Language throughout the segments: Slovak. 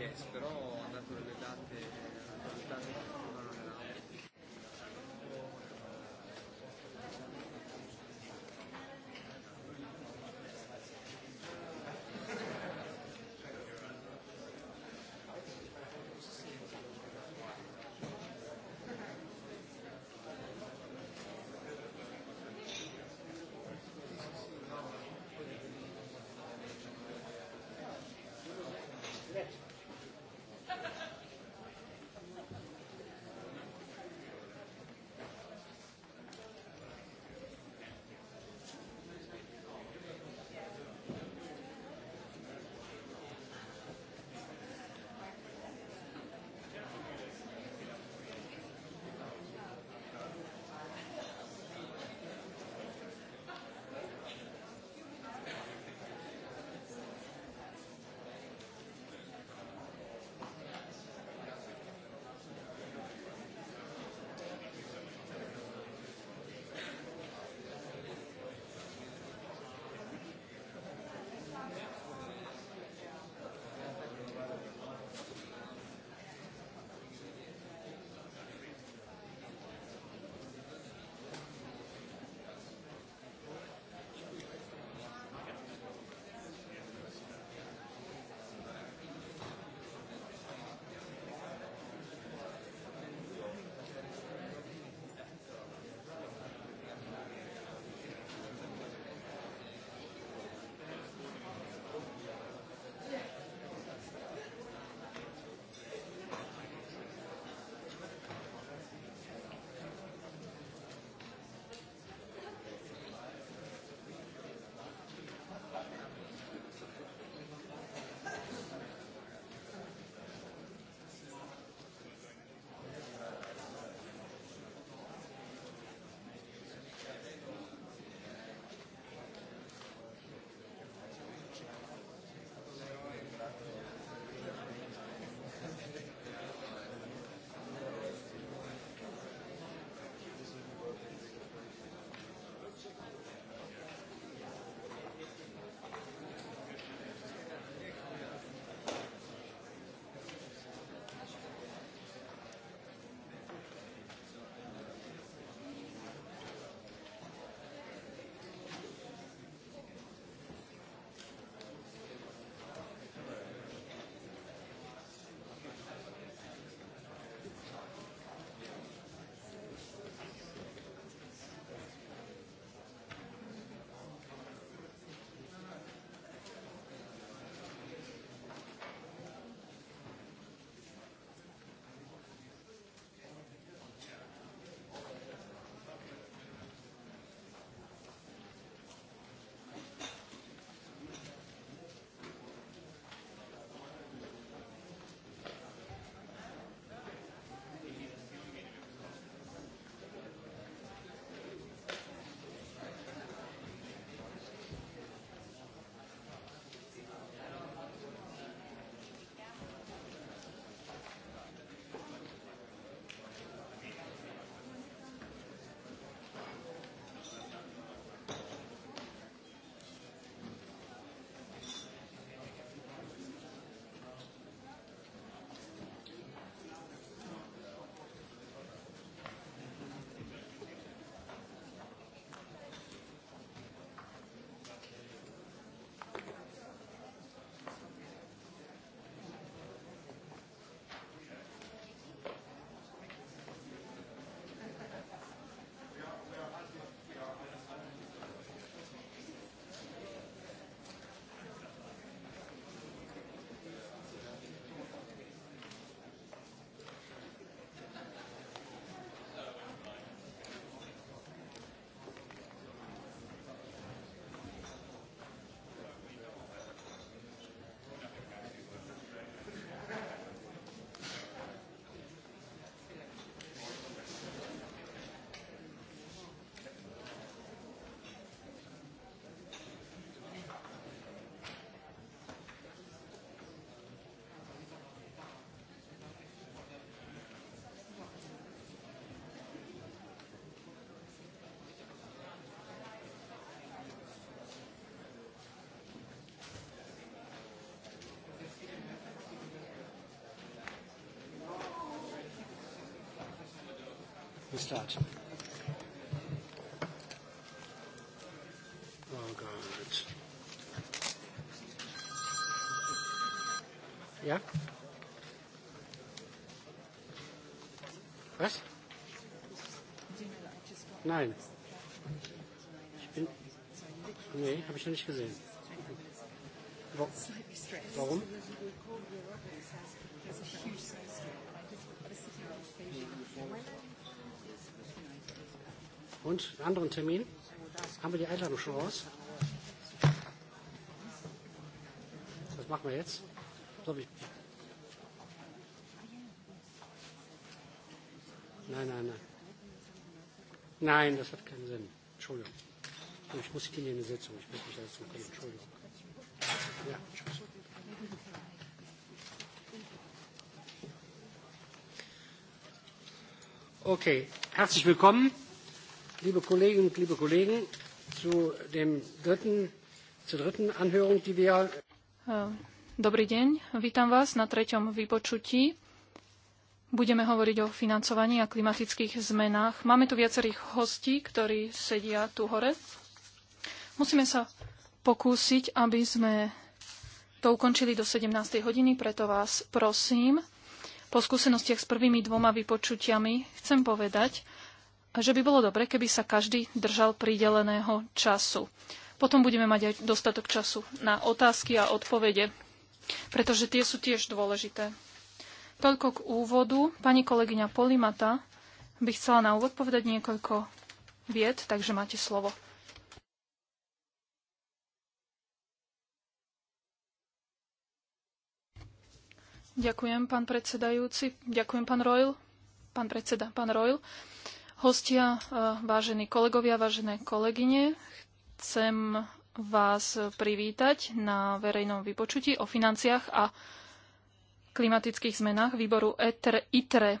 Yes, però ho dato le date, date We start. Oh, God. Yeah? Was? Nein. Ich bin. Nee, habe ich noch nicht gesehen. Warum? Und einen anderen Termin? Haben wir die Einladung schon raus? Was machen wir jetzt? So, ich nein, nein, nein. Nein, das hat keinen Sinn. Entschuldigung. Ich muss in die Sitzung. Ich muss mich dazu kommen. Entschuldigung. Ja, tschüss. Okay, herzlich willkommen liebe Kolleginnen und liebe Kollegen, zu dem dritten, zur dritten Anhörung, die wir... Dobrý deň, vítam vás na treťom vypočutí. Budeme hovoriť o financovaní a klimatických zmenách. Máme tu viacerých hostí, ktorí sedia tu hore. Musíme sa pokúsiť, aby sme to ukončili do 17. hodiny, preto vás prosím, po skúsenostiach s prvými dvoma vypočutiami chcem povedať, a že by bolo dobre, keby sa každý držal prideleného času. Potom budeme mať aj dostatok času na otázky a odpovede, pretože tie sú tiež dôležité. Toľko k úvodu. Pani kolegyňa Polimata by chcela na úvod povedať niekoľko vied, takže máte slovo. Ďakujem, pán predsedajúci. Ďakujem, pán Royl. Pán predseda, pán Royl hostia, e, vážení kolegovia, vážené kolegyne. Chcem vás privítať na verejnom vypočutí o financiách a klimatických zmenách výboru ETR ITRE. E. E,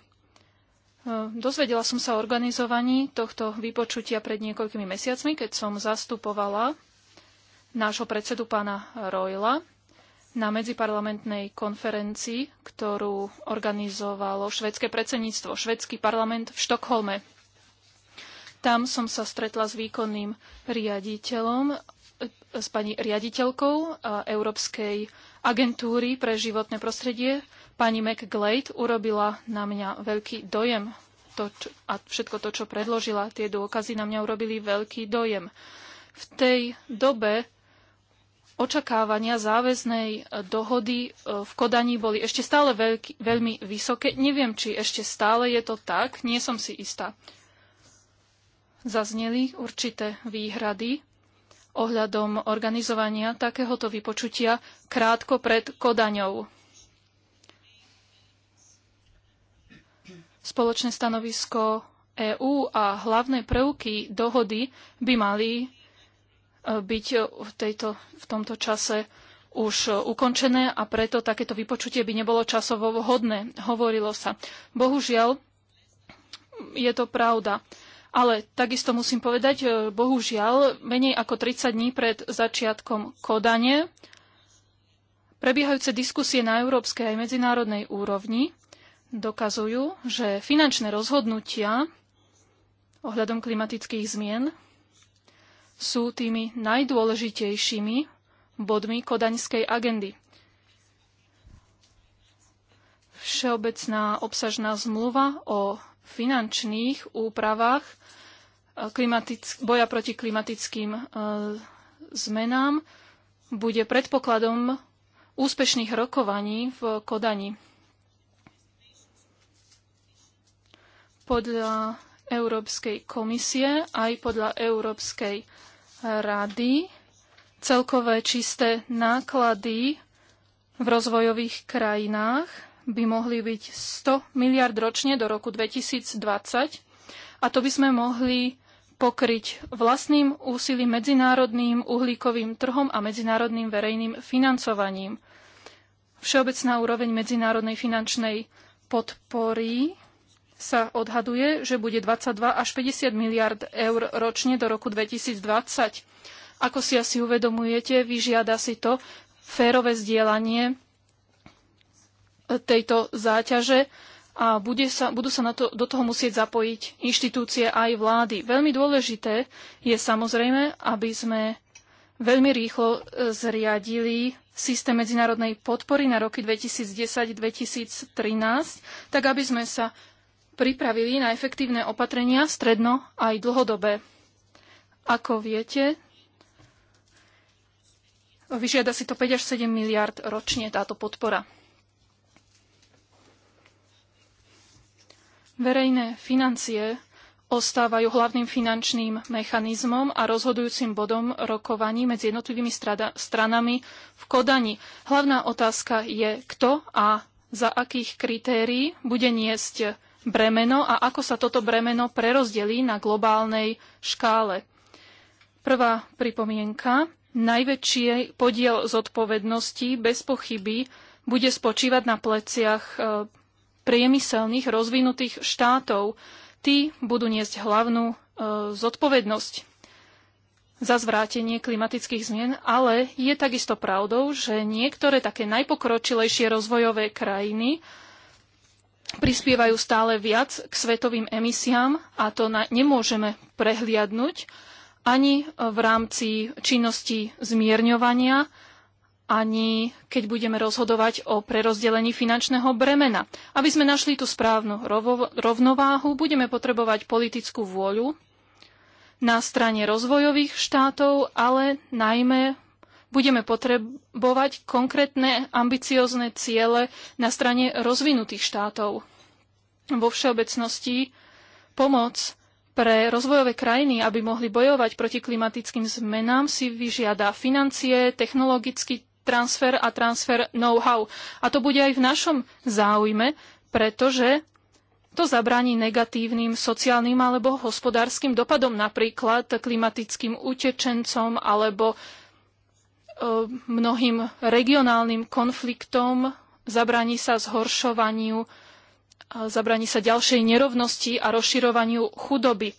dozvedela som sa o organizovaní tohto vypočutia pred niekoľkými mesiacmi, keď som zastupovala nášho predsedu pána Royla na medziparlamentnej konferencii, ktorú organizovalo švedské predsedníctvo, švedský parlament v Štokholme. Tam som sa stretla s výkonným riaditeľom, s pani riaditeľkou e, Európskej agentúry pre životné prostredie. Pani McGlade urobila na mňa veľký dojem. To, čo, a všetko to, čo predložila, tie dôkazy na mňa urobili veľký dojem. V tej dobe očakávania záväznej e, dohody e, v Kodani boli ešte stále veľký, veľmi vysoké. Neviem, či ešte stále je to tak, nie som si istá zazneli určité výhrady ohľadom organizovania takéhoto vypočutia krátko pred Kodaňou. Spoločné stanovisko EÚ a hlavné prvky dohody by mali e, byť v, tejto, v tomto čase už ukončené a preto takéto vypočutie by nebolo časovo vhodné, hovorilo sa. Bohužiaľ, je to pravda. Ale takisto musím povedať, e, bohužiaľ, menej ako 30 dní pred začiatkom Kodane prebiehajúce diskusie na európskej aj medzinárodnej úrovni dokazujú, že finančné rozhodnutia ohľadom klimatických zmien sú tými najdôležitejšími bodmi kodaňskej agendy. Všeobecná obsažná zmluva o finančných úpravách klimatick- boja proti klimatickým e, zmenám bude predpokladom úspešných rokovaní v Kodani. Podľa Európskej komisie aj podľa Európskej rady celkové čisté náklady v rozvojových krajinách by mohli byť 100 miliard ročne do roku 2020 a to by sme mohli pokryť vlastným úsilím medzinárodným uhlíkovým trhom a medzinárodným verejným financovaním. Všeobecná úroveň medzinárodnej finančnej podpory sa odhaduje, že bude 22 až 50 miliard eur ročne do roku 2020. Ako si asi uvedomujete, vyžiada si to férové zdieľanie tejto záťaže a bude sa, budú sa na to, do toho musieť zapojiť inštitúcie aj vlády. Veľmi dôležité je samozrejme, aby sme veľmi rýchlo e, zriadili systém medzinárodnej podpory na roky 2010-2013, tak aby sme sa pripravili na efektívne opatrenia stredno aj dlhodobé. Ako viete, vyžiada si to 5 až 7 miliard ročne táto podpora. Verejné financie ostávajú hlavným finančným mechanizmom a rozhodujúcim bodom rokovaní medzi jednotlivými strada, stranami v Kodani. Hlavná otázka je, kto a za akých kritérií bude niesť bremeno a ako sa toto bremeno prerozdelí na globálnej škále. Prvá pripomienka. Najväčší podiel zodpovednosti bez pochyby bude spočívať na pleciach e, priemyselných rozvinutých štátov. Tí budú niesť hlavnú e, zodpovednosť za zvrátenie klimatických zmien, ale je takisto pravdou, že niektoré také najpokročilejšie rozvojové krajiny prispievajú stále viac k svetovým emisiám a to na, nemôžeme prehliadnúť ani v rámci činnosti zmierňovania, ani keď budeme rozhodovať o prerozdelení finančného bremena. Aby sme našli tú správnu rovnováhu, budeme potrebovať politickú vôľu na strane rozvojových štátov, ale najmä budeme potrebovať konkrétne ambiciozne ciele na strane rozvinutých štátov. Vo všeobecnosti pomoc pre rozvojové krajiny, aby mohli bojovať proti klimatickým zmenám, si vyžiada financie, technologický transfer a transfer know-how. A to bude aj v našom záujme, pretože to zabráni negatívnym sociálnym alebo hospodárskym dopadom, napríklad klimatickým utečencom alebo e, mnohým regionálnym konfliktom. Zabráni sa zhoršovaniu, e, zabráni sa ďalšej nerovnosti a rozširovaniu chudoby.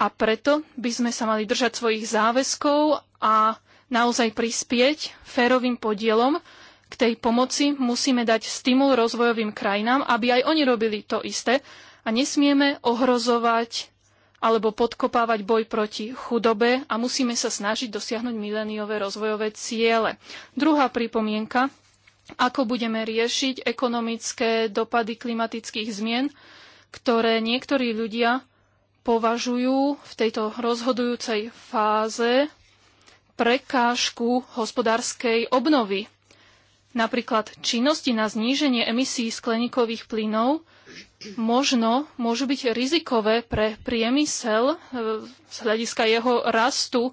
A preto by sme sa mali držať svojich záväzkov a naozaj prispieť férovým podielom k tej pomoci, musíme dať stimul rozvojovým krajinám, aby aj oni robili to isté a nesmieme ohrozovať alebo podkopávať boj proti chudobe a musíme sa snažiť dosiahnuť miléniové rozvojové ciele. Druhá pripomienka, ako budeme riešiť ekonomické dopady klimatických zmien, ktoré niektorí ľudia považujú v tejto rozhodujúcej fáze prekážku hospodárskej obnovy. Napríklad činnosti na zníženie emisí skleníkových plynov možno môžu byť rizikové pre priemysel e, z hľadiska jeho rastu.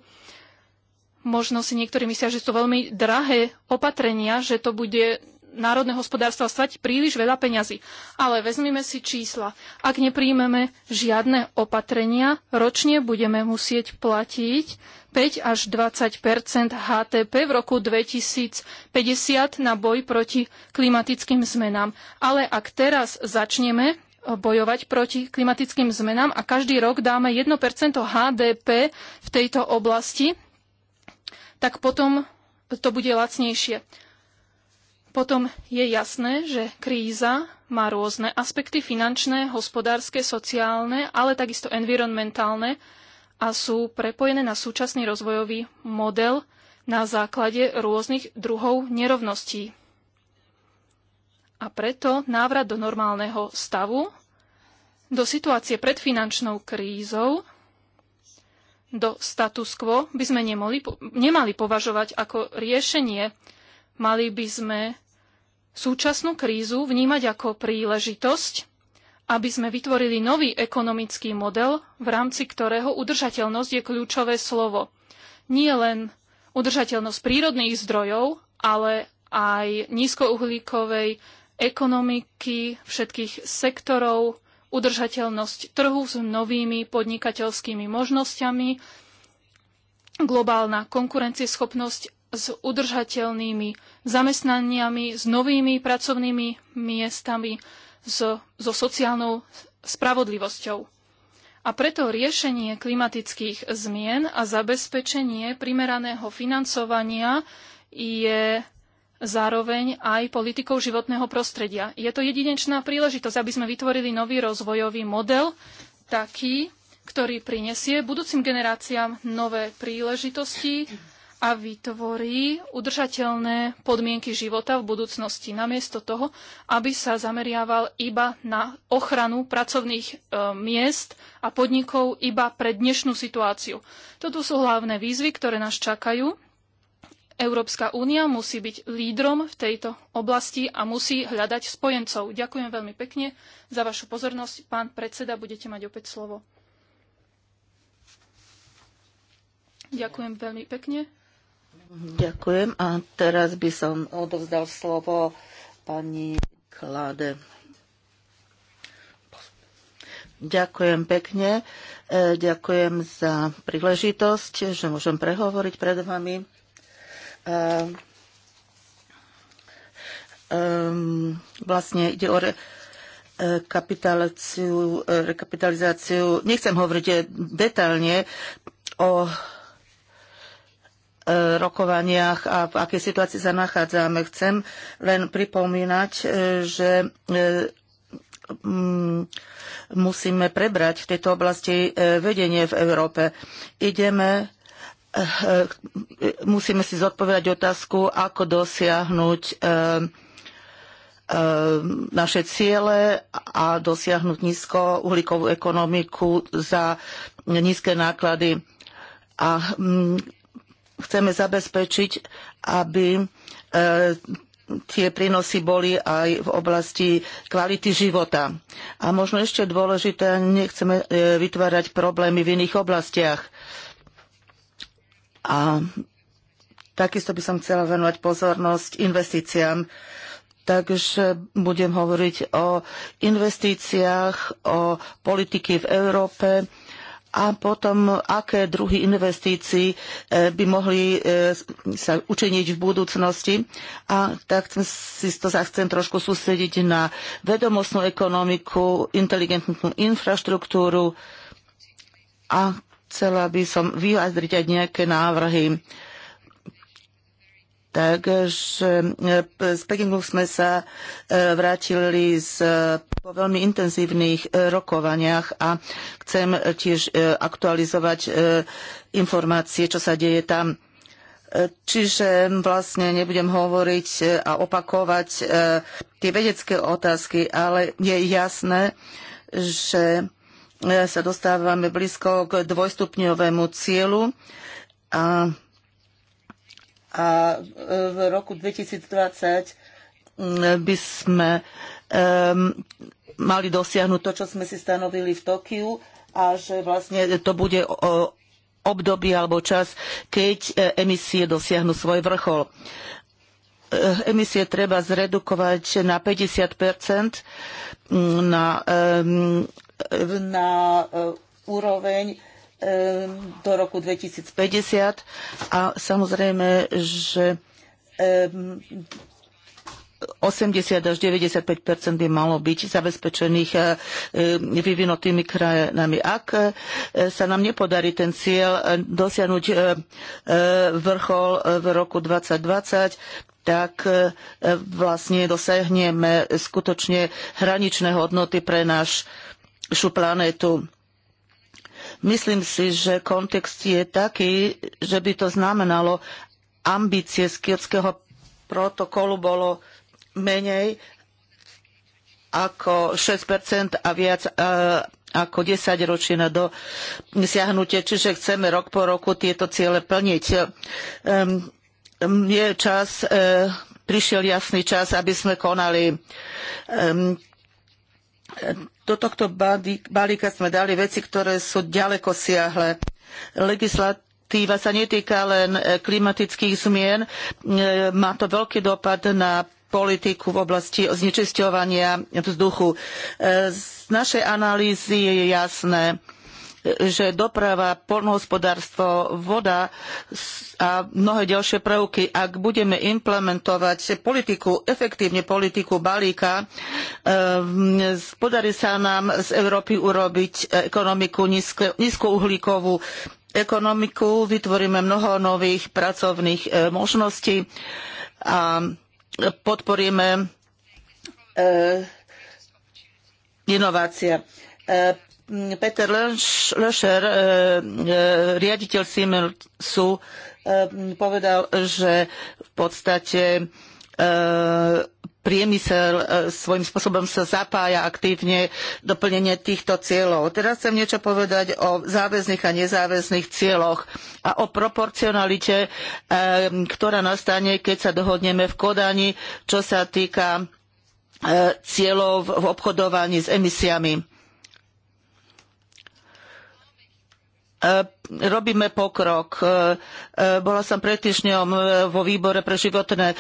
Možno si niektorí myslia, že sú veľmi drahé opatrenia, že to bude národné hospodárstva stať príliš veľa peňazí. Ale vezmime si čísla. Ak nepríjmeme žiadne opatrenia, ročne budeme musieť platiť 5 až 20 HTP v roku 2050 na boj proti klimatickým zmenám. Ale ak teraz začneme eh, bojovať proti klimatickým zmenám a každý rok dáme 1 HDP v tejto oblasti, tak potom to bude lacnejšie. Potom je jasné, že kríza má rôzne aspekty finančné, hospodárske, sociálne, ale takisto environmentálne a sú prepojené na súčasný rozvojový model na základe rôznych druhov nerovností. A preto návrat do normálneho stavu, do situácie pred finančnou krízou, do status quo by sme nemali, nemali považovať ako riešenie Mali by sme súčasnú krízu vnímať ako príležitosť, aby sme vytvorili nový ekonomický model, v rámci ktorého udržateľnosť je kľúčové slovo. Nie len udržateľnosť prírodných zdrojov, ale aj nízkouhlíkovej ekonomiky všetkých sektorov, udržateľnosť trhu s novými podnikateľskými možnosťami, globálna konkurencieschopnosť s udržateľnými zamestnaniami, s novými pracovnými miestami, so, so sociálnou spravodlivosťou. A preto riešenie klimatických zmien a zabezpečenie primeraného financovania je zároveň aj politikou životného prostredia. Je to jedinečná príležitosť, aby sme vytvorili nový rozvojový model, taký, ktorý prinesie budúcim generáciám nové príležitosti, a vytvorí udržateľné podmienky života v budúcnosti, namiesto toho, aby sa zameriaval iba na ochranu pracovných e, miest a podnikov iba pre dnešnú situáciu. Toto sú hlavné výzvy, ktoré nás čakajú. Európska únia musí byť lídrom v tejto oblasti a musí hľadať spojencov. Ďakujem veľmi pekne za vašu pozornosť. Pán predseda, budete mať opäť slovo. Ďakujem veľmi pekne. Ďakujem a teraz by som odovzdal slovo pani Klade. Ďakujem pekne. E, ďakujem za príležitosť, že môžem prehovoriť pred vami. E, vlastne ide o e, rekapitalizáciu, nechcem hovoriť detaľne o rokovaniach a v akej situácii sa nachádzame. Chcem len pripomínať, e, že e, musíme prebrať v tejto oblasti e, vedenie v Európe. Ideme musíme si zodpovedať otázku, ako dosiahnuť naše ciele a dosiahnuť nízko uhlíkovú ekonomiku za nízke náklady. A chceme zabezpečiť, aby e, tie prínosy boli aj v oblasti kvality života. A možno ešte dôležité, nechceme e, vytvárať problémy v iných oblastiach. A takisto by som chcela venovať pozornosť investíciám. Takže budem hovoriť o investíciách, o politiky v Európe, a potom aké druhy investícií e, by mohli e, sa učiniť v budúcnosti. A tak si to sa chcem trošku sústrediť na vedomostnú ekonomiku, inteligentnú infraštruktúru a chcela by som vyjadriť aj nejaké návrhy Takže e, z Pekingu sme sa e, vrátili z, e, po veľmi intenzívnych rokovaniach a chcem tiež aktualizovať informácie, čo sa deje tam. Čiže vlastne nebudem hovoriť a opakovať tie vedecké otázky, ale je jasné, že sa dostávame blízko k dvojstupňovému cieľu a a v roku 2020 mm, by sme um, mali dosiahnuť to, čo sme si stanovili v Tokiu a že vlastne to bude o, obdobie alebo čas, keď e, emisie dosiahnu svoj vrchol. E, emisie treba zredukovať na 50 mm, na, na e, úroveň do roku 2050 a samozrejme, že 80 až 95 by malo byť zabezpečených vyvinutými krajinami. Ak e, sa nám nepodarí ten cieľ e, dosiahnuť e, vrchol v roku 2020, tak vlastne dosiahneme skutočne hraničné hodnoty pre našu planétu Myslím si, že kontext je taký, že by to znamenalo, ambície z kiotského protokolu bolo menej ako 6% a viac e, ako 10 ročí na dosiahnutie, čiže chceme rok po roku tieto ciele plniť. E, je čas e, prišiel jasný čas, aby sme konali do tohto balíka sme dali veci, ktoré sú ďaleko siahle. Legislatíva sa netýka len e, klimatických zmien, e, má to veľký dopad na politiku v oblasti znečisťovania vzduchu. E, z našej analýzy je jasné, že doprava, poľnohospodárstvo, voda a mnohé ďalšie prvky, ak budeme implementovať politiku, efektívne politiku balíka, eh, podarí sa nám z Európy urobiť ekonomiku nízkouhlíkovú, ekonomiku, vytvoríme mnoho nových pracovných eh, možností a podporíme eh, inovácie. Peter Löscher, e, e, riaditeľ Siemensu, e, povedal, že v podstate priemysel svojím spôsobom sa zapája aktívne doplnenie týchto cieľov. Teraz chcem niečo povedať o záväzných a nezáväzných cieľoch a o proporcionalite, ktorá nastane, keď sa dohodneme v Kodani, čo sa týka cieľov v obchodovaní s emisiami E, robíme pokrok. E, e, bola som pred týždňom vo výbore pre životné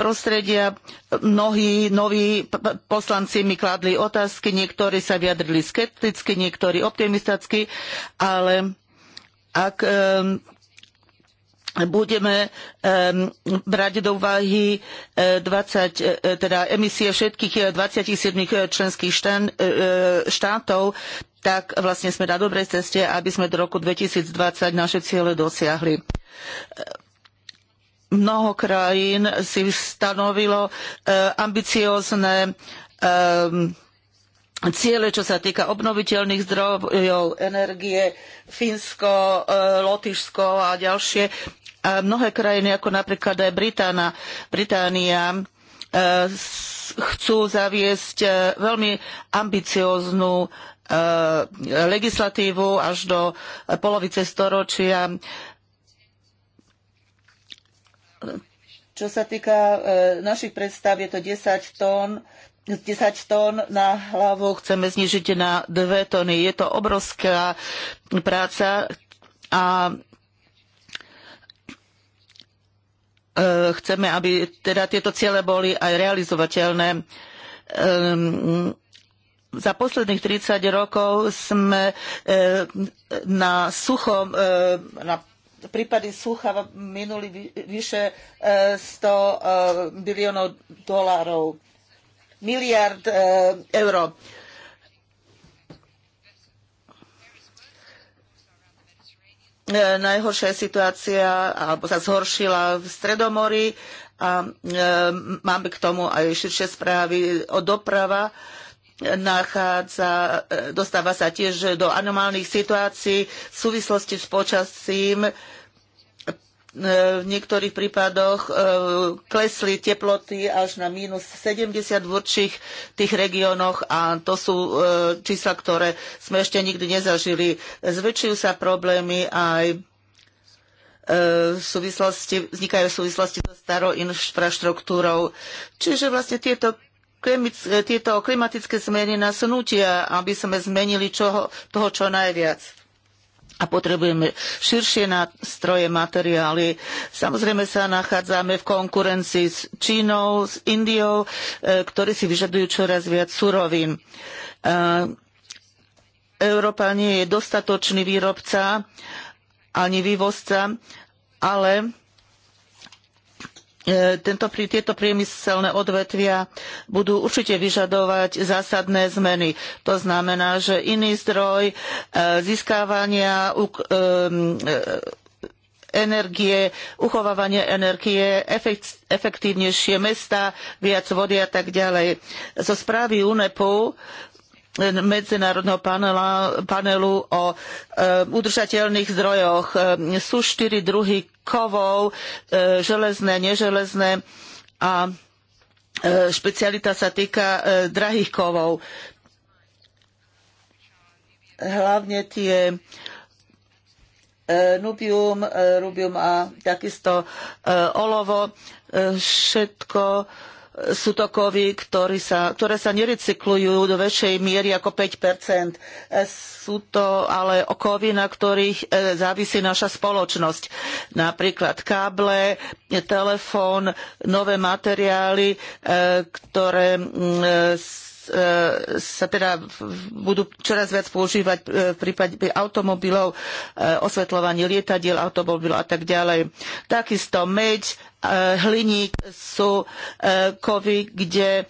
prostredia. Mnohí noví poslanci mi kladli otázky, niektorí sa vyjadrili skepticky, niektorí optimisticky, ale ak budeme brať do úvahy 20, teda emisie všetkých 27 členských štán, štátov, tak vlastne sme na dobrej ceste, aby sme do roku 2020 naše ciele dosiahli. Mnoho krajín si stanovilo e, ambiciózne e, ciele, čo sa týka obnoviteľných zdrojov energie, Fínsko, e, Lotyšsko a ďalšie. A mnohé krajiny, ako napríklad aj Britána, Británia, chcú zaviesť veľmi ambicióznu Eh, legislatívu až do polovice storočia. Čo sa týka eh, našich predstav, je to 10 tón 10 tón na hlavu chceme znižiť na 2 tony. Je to obrovská práca a eh, chceme, aby teda tieto ciele boli aj realizovateľné. Ehm, za posledných 30 rokov sme e, na sucho, e, na prípady sucha minuli vyše 100 e, biliónov dolárov, miliard eur. Najhoršia situácia, alebo sa zhoršila v Stredomorí a máme k tomu aj širšie správy o doprava. E, nachádza, e, dostáva sa tiež do anomálnych situácií v súvislosti s počasím. E, v niektorých prípadoch e, klesli teploty až na mínus 70 v určitých tých regiónoch a to sú čísla, ktoré sme ešte nikdy nezažili. Zväčšujú sa problémy aj v súvislosti, vznikajú v súvislosti so starou infraštruktúrou. Čiže vlastne tieto tieto klimatické zmeny nás nutia, aby sme zmenili čoho, toho čo najviac. A potrebujeme širšie nástroje, materiály. Samozrejme sa nachádzame v konkurencii s Čínou, s Indiou, e, ktorí si vyžadujú čoraz viac surovín. E, Európa nie je dostatočný výrobca ani vývozca, ale E, tento, tieto priemyselné odvetvia budú určite vyžadovať zásadné zmeny. To znamená, že iný zdroj e, získavania e, energie, uchovávanie energie, efektívnejšie mestá, viac vody a tak ďalej. Zo správy UNEPu medzinárodného panela, panelu o e, udržateľných zdrojoch. E, sú štyri druhy kovov, e, železné, neželezné a e, špecialita sa týka e, drahých kovov. Hlavne tie nubium, rubium a takisto olovo, všetko sú to kovy, ktoré sa, ktoré sa nerecyklujú do väčšej miery ako 5 Sú to ale kovy, na ktorých e, závisí naša spoločnosť. Napríklad káble, telefón, nové materiály, e, ktoré mm, e, E, sa teda budú čoraz viac používať e, v prípade automobilov, e, osvetľovanie lietadiel, automobilov a tak ďalej. Takisto meď, hliník sú kovy, kde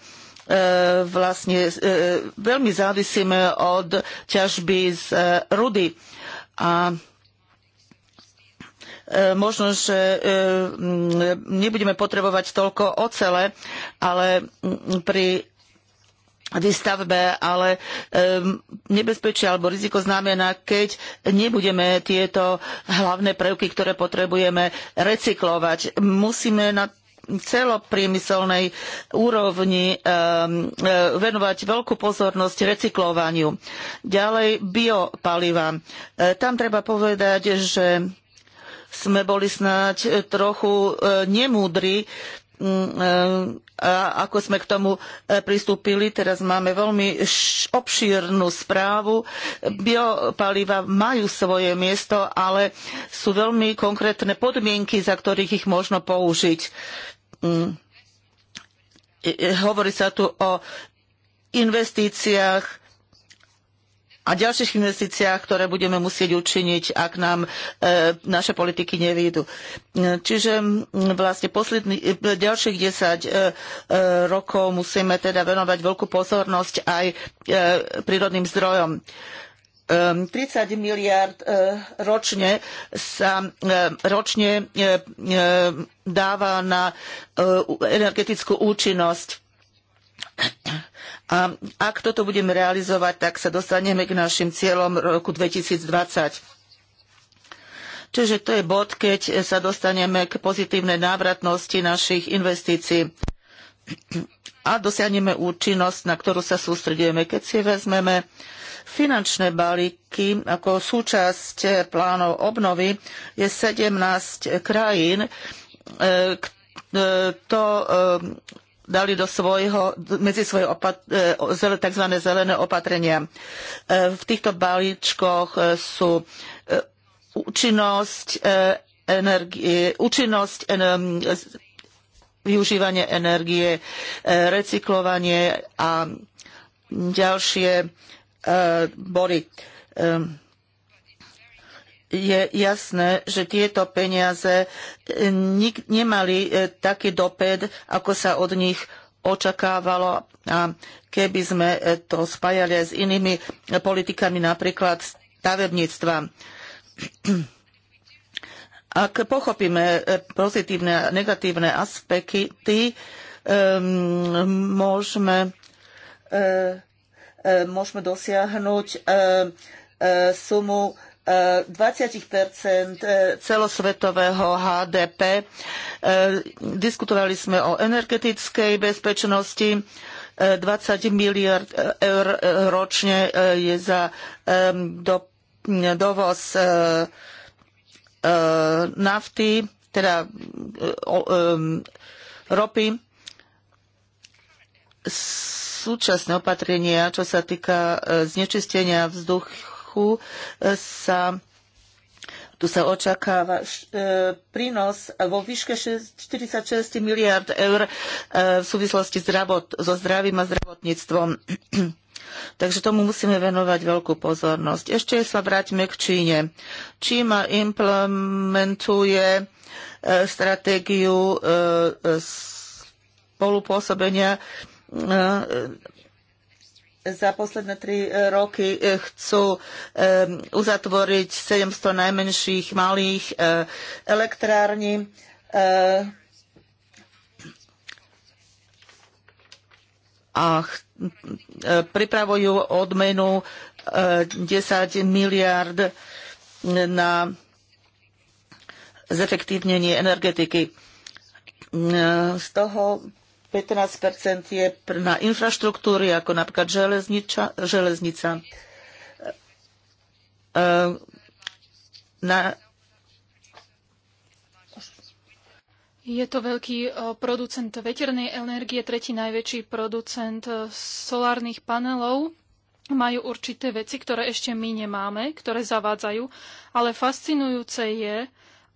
vlastne veľmi závisíme od ťažby z rudy. A možno, že nebudeme potrebovať toľko ocele, ale pri výstavbe, ale um, nebezpečie alebo riziko znamená, keď nebudeme tieto hlavné prvky, ktoré potrebujeme, recyklovať. Musíme na celopriemyselnej úrovni e, venovať veľkú pozornosť recyklovaniu. Ďalej biopaliva. E, tam treba povedať, že sme boli snáď trochu e, nemúdri ako sme k tomu e, pristúpili. Teraz máme veľmi obšírnu správu. Biopaliva majú svoje miesto, ale sú veľmi konkrétne podmienky, za ktorých ich možno použiť. Mm. E, e, hovorí sa tu o investíciách a ďalších investíciách, ktoré budeme musieť učiniť, ak nám e, naše politiky nevídu. Čiže vlastne posledný, e, ďalších 10 e, e, rokov musíme teda venovať veľkú pozornosť aj e, prírodným zdrojom. 30 ehm, miliard e, ročne sa ročne dáva na energetickú účinnosť. A ak toto budeme realizovať, tak sa dostaneme k našim cieľom roku 2020. Čiže to je bod, keď sa dostaneme k pozitívnej návratnosti našich investícií a dosiahneme účinnosť, na ktorú sa sústredujeme. Keď si vezmeme finančné balíky ako súčasť plánov obnovy, je 17 krajín, e, e, to dali do svojho, medzi svoje opat- e, tzv. zelené opatrenia. E, v týchto balíčkoch e, sú účinnosť energie, účinnosť využívanie energie, recyklovanie a ďalšie body je jasné, že tieto peniaze e, nik- nemali e, taký dopad, ako sa od nich očakávalo a keby sme e, to spájali aj s inými politikami, napríklad stavebníctva. Ak pochopíme pozitívne a negatívne aspekty, môžeme, môžeme dosiahnuť sumu 20 e, celosvetového HDP. E, diskutovali sme o energetickej bezpečnosti. 20 e, miliard eur ročne je za do, dovoz nafty, teda ropy. Súčasné opatrenia, čo sa týka znečistenia vzduchu, roku e, sa tu sa očakáva e, prínos vo výške 46 miliard eur e, v súvislosti zdravot, so zdravím a zdravotníctvom. Takže tomu musíme venovať veľkú pozornosť. Ešte sa vráťme k Číne. Čína implementuje stratégiu spolupôsobenia za posledné tri e, roky e, chcú e, uzatvoriť 700 najmenších malých elektrární. a pripravujú odmenu 10 miliard na zefektívnenie energetiky. Z toho 15 je na infraštruktúry, ako napríklad železnica, železnica. Ehm, na... Je to veľký e, producent veternej energie, tretí najväčší producent e, solárnych panelov. Majú určité veci, ktoré ešte my nemáme, ktoré zavádzajú, ale fascinujúce je,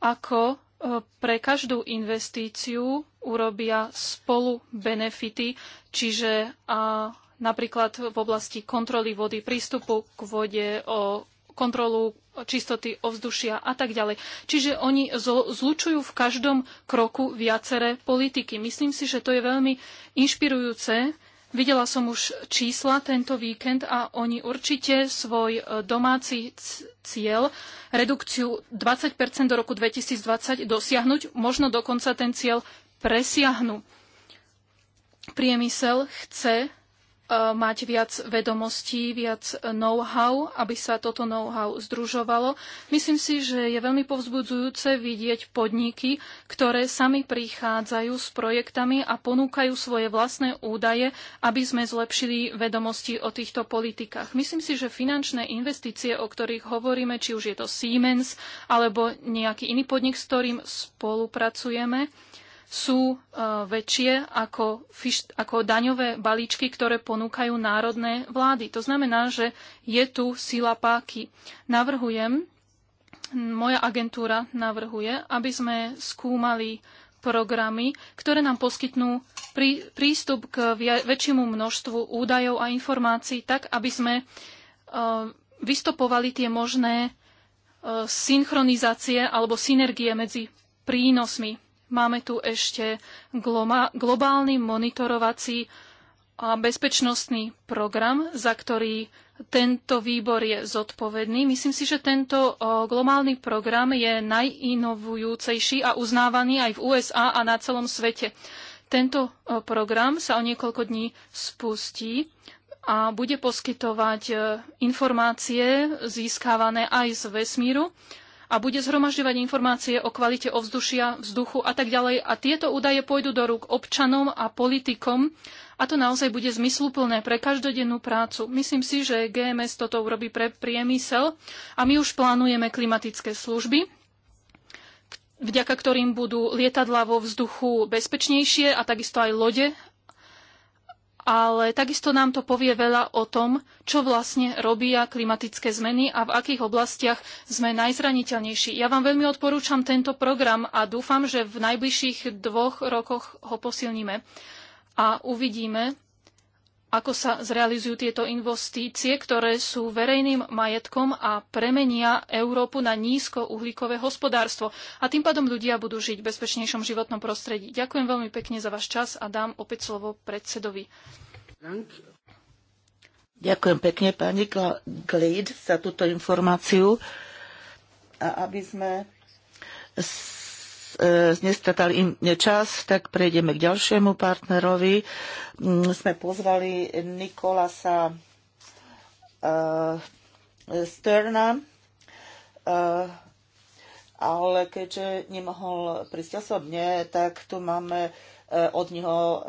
ako E, pre každú investíciu urobia spolu benefity, čiže a napríklad v oblasti kontroly vody, prístupu k vode, o kontrolu čistoty ovzdušia a tak ďalej. Čiže oni zlučujú v každom kroku viaceré politiky. Myslím si, že to je veľmi inšpirujúce Videla som už čísla tento víkend a oni určite svoj e, domáci cieľ, redukciu 20 do roku 2020 dosiahnuť, možno dokonca ten cieľ presiahnu. Priemysel chce E, mať viac vedomostí, viac know-how, aby sa toto know-how združovalo. Myslím si, že je veľmi povzbudzujúce vidieť podniky, ktoré sami prichádzajú s projektami a ponúkajú svoje vlastné údaje, aby sme zlepšili vedomosti o týchto politikách. Myslím si, že finančné investície, o ktorých hovoríme, či už je to Siemens alebo nejaký iný podnik, s ktorým spolupracujeme, sú e, väčšie ako, ako daňové balíčky, ktoré ponúkajú národné vlády. To znamená, že je tu sila páky. Navrhujem, moja agentúra navrhuje, aby sme skúmali programy, ktoré nám poskytnú prí, prístup k väčšiemu množstvu údajov a informácií, tak aby sme uh, vystopovali tie možné uh, synchronizácie alebo synergie medzi prínosmi Máme tu ešte globálny monitorovací a bezpečnostný program, za ktorý tento výbor je zodpovedný. Myslím si, že tento globálny program je najinovujúcejší a uznávaný aj v USA a na celom svete. Tento program sa o niekoľko dní spustí a bude poskytovať informácie získavané aj z vesmíru a bude zhromažďovať informácie o kvalite ovzdušia, vzduchu a tak ďalej. A tieto údaje pôjdu do rúk občanom a politikom a to naozaj bude zmysluplné pre každodennú prácu. Myslím si, že GMS toto urobí pre priemysel a my už plánujeme klimatické služby, vďaka ktorým budú lietadla vo vzduchu bezpečnejšie a takisto aj lode ale takisto nám to povie veľa o tom, čo vlastne robia klimatické zmeny a v akých oblastiach sme najzraniteľnejší. Ja vám veľmi odporúčam tento program a dúfam, že v najbližších dvoch rokoch ho posilníme a uvidíme, ako sa zrealizujú tieto investície, ktoré sú verejným majetkom a premenia Európu na nízkouhlíkové hospodárstvo. A tým pádom ľudia budú žiť v bezpečnejšom životnom prostredí. Ďakujem veľmi pekne za váš čas a dám opäť slovo predsedovi. Ďakujem pekne, pani Glade, za túto informáciu. A aby sme E, nestratali im čas, tak prejdeme k ďalšiemu partnerovi. Mm, sme pozvali Nikolasa e, Sterna, e, ale keďže nemohol prísť osobne, tak tu máme od neho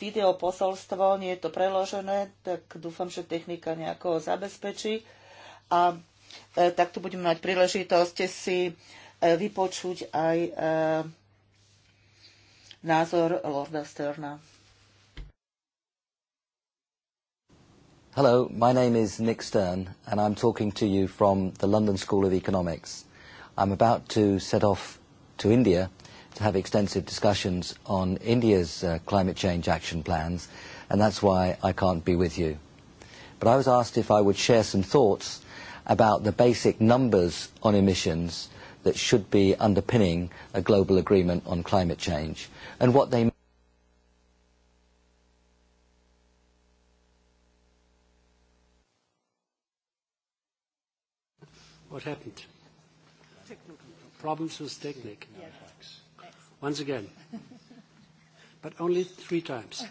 videoposolstvo, nie je to preložené, tak dúfam, že technika nejako zabezpečí. A tak tu budeme mať príležitosť si uh, E, vypočuť aj e, názor Lorda Sterna. Hello, my name is Nick Stern, and I'm talking to you from the London School of Economics. I'm about to set off to India to have extensive discussions on India's uh, climate change action plans, and that's why I can't be with you. But I was asked if I would share some thoughts about the basic numbers on emissions that should be underpinning a global agreement on climate change and what they What happened? Technical problems with technique. Yeah. Once again. but only three times.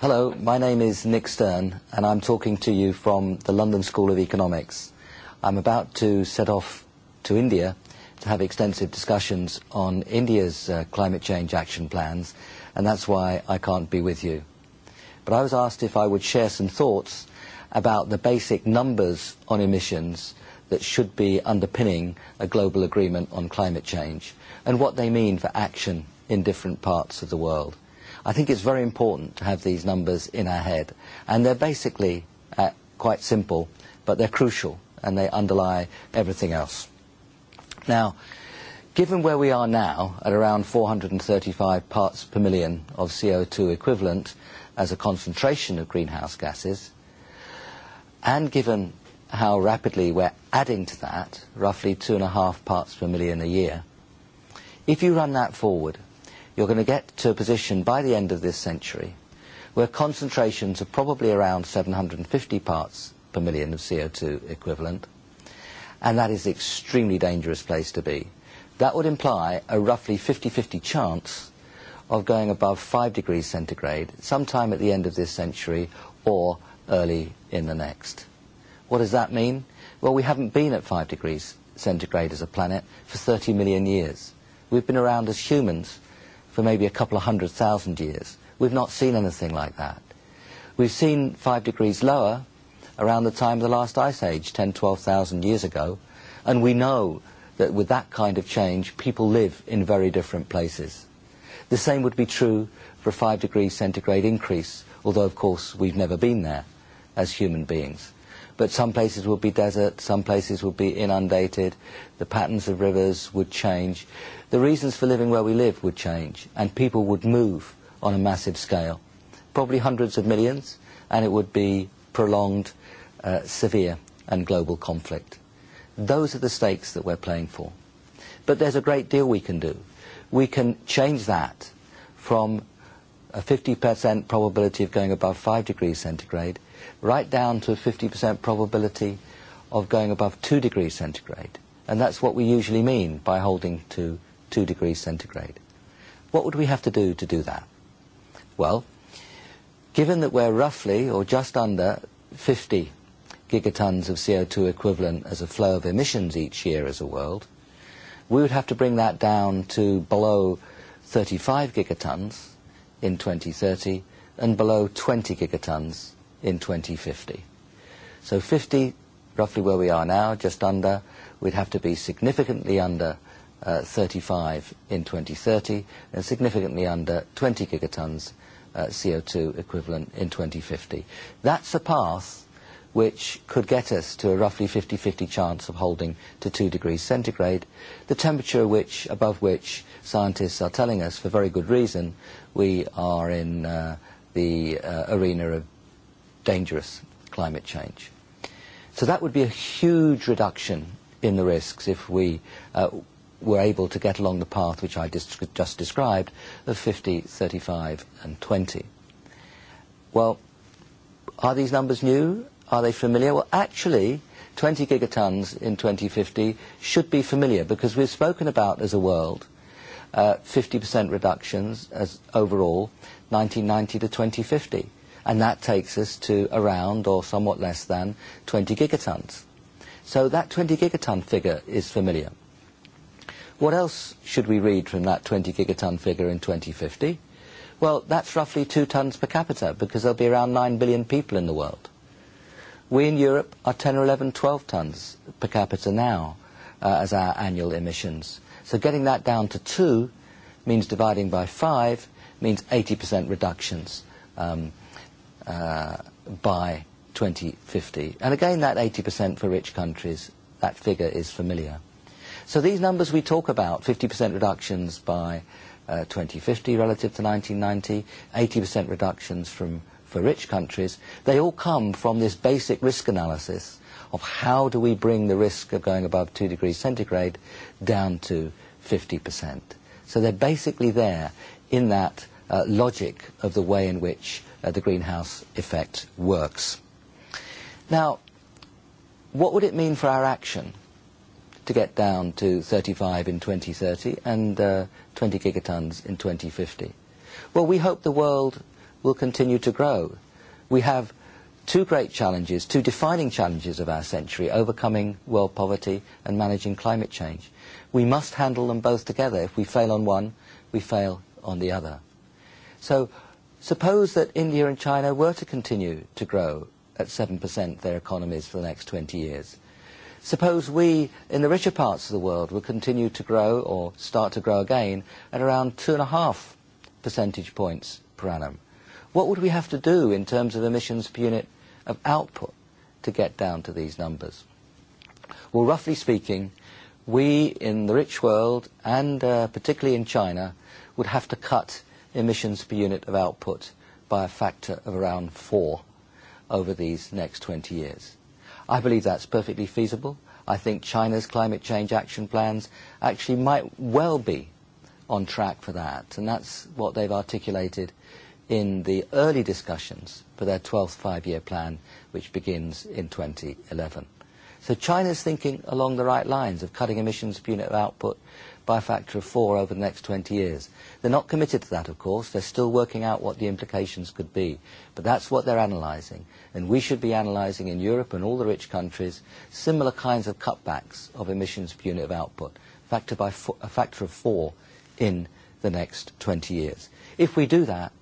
Hello, my name is Nick Stern, and I'm talking to you from the London School of Economics. I'm about to set off to India to have extensive discussions on India's uh, climate change action plans, and that's why I can't be with you. But I was asked if I would share some thoughts about the basic numbers on emissions that should be underpinning a global agreement on climate change and what they mean for action in different parts of the world. I think it's very important to have these numbers in our head, and they're basically uh, quite simple, but they're crucial and they underlie everything else. Now, given where we are now at around 435 parts per million of CO2 equivalent as a concentration of greenhouse gases, and given how rapidly we're adding to that, roughly two and a half parts per million a year, if you run that forward, you're going to get to a position by the end of this century where concentrations are probably around 750 parts per million of CO2 equivalent. And that is an extremely dangerous place to be. That would imply a roughly 50-50 chance of going above 5 degrees centigrade sometime at the end of this century or early in the next. What does that mean? Well, we haven't been at 5 degrees centigrade as a planet for 30 million years. We've been around as humans for maybe a couple of hundred thousand years. We've not seen anything like that. We've seen 5 degrees lower around the time of the last ice age, 10, 12,000 years ago. And we know that with that kind of change, people live in very different places. The same would be true for a five degree centigrade increase, although of course we've never been there as human beings. But some places would be desert, some places would be inundated, the patterns of rivers would change, the reasons for living where we live would change, and people would move on a massive scale, probably hundreds of millions, and it would be prolonged uh, severe and global conflict. Those are the stakes that we're playing for. But there's a great deal we can do. We can change that from a 50% probability of going above 5 degrees centigrade right down to a 50% probability of going above 2 degrees centigrade. And that's what we usually mean by holding to 2 degrees centigrade. What would we have to do to do that? Well, given that we're roughly or just under 50 gigatons of CO2 equivalent as a flow of emissions each year as a world. We would have to bring that down to below 35 gigatons in 2030 and below 20 gigatons in 2050. So 50, roughly where we are now, just under, we'd have to be significantly under uh, 35 in 2030 and significantly under 20 gigatons uh, CO2 equivalent in 2050. That's a path which could get us to a roughly 50-50 chance of holding to 2 degrees centigrade, the temperature which, above which scientists are telling us, for very good reason, we are in uh, the uh, arena of dangerous climate change. So that would be a huge reduction in the risks if we uh, were able to get along the path which I just just described of 50, 35 and 20. Well, are these numbers new? Are they familiar? Well, actually, 20 gigatons in 2050 should be familiar because we've spoken about as a world 50% uh, reductions as overall 1990 to 2050. And that takes us to around or somewhat less than 20 gigatons. So that 20 gigaton figure is familiar. What else should we read from that 20 gigaton figure in 2050? Well, that's roughly two tons per capita because there'll be around 9 billion people in the world. We in Europe are 10 or 11, 12 tons per capita now uh, as our annual emissions. So getting that down to two means dividing by five means 80% reductions um, uh, by 2050. And again, that 80% for rich countries, that figure is familiar. So these numbers we talk about, 50% reductions by uh, 2050 relative to 1990, 80% reductions from for rich countries, they all come from this basic risk analysis of how do we bring the risk of going above 2 degrees centigrade down to 50%. So they're basically there in that uh, logic of the way in which uh, the greenhouse effect works. Now, what would it mean for our action to get down to 35 in 2030 and uh, 20 gigatons in 2050? Well, we hope the world will continue to grow. We have two great challenges, two defining challenges of our century, overcoming world poverty and managing climate change. We must handle them both together. If we fail on one, we fail on the other. So suppose that India and China were to continue to grow at 7% their economies for the next 20 years. Suppose we, in the richer parts of the world, will continue to grow or start to grow again at around two and a half percentage points per annum. What would we have to do in terms of emissions per unit of output to get down to these numbers? Well, roughly speaking, we in the rich world, and uh, particularly in China, would have to cut emissions per unit of output by a factor of around four over these next 20 years. I believe that's perfectly feasible. I think China's climate change action plans actually might well be on track for that, and that's what they've articulated in the early discussions for their 12th five-year plan, which begins in 2011. So China's thinking along the right lines of cutting emissions per unit of output by a factor of four over the next 20 years. They're not committed to that, of course. They're still working out what the implications could be. But that's what they're analysing. And we should be analysing in Europe and all the rich countries similar kinds of cutbacks of emissions per unit of output, factor by a factor of four in the next 20 years. If we do that,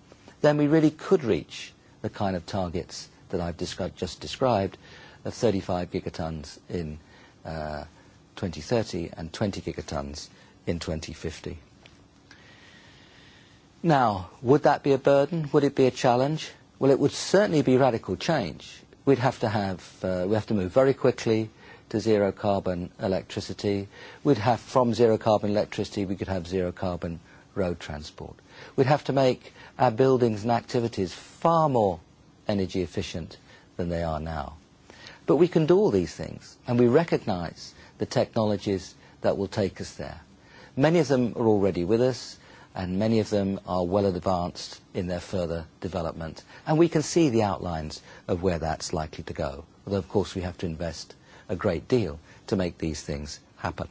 then we really could reach the kind of targets that I've described, just described of 35 gigatons in uh, 2030 and 20 gigatons in 2050. Now, would that be a burden? Would it be a challenge? Well, it would certainly be radical change. We'd have to have, uh, we have to move very quickly to zero carbon electricity. We'd have, from zero carbon electricity, we could have zero carbon road transport. We'd have to make our buildings and activities far more energy efficient than they are now. But we can do all these things, and we recognize the technologies that will take us there. Many of them are already with us, and many of them are well advanced in their further development. And we can see the outlines of where that's likely to go. Although, of course, we have to invest a great deal to make these things happen.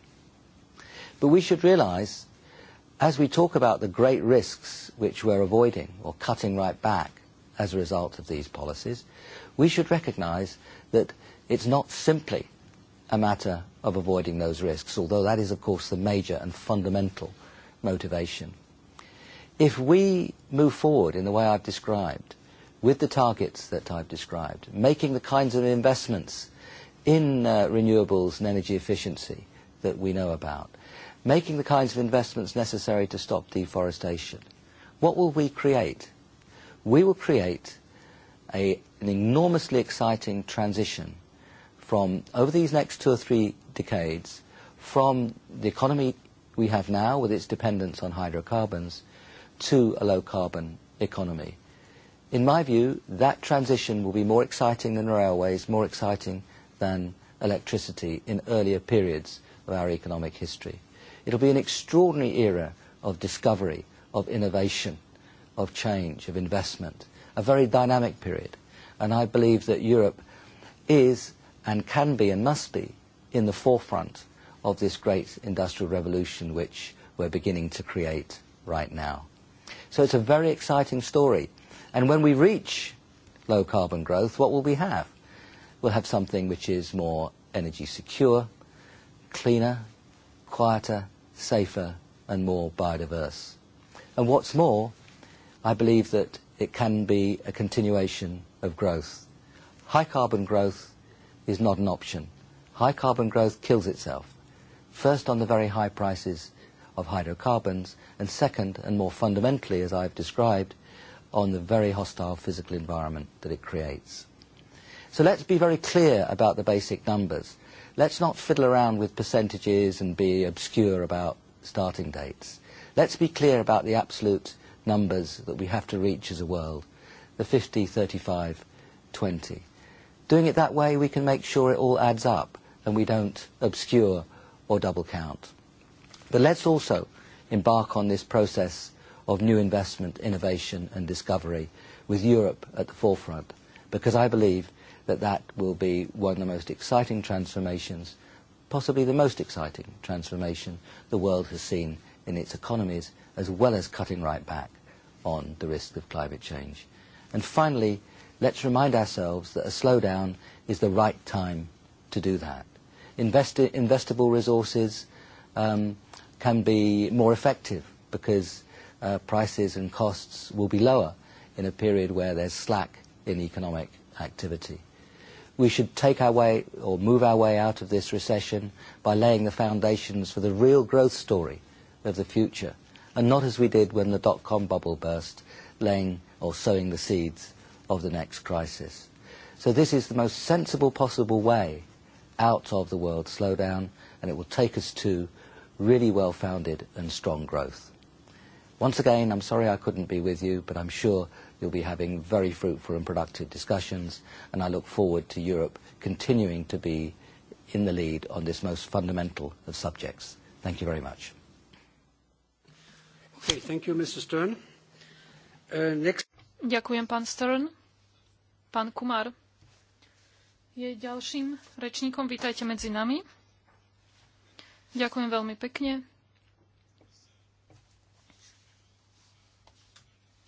But we should realize as we talk about the great risks which we're avoiding or cutting right back as a result of these policies, we should recognise that it's not simply a matter of avoiding those risks, although that is, of course, the major and fundamental motivation. If we move forward in the way I've described, with the targets that I've described, making the kinds of investments in uh, renewables and energy efficiency that we know about, making the kinds of investments necessary to stop deforestation, what will we create? We will create a, an enormously exciting transition from, over these next two or three decades, from the economy we have now with its dependence on hydrocarbons to a low carbon economy. In my view, that transition will be more exciting than railways, more exciting than electricity in earlier periods of our economic history. It'll be an extraordinary era of discovery, of innovation, of change, of investment, a very dynamic period. And I believe that Europe is and can be and must be in the forefront of this great industrial revolution which we're beginning to create right now. So it's a very exciting story. And when we reach low carbon growth, what will we have? We'll have something which is more energy secure, cleaner, quieter, safer and more biodiverse. And what's more, I believe that it can be a continuation of growth. High carbon growth is not an option. High carbon growth kills itself, first on the very high prices of hydrocarbons, and second, and more fundamentally, as I've described, on the very hostile physical environment that it creates. So let's be very clear about the basic numbers let's not fiddle around with percentages and be obscure about starting dates. Let's be clear about the absolute numbers that we have to reach as a world, the 50, 35, 20. Doing it that way, we can make sure it all adds up and we don't obscure or double count. But let's also embark on this process of new investment, innovation and discovery with Europe at the forefront, because I believe that that will be one of the most exciting transformations, possibly the most exciting transformation the world has seen in its economies, as well as cutting right back on the risk of climate change. And finally, let's remind ourselves that a slowdown is the right time to do that. Investi investable resources um, can be more effective because uh, prices and costs will be lower in a period where there's slack in economic activity we should take our way or move our way out of this recession by laying the foundations for the real growth story of the future and not as we did when the dot-com bubble burst, laying or sowing the seeds of the next crisis. So this is the most sensible possible way out of the world slowdown and it will take us to really well-founded and strong growth. Once again, I'm sorry I couldn't be with you, but I'm sure you'll be having very fruitful and productive discussions, and I look forward to Europe continuing to be in the lead on this most fundamental of subjects. Thank you very much. Okay, thank you, Mr. Stern. Uh, next... Ďakujem, pán Stern. Pán Kumar je ďalším rečníkom. Vítajte medzi nami. Ďakujem veľmi pekne.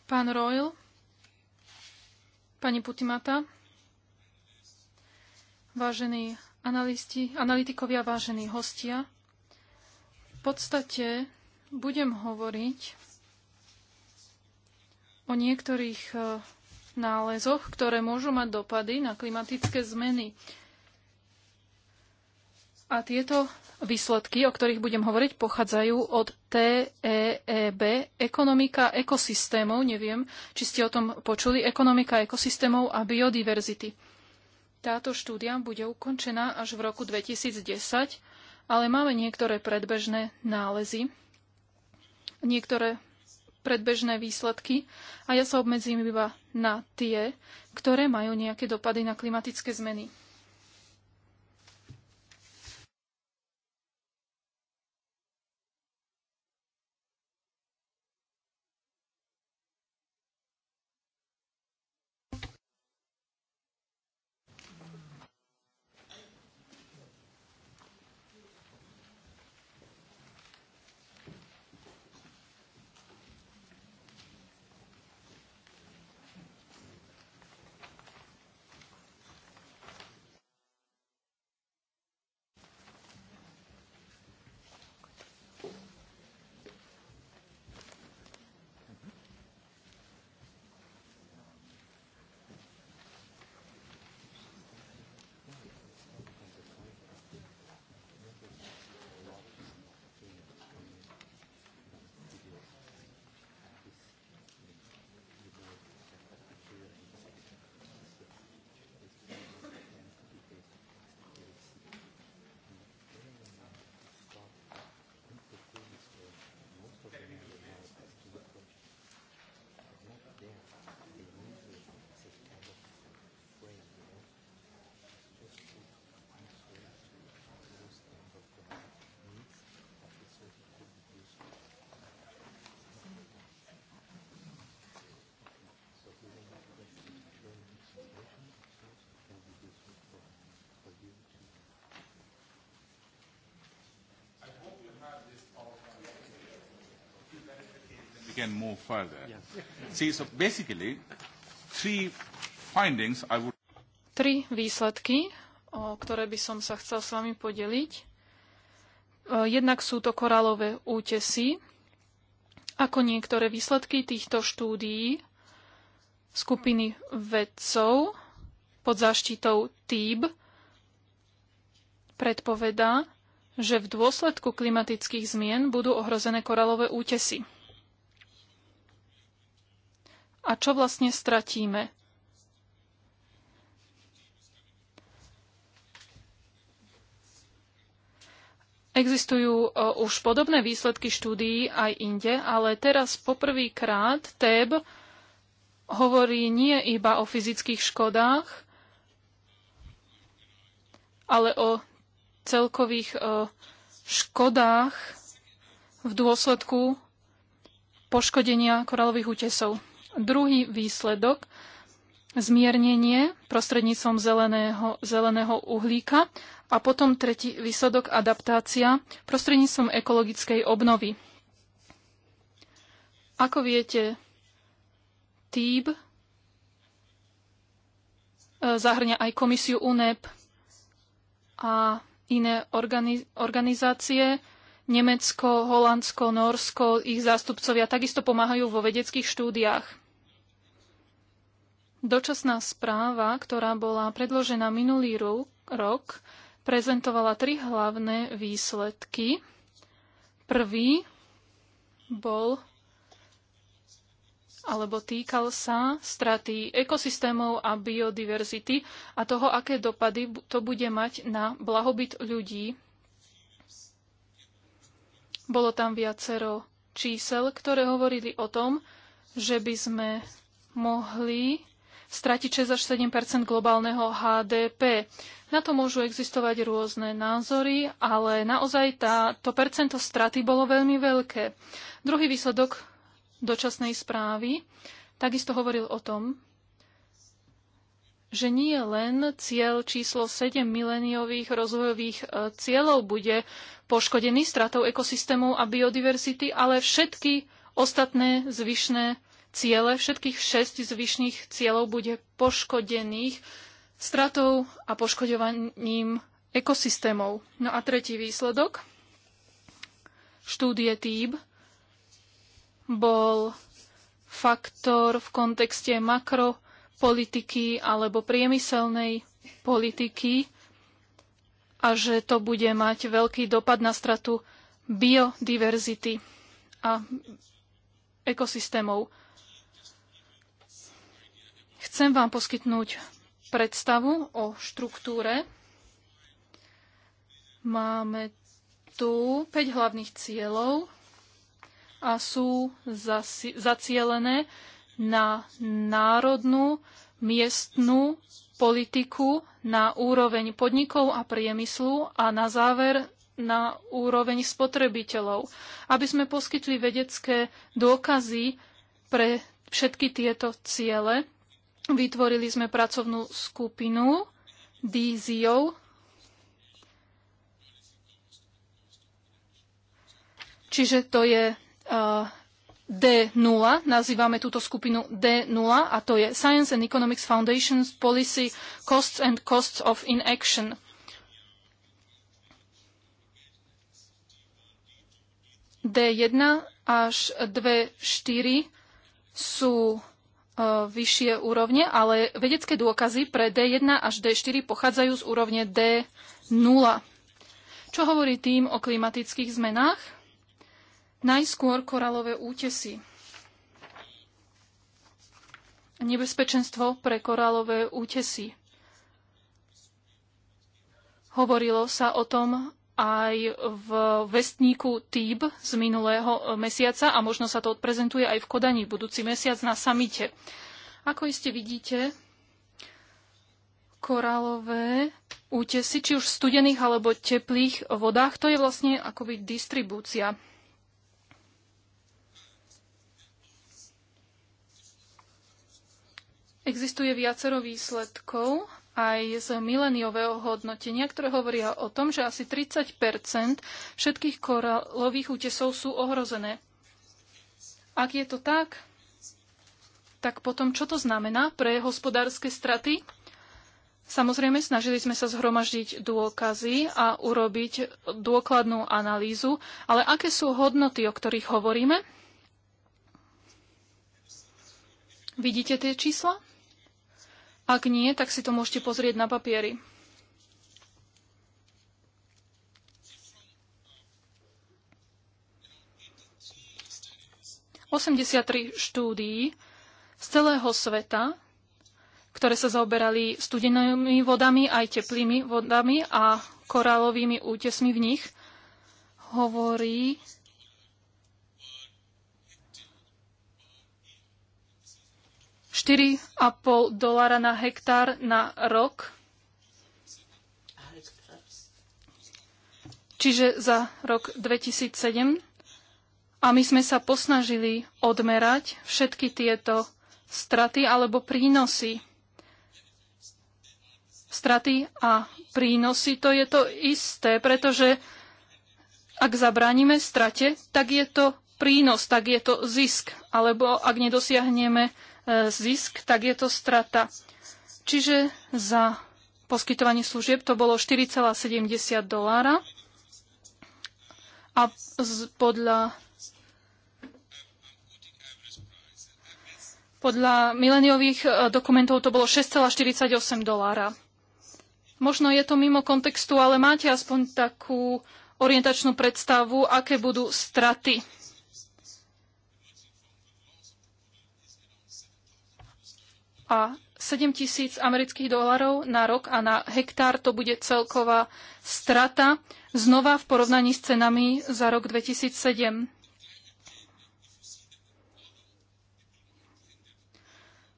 Pán Royal. Pani Putimata, vážení analisti, analytikovia, vážení hostia, v podstate budem hovoriť o niektorých eh, nálezoch, ktoré môžu mať dopady na klimatické zmeny. A tieto výsledky, o ktorých budem hovoriť, pochádzajú od TEEB, ekonomika ekosystémov, neviem, či ste o tom počuli, ekonomika ekosystémov a biodiverzity. Táto štúdia bude ukončená až v roku 2010, ale máme niektoré predbežné nálezy, niektoré predbežné výsledky a ja sa obmedzím iba na tie, ktoré majú nejaké dopady na klimatické zmeny. can move further. Yes. See, so basically, three findings I would... Tri výsledky, o ktoré by som sa chcel s vami podeliť. E, jednak sú to koralové útesy. Ako niektoré výsledky týchto štúdií skupiny vedcov pod záštitou TIB predpovedá, že v dôsledku klimatických zmien budú ohrozené koralové útesy a čo vlastne stratíme. Existujú e, už podobné výsledky štúdií aj inde, ale teraz poprvýkrát TEB hovorí nie iba o fyzických škodách, ale o celkových e, škodách v dôsledku poškodenia koralových útesov. Druhý výsledok zmiernenie prostredníctvom zeleného, zeleného uhlíka a potom tretí výsledok adaptácia prostredníctvom ekologickej obnovy. Ako viete, TIB e, zahrňa aj komisiu UNEP a iné organizácie. Nemecko, Holandsko, Norsko, ich zástupcovia takisto pomáhajú vo vedeckých štúdiách. Dočasná správa, ktorá bola predložená minulý rok, prezentovala tri hlavné výsledky. Prvý bol alebo týkal sa straty ekosystémov a biodiverzity a toho, aké dopady to bude mať na blahobyt ľudí. Bolo tam viacero čísel, ktoré hovorili o tom, že by sme mohli stratiť 6 až 7 globálneho HDP. Na to môžu existovať rôzne názory, ale naozaj tá, to percento straty bolo veľmi veľké. Druhý výsledok dočasnej správy takisto hovoril o tom, že nie len cieľ číslo 7 miléniových rozvojových e, cieľov bude poškodený stratou ekosystémov a biodiverzity, ale všetky ostatné zvyšné ciele, všetkých šesť zvyšných cieľov bude poškodených stratou a poškodovaním ekosystémov. No a tretí výsledok štúdie TIB bol faktor v kontexte makropolitiky alebo priemyselnej politiky a že to bude mať veľký dopad na stratu biodiverzity a ekosystémov. Chcem vám poskytnúť predstavu o štruktúre. Máme tu 5 hlavných cieľov a sú zacielené na národnú, miestnú politiku, na úroveň podnikov a priemyslu a na záver na úroveň spotrebiteľov, aby sme poskytli vedecké dôkazy pre všetky tieto ciele Vytvorili sme pracovnú skupinu DZO, čiže to je uh, eh, D0, nazývame túto skupinu D0 a to je Science and Economics Foundation's Policy Costs and Costs of Inaction. D1 až 2.4 sú E, vyššie úrovne, ale vedecké dôkazy pre D1 až D4 pochádzajú z úrovne D0. Čo hovorí tým o klimatických zmenách? Najskôr koralové útesy. Nebezpečenstvo pre koralové útesy. Hovorilo sa o tom aj v vestníku TIB z minulého mesiaca a možno sa to odprezentuje aj v Kodani budúci mesiac na samite. Ako iste vidíte, koralové útesy, či už v studených alebo teplých vodách, to je vlastne akoby distribúcia. Existuje viacero výsledkov aj z mileniového hodnotenia, ktoré hovoria o tom, že asi 30 všetkých koralových útesov sú ohrozené. Ak je to tak, tak potom čo to znamená pre hospodárske straty? Samozrejme, snažili sme sa zhromaždiť dôkazy a urobiť dôkladnú analýzu, ale aké sú hodnoty, o ktorých hovoríme? Vidíte tie čísla? Ak nie, tak si to môžete pozrieť na papieri. Osemdesiattri štúdií z celého sveta, ktoré sa zaoberali studenými vodami, aj teplými vodami a korálovými útesmi v nich, hovorí, 4,5 dolára na hektár na rok. Čiže za rok 2007. A my sme sa posnažili odmerať všetky tieto straty alebo prínosy. Straty a prínosy to je to isté, pretože ak zabránime strate, tak je to prínos, tak je to zisk. Alebo ak nedosiahneme E, zisk, tak je to strata. Čiže za poskytovanie služieb to bolo 4,70 dolára a podľa Podľa mileniových e, dokumentov to bolo 6,48 dolára. Možno je to mimo kontextu, ale máte aspoň takú orientačnú predstavu, aké budú straty a 7 tisíc amerických dolarov na rok a na hektár to bude celková strata znova v porovnaní s cenami za rok 2007.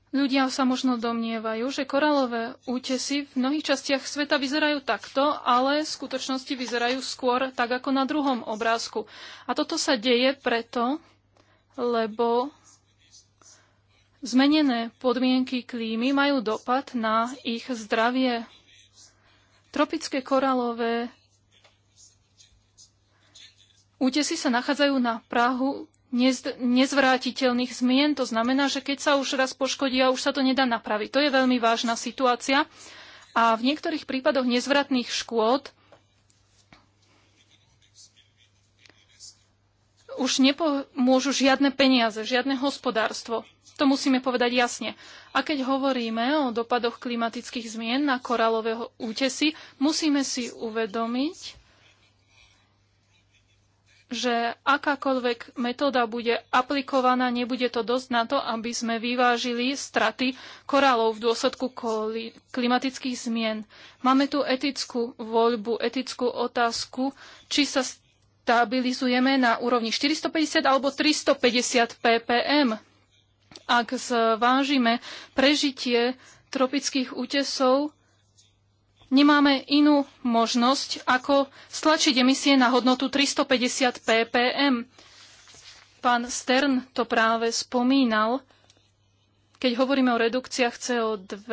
Ľudia sa možno domnievajú, že koralové útesy v mnohých častiach sveta vyzerajú takto, ale v skutočnosti vyzerajú skôr tak ako na druhom obrázku. A toto sa deje preto, lebo Zmenené podmienky klímy majú dopad na ich zdravie. Tropické koralové útesy sa nachádzajú na Prahu nezvrátiteľných zmien. To znamená, že keď sa už raz poškodia, už sa to nedá napraviť. To je veľmi vážna situácia. A v niektorých prípadoch nezvratných škôd už nepomôžu žiadne peniaze, žiadne hospodárstvo. To musíme povedať jasne. A keď hovoríme o dopadoch klimatických zmien na koralové útesy, musíme si uvedomiť, že akákoľvek metóda bude aplikovaná, nebude to dosť na to, aby sme vyvážili straty koralov v dôsledku klimatických zmien. Máme tu etickú voľbu, etickú otázku, či sa stabilizujeme na úrovni 450 alebo 350 ppm. Ak zvážime prežitie tropických útesov, nemáme inú možnosť, ako stlačiť emisie na hodnotu 350 ppm. Pán Stern to práve spomínal. Keď hovoríme o redukciách CO2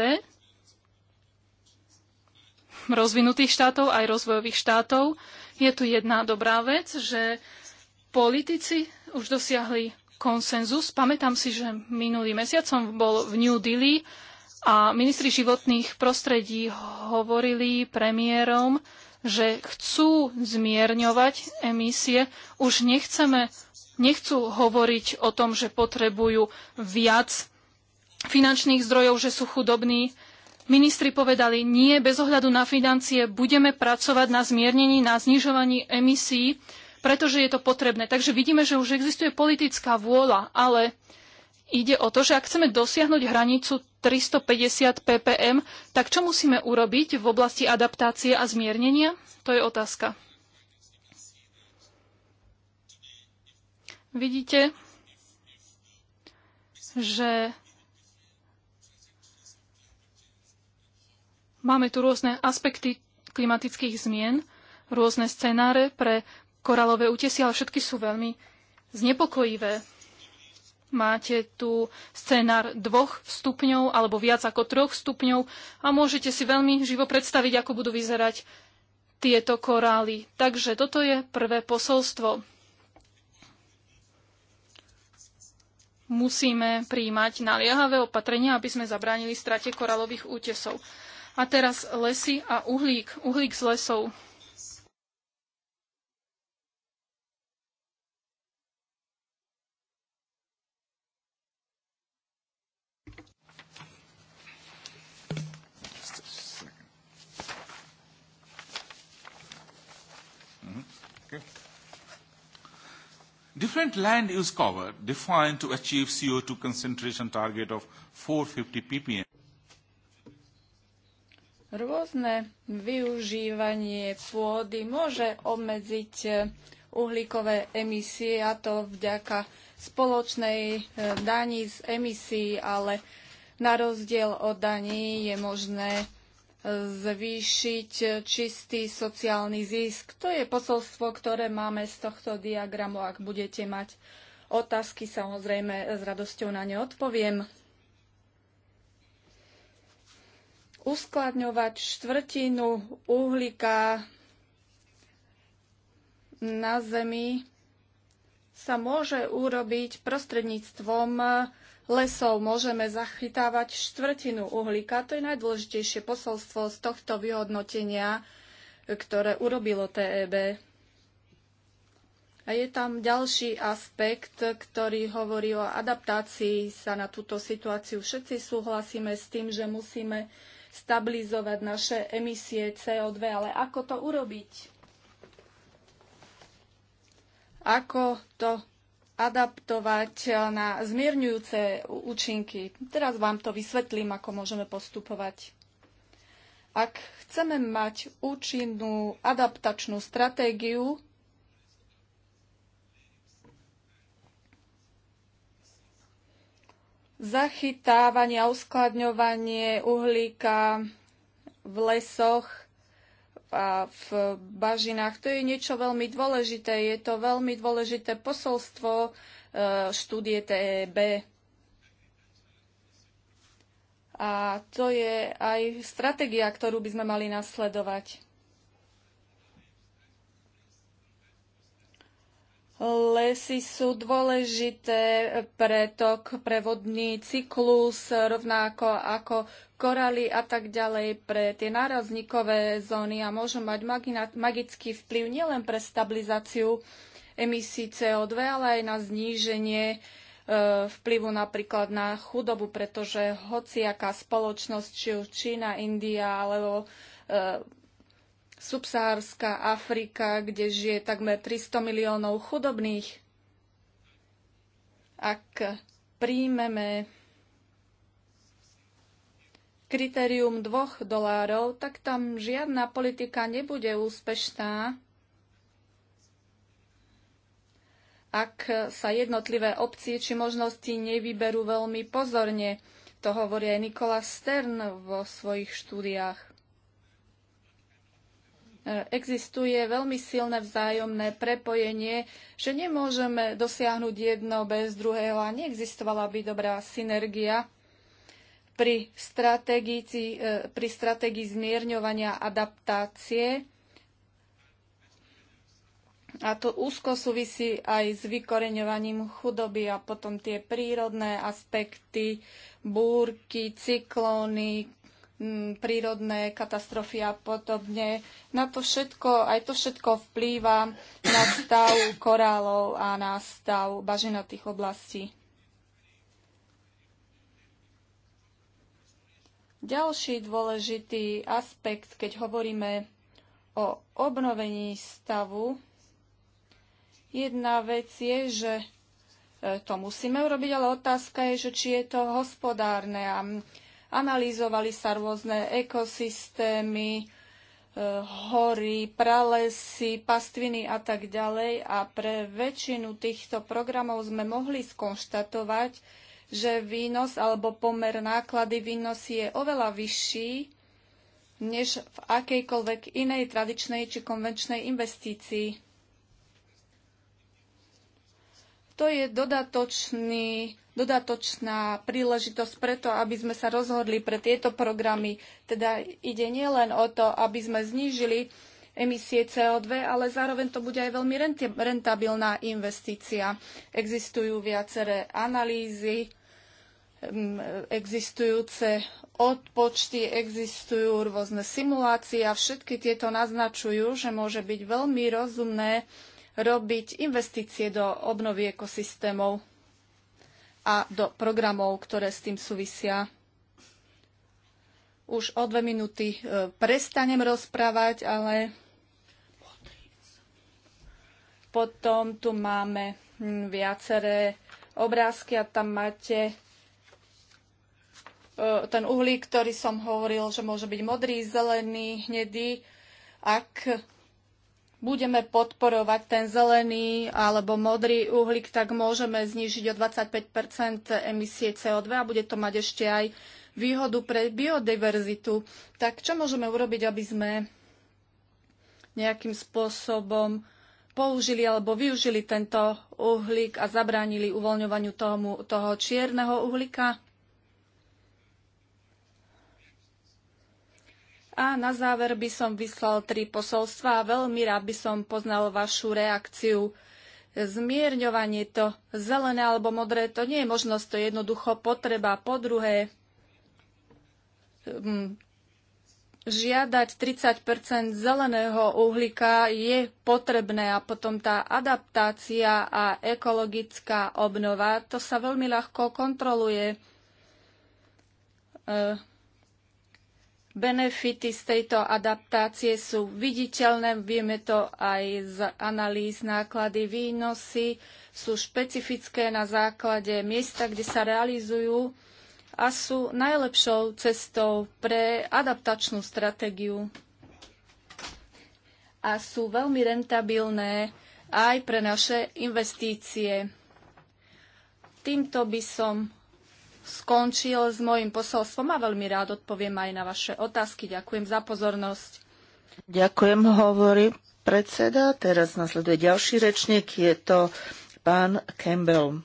rozvinutých štátov aj rozvojových štátov, je tu jedna dobrá vec, že politici už dosiahli konsenzus. Pamätám si, že minulý mesiac som bol v New Delhi a ministri životných prostredí hovorili premiérom, že chcú zmierňovať emisie. Už nechceme, nechcú hovoriť o tom, že potrebujú viac finančných zdrojov, že sú chudobní. Ministri povedali, nie, bez ohľadu na financie budeme pracovať na zmiernení, na znižovaní emisí pretože je to potrebné. Takže vidíme, že už existuje politická vôľa, ale ide o to, že ak chceme dosiahnuť hranicu 350 ppm, tak čo musíme urobiť v oblasti adaptácie a zmiernenia? To je otázka. Vidíte, že máme tu rôzne aspekty klimatických zmien, rôzne scenáre pre koralové útesy, ale všetky sú veľmi znepokojivé. Máte tu scénar dvoch stupňov alebo viac ako troch stupňov a môžete si veľmi živo predstaviť, ako budú vyzerať tieto korály. Takže toto je prvé posolstvo. Musíme príjmať naliehavé opatrenia, aby sme zabránili strate koralových útesov. A teraz lesy a uhlík. Uhlík z lesov. different land use cover defined to achieve CO2 concentration target of 450 ppm. Rôzne využívanie pôdy môže obmedziť eh, uhlíkové emisie a to vďaka spoločnej eh, daní z emisí, ale na rozdiel od daní je možné zvýšiť čistý sociálny zisk. To je posolstvo, ktoré máme z tohto diagramu. Ak budete mať otázky, samozrejme s radosťou na ne odpoviem. Uskladňovať štvrtinu uhlíka na Zemi sa môže urobiť prostredníctvom lesov môžeme zachytávať štvrtinu uhlíka. To je najdôležitejšie posolstvo z tohto vyhodnotenia, ktoré urobilo TEB. A je tam ďalší aspekt, ktorý hovorí o adaptácii sa na túto situáciu. Všetci súhlasíme s tým, že musíme stabilizovať naše emisie CO2, ale ako to urobiť? Ako to adaptovať na zmierňujúce účinky. Teraz vám to vysvetlím, ako môžeme postupovať. Ak chceme mať účinnú adaptačnú stratégiu, zachytávanie a uskladňovanie uhlíka v lesoch a v bažinách. To je niečo veľmi dôležité. Je to veľmi dôležité posolstvo e, štúdie TEB. A to je aj stratégia, ktorú by sme mali nasledovať. Lesy sú dôležité pre tok, pre vodný cyklus, rovnako ako korály a tak ďalej pre tie nárazníkové zóny a môžu mať magický vplyv nielen pre stabilizáciu emisí CO2, ale aj na zníženie e, vplyvu napríklad na chudobu, pretože hociaká spoločnosť, či už Čína, India alebo e, subsahárska Afrika, kde žije takmer 300 miliónov chudobných, ak príjmeme kritérium dvoch dolárov, tak tam žiadna politika nebude úspešná, ak sa jednotlivé obcie či možnosti nevyberú veľmi pozorne. To hovorí aj Nikola Stern vo svojich štúdiách. Existuje veľmi silné vzájomné prepojenie, že nemôžeme dosiahnuť jedno bez druhého a neexistovala by dobrá synergia pri stratégii, e, pri stratégii zmierňovania adaptácie a to úzko súvisí aj s vykoreňovaním chudoby a potom tie prírodné aspekty, búrky, cyklóny, prírodné katastrofy a podobne. Na to všetko, aj to všetko vplýva na stav korálov a na stav bažinatých oblastí. Ďalší dôležitý aspekt, keď hovoríme o obnovení stavu, jedna vec je, že e, to musíme urobiť, ale otázka je, že či je to hospodárne. A analýzovali sa rôzne ekosystémy, e, hory, pralesy, pastviny a tak ďalej. A pre väčšinu týchto programov sme mohli skonštatovať, že výnos alebo pomer náklady výnos je oveľa vyšší než v akejkoľvek inej tradičnej či konvenčnej investícii. To je dodatočný, dodatočná príležitosť preto, aby sme sa rozhodli pre tieto programy. Teda ide nielen o to, aby sme znížili emisie CO2, ale zároveň to bude aj veľmi rentabilná investícia. Existujú viaceré analýzy, mm, existujúce odpočty, existujú rôzne simulácie a všetky tieto naznačujú, že môže byť veľmi rozumné robiť investície do obnovy ekosystémov a do programov, ktoré s tým súvisia. Už o dve minúty e, prestanem rozprávať, ale potom tu máme hm, viaceré obrázky a tam máte e, ten uhlík, ktorý som hovoril, že môže byť modrý, zelený, hnedý. Ak budeme podporovať ten zelený alebo modrý uhlík, tak môžeme znížiť o 25 emisie CO2 a bude to mať ešte aj výhodu pre biodiverzitu. Tak čo môžeme urobiť, aby sme nejakým spôsobom použili alebo využili tento uhlík a zabránili uvoľňovaniu tomu, toho čierneho uhlíka. A na záver by som vyslal tri posolstva a veľmi rád by som poznal vašu reakciu. Zmierňovanie to zelené alebo modré, to nie je možnosť, to je jednoducho potreba. Po druhé, žiadať 30 zeleného uhlíka je potrebné a potom tá adaptácia a ekologická obnova, to sa veľmi ľahko kontroluje. E, benefity z tejto adaptácie sú viditeľné, vieme to aj z analýz náklady výnosy, sú špecifické na základe miesta, kde sa realizujú a sú najlepšou cestou pre adaptačnú stratégiu a sú veľmi rentabilné aj pre naše investície. Týmto by som skončil s mojim posolstvom a veľmi rád odpoviem aj na vaše otázky. Ďakujem za pozornosť. Ďakujem, hovorí predseda. Teraz nasleduje ďalší rečník, je to pán Campbell.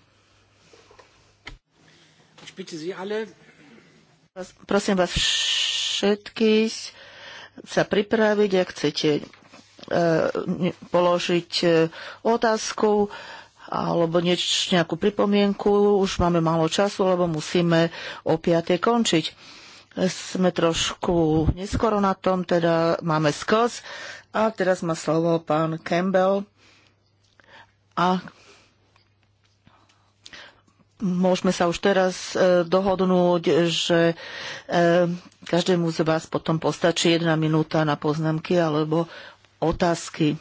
Prosím vás všetkých sa pripraviť, ak chcete e, položiť e, otázku alebo nieč, nejakú pripomienku. Už máme málo času, lebo musíme o 5. končiť. Sme trošku neskoro na tom, teda máme skos. A teraz má slovo pán Campbell. A môžeme sa už teraz e, dohodnúť, že e, každému z vás potom postačí jedna minúta na poznámky alebo otázky.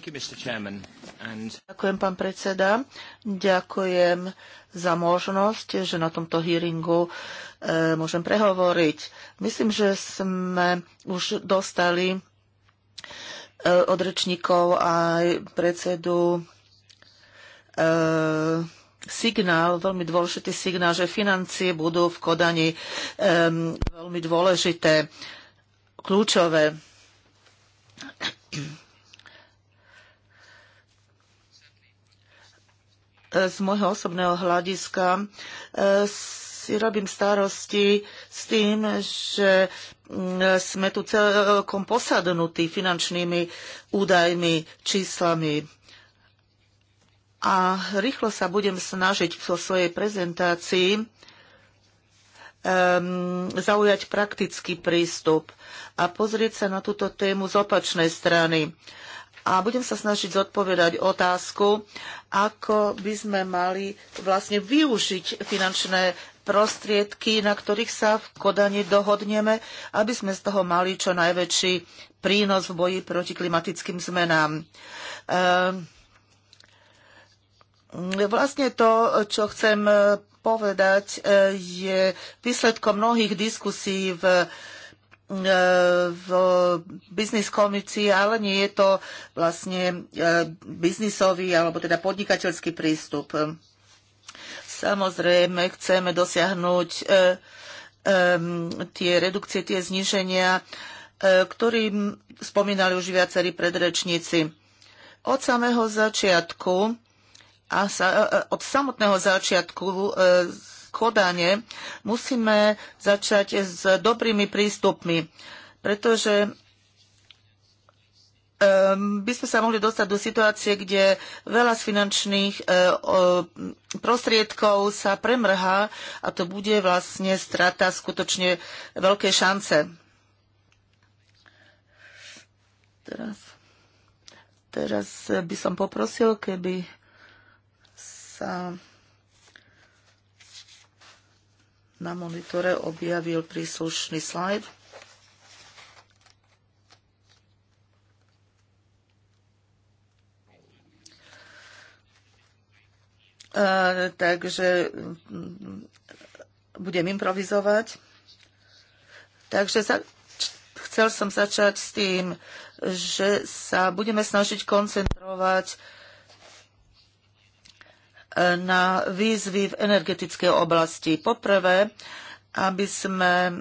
Ďakujem, pán predseda. Ďakujem za možnosť, že na tomto hearingu e, môžem prehovoriť. Myslím, že sme už dostali e, od rečníkov aj predsedu e, signál, veľmi dôležitý signál, že financie budú v Kodani e, veľmi dôležité, kľúčové E, z môjho osobného hľadiska e, si robím starosti s tým, že sme tu celkom posadnutí finančnými údajmi, číslami. A rýchlo sa budem snažiť vo svojej prezentácii um, zaujať praktický prístup a pozrieť sa na túto tému z opačnej strany a budem sa snažiť zodpovedať otázku, ako by sme mali vlastne využiť finančné prostriedky, na ktorých sa v Kodani dohodneme, aby sme z toho mali čo najväčší prínos v boji proti klimatickým zmenám. Ehm, vlastne to, čo chcem eh, povedať, eh, je výsledkom mnohých diskusí v v biznis komici, ale nie je to vlastne e, biznisový alebo teda podnikateľský prístup. Samozrejme, chceme dosiahnuť e, tie redukcie, tie zniženia, e, ktorým spomínali už viacerí predrečníci. Od samého začiatku a sa, od samotného začiatku Kodane, musíme začať s dobrými prístupmi, pretože by sme sa mohli dostať do situácie, kde veľa z finančných e, prostriedkov sa premrhá a to bude vlastne strata skutočne veľké šance. Teraz, teraz by som poprosil, keby sa na monitore objavil príslušný slajd. takže mm, budem improvizovať. Takže za, chcel som začať s tým, že sa budeme snažiť koncentrovať na výzvy v energetickej oblasti. Poprvé, aby sme e,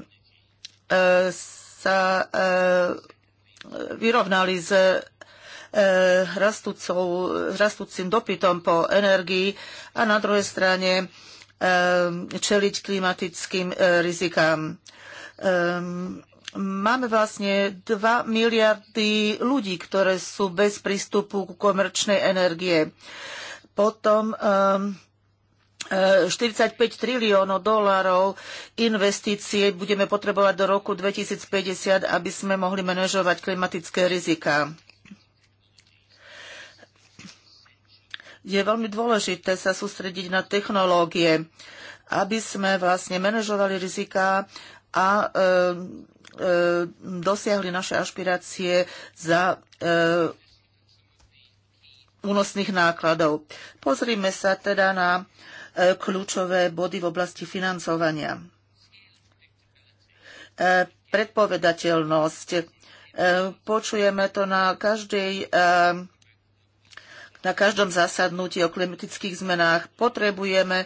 sa e, vyrovnali s e, rastúcim dopytom po energii a na druhej strane čeliť klimatickým rizikám. Máme vlastne 2 miliardy ľudí, ktoré sú bez prístupu ku komerčnej energie potom 45 ehm, eh, triliónov dolárov investície budeme potrebovať do roku 2050, aby sme mohli manažovať klimatické rizika. Je veľmi dôležité sa sústrediť na technológie, aby sme vlastne manažovali rizika a e, e, dosiahli naše ašpirácie za e, únosných nákladov. Pozrime sa teda na e, kľúčové body v oblasti financovania. E, predpovedateľnosť. E, počujeme to na každej na každom zasadnutí o klimatických zmenách potrebujeme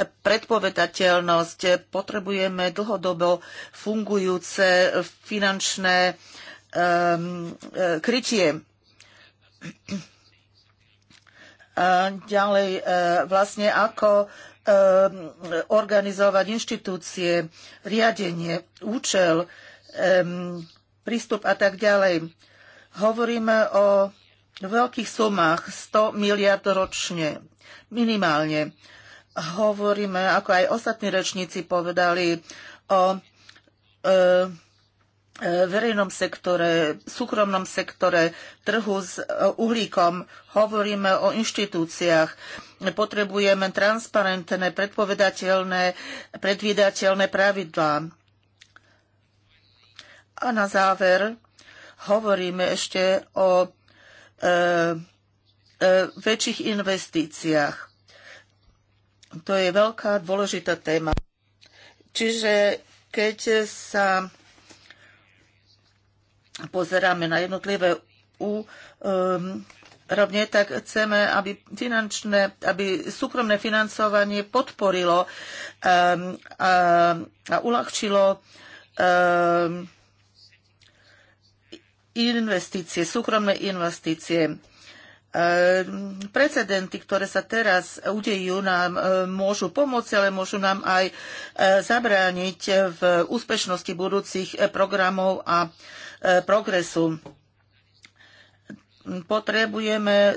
predpovedateľnosť, potrebujeme dlhodobo fungujúce finančné um, krytie. A ďalej, e, vlastne ako e, organizovať inštitúcie, riadenie, účel, e, prístup a tak ďalej. Hovoríme o veľkých sumách, 100 miliard ročne, minimálne. Hovoríme, ako aj ostatní rečníci povedali, o verejnom sektore, súkromnom sektore, trhu s e, uhlíkom, hovoríme o inštitúciách. Potrebujeme transparentné, predpovedateľné, predvídateľné pravidlá. A na záver hovoríme ešte o e, e, väčších investíciách. To je veľká dôležitá téma. Čiže keď sa pozeráme na jednotlivé úrovne, um, rovne tak chceme, aby, finančné, aby súkromné financovanie podporilo um, a, a uľahčilo um, investície, súkromné investície. Um, precedenty, ktoré sa teraz udejú, nám um, môžu pomôcť, ale môžu nám aj uh, zabrániť v úspešnosti budúcich eh, programov a E, progresu. Potrebujeme e,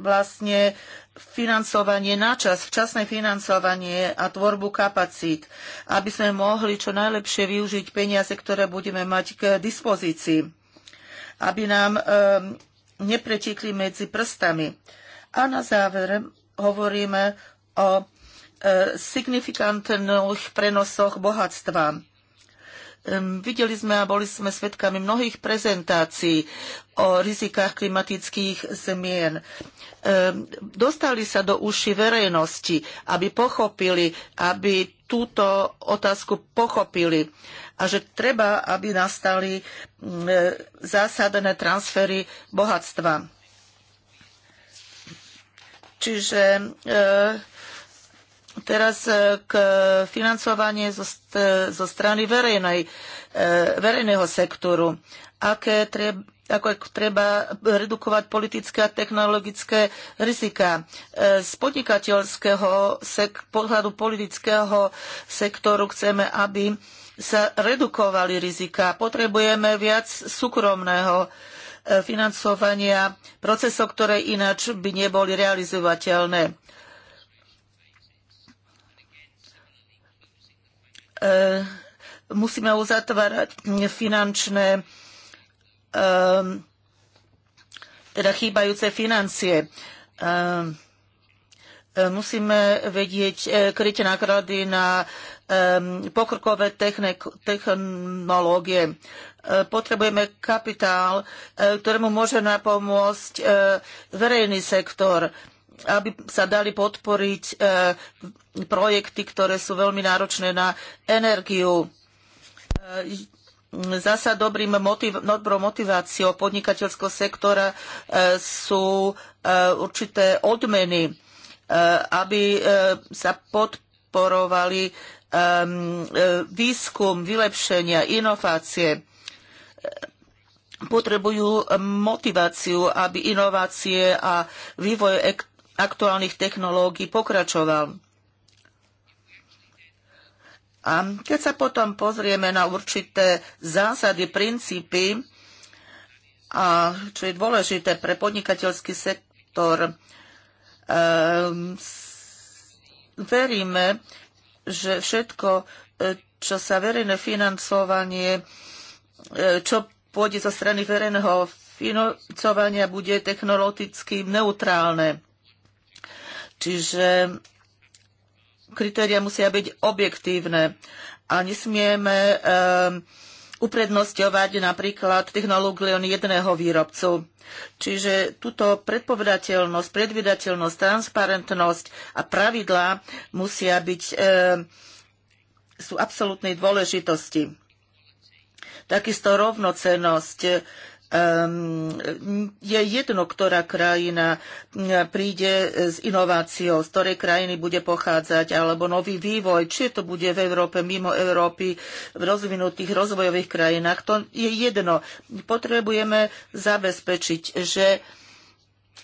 vlastne financovanie na čas, včasné financovanie a tvorbu kapacít, aby sme mohli čo najlepšie využiť peniaze, ktoré budeme mať k dispozícii, aby nám e, nepretikli medzi prstami. A na záver hovoríme o signifikantných prenosoch bohatstva. Videli sme a boli sme svedkami mnohých prezentácií o rizikách klimatických zmien. Dostali sa do uši verejnosti, aby pochopili, aby túto otázku pochopili a že treba, aby nastali zásadné transfery bohatstva. Čiže e, Teraz e, k financovanie zo, e, zo strany verejnej, e, verejného sektoru. Aké treba, ako treba redukovať politické a technologické rizika. Z podnikateľského sek, pohľadu politického sektoru chceme, aby sa redukovali rizika. Potrebujeme viac súkromného financovania procesov, ktoré ináč by neboli realizovateľné E, musíme uzatvárať finančné e, teda chýbajúce financie. E, musíme vedieť kryť náklady na pokrokové technológie. Potrebujeme kapitál, ktorému môže napomôcť verejný sektor aby sa dali podporiť eh, projekty, ktoré sú veľmi náročné na energiu. Eh, Zasa dobrým motiv, dobrou motiváciou podnikateľského sektora eh, sú určité odmeny, aby sa podporovali ehm, výskum, vylepšenia, inovácie potrebujú motiváciu, aby inovácie a vývoj aktuálnych technológií pokračoval. A keď sa potom pozrieme na určité zásady, princípy, a čo je dôležité pre podnikateľský sektor, ehm, veríme, že všetko, e, čo sa verejné financovanie, e, čo pôjde zo strany verejného financovania, bude technologicky neutrálne. Čiže kritéria musia byť objektívne a nesmieme um, uprednostňovať napríklad technológiu len jedného výrobcu. Čiže túto predpovedateľnosť, predvydateľnosť, transparentnosť a pravidlá musia byť, e, sú absolútnej dôležitosti. Takisto rovnocenosť. Ehm, je jedno, ktorá krajina príde s inováciou, z ktorej krajiny bude pochádzať, alebo nový vývoj, či to bude v Európe, mimo Európy, v rozvinutých rozvojových krajinách, to je jedno. Potrebujeme zabezpečiť, že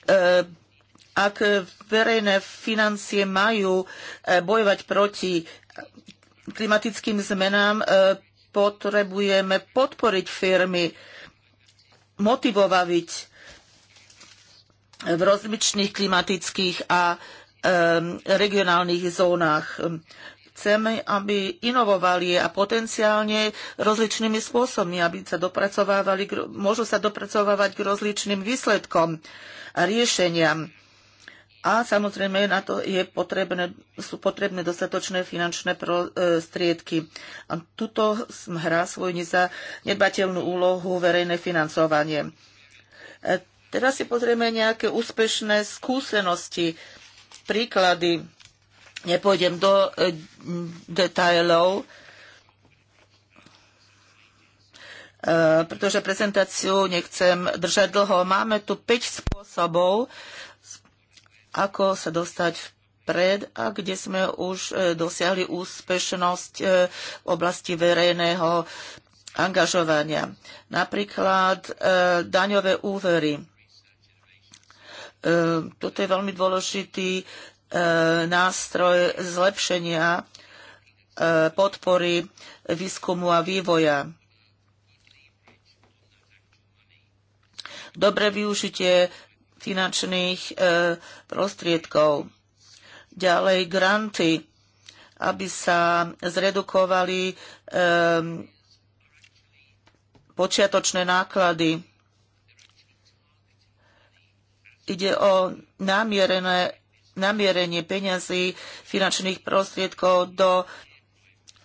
ehm, ak verejné financie majú e, bojovať proti klimatickým zmenám, e, potrebujeme podporiť firmy, motivovať v rozličných klimatických a regionálnych zónach. Chceme, aby inovovali a potenciálne rozličnými spôsobmi, aby sa dopracovávali, môžu sa dopracovávať k rozličným výsledkom a riešeniam. A samozrejme na to je potrebné, sú potrebné dostatočné finančné prostriedky. A tuto hrá svoju nedbateľnú úlohu verejné financovanie. E, teraz si pozrieme nejaké úspešné skúsenosti, príklady. Nepôjdem do e, detailov, e, pretože prezentáciu nechcem držať dlho. Máme tu 5 spôsobov, ako sa dostať vpred a kde sme už e, dosiahli úspešnosť e, v oblasti verejného angažovania. Napríklad e, daňové úvery. toto je veľmi dôležitý nástroj zlepšenia podpory výskumu a vývoja. Dobré využitie finančných e, prostriedkov. Ďalej granty, aby sa zredukovali e, počiatočné náklady. Ide o namierené, namierenie peňazí finančných prostriedkov do,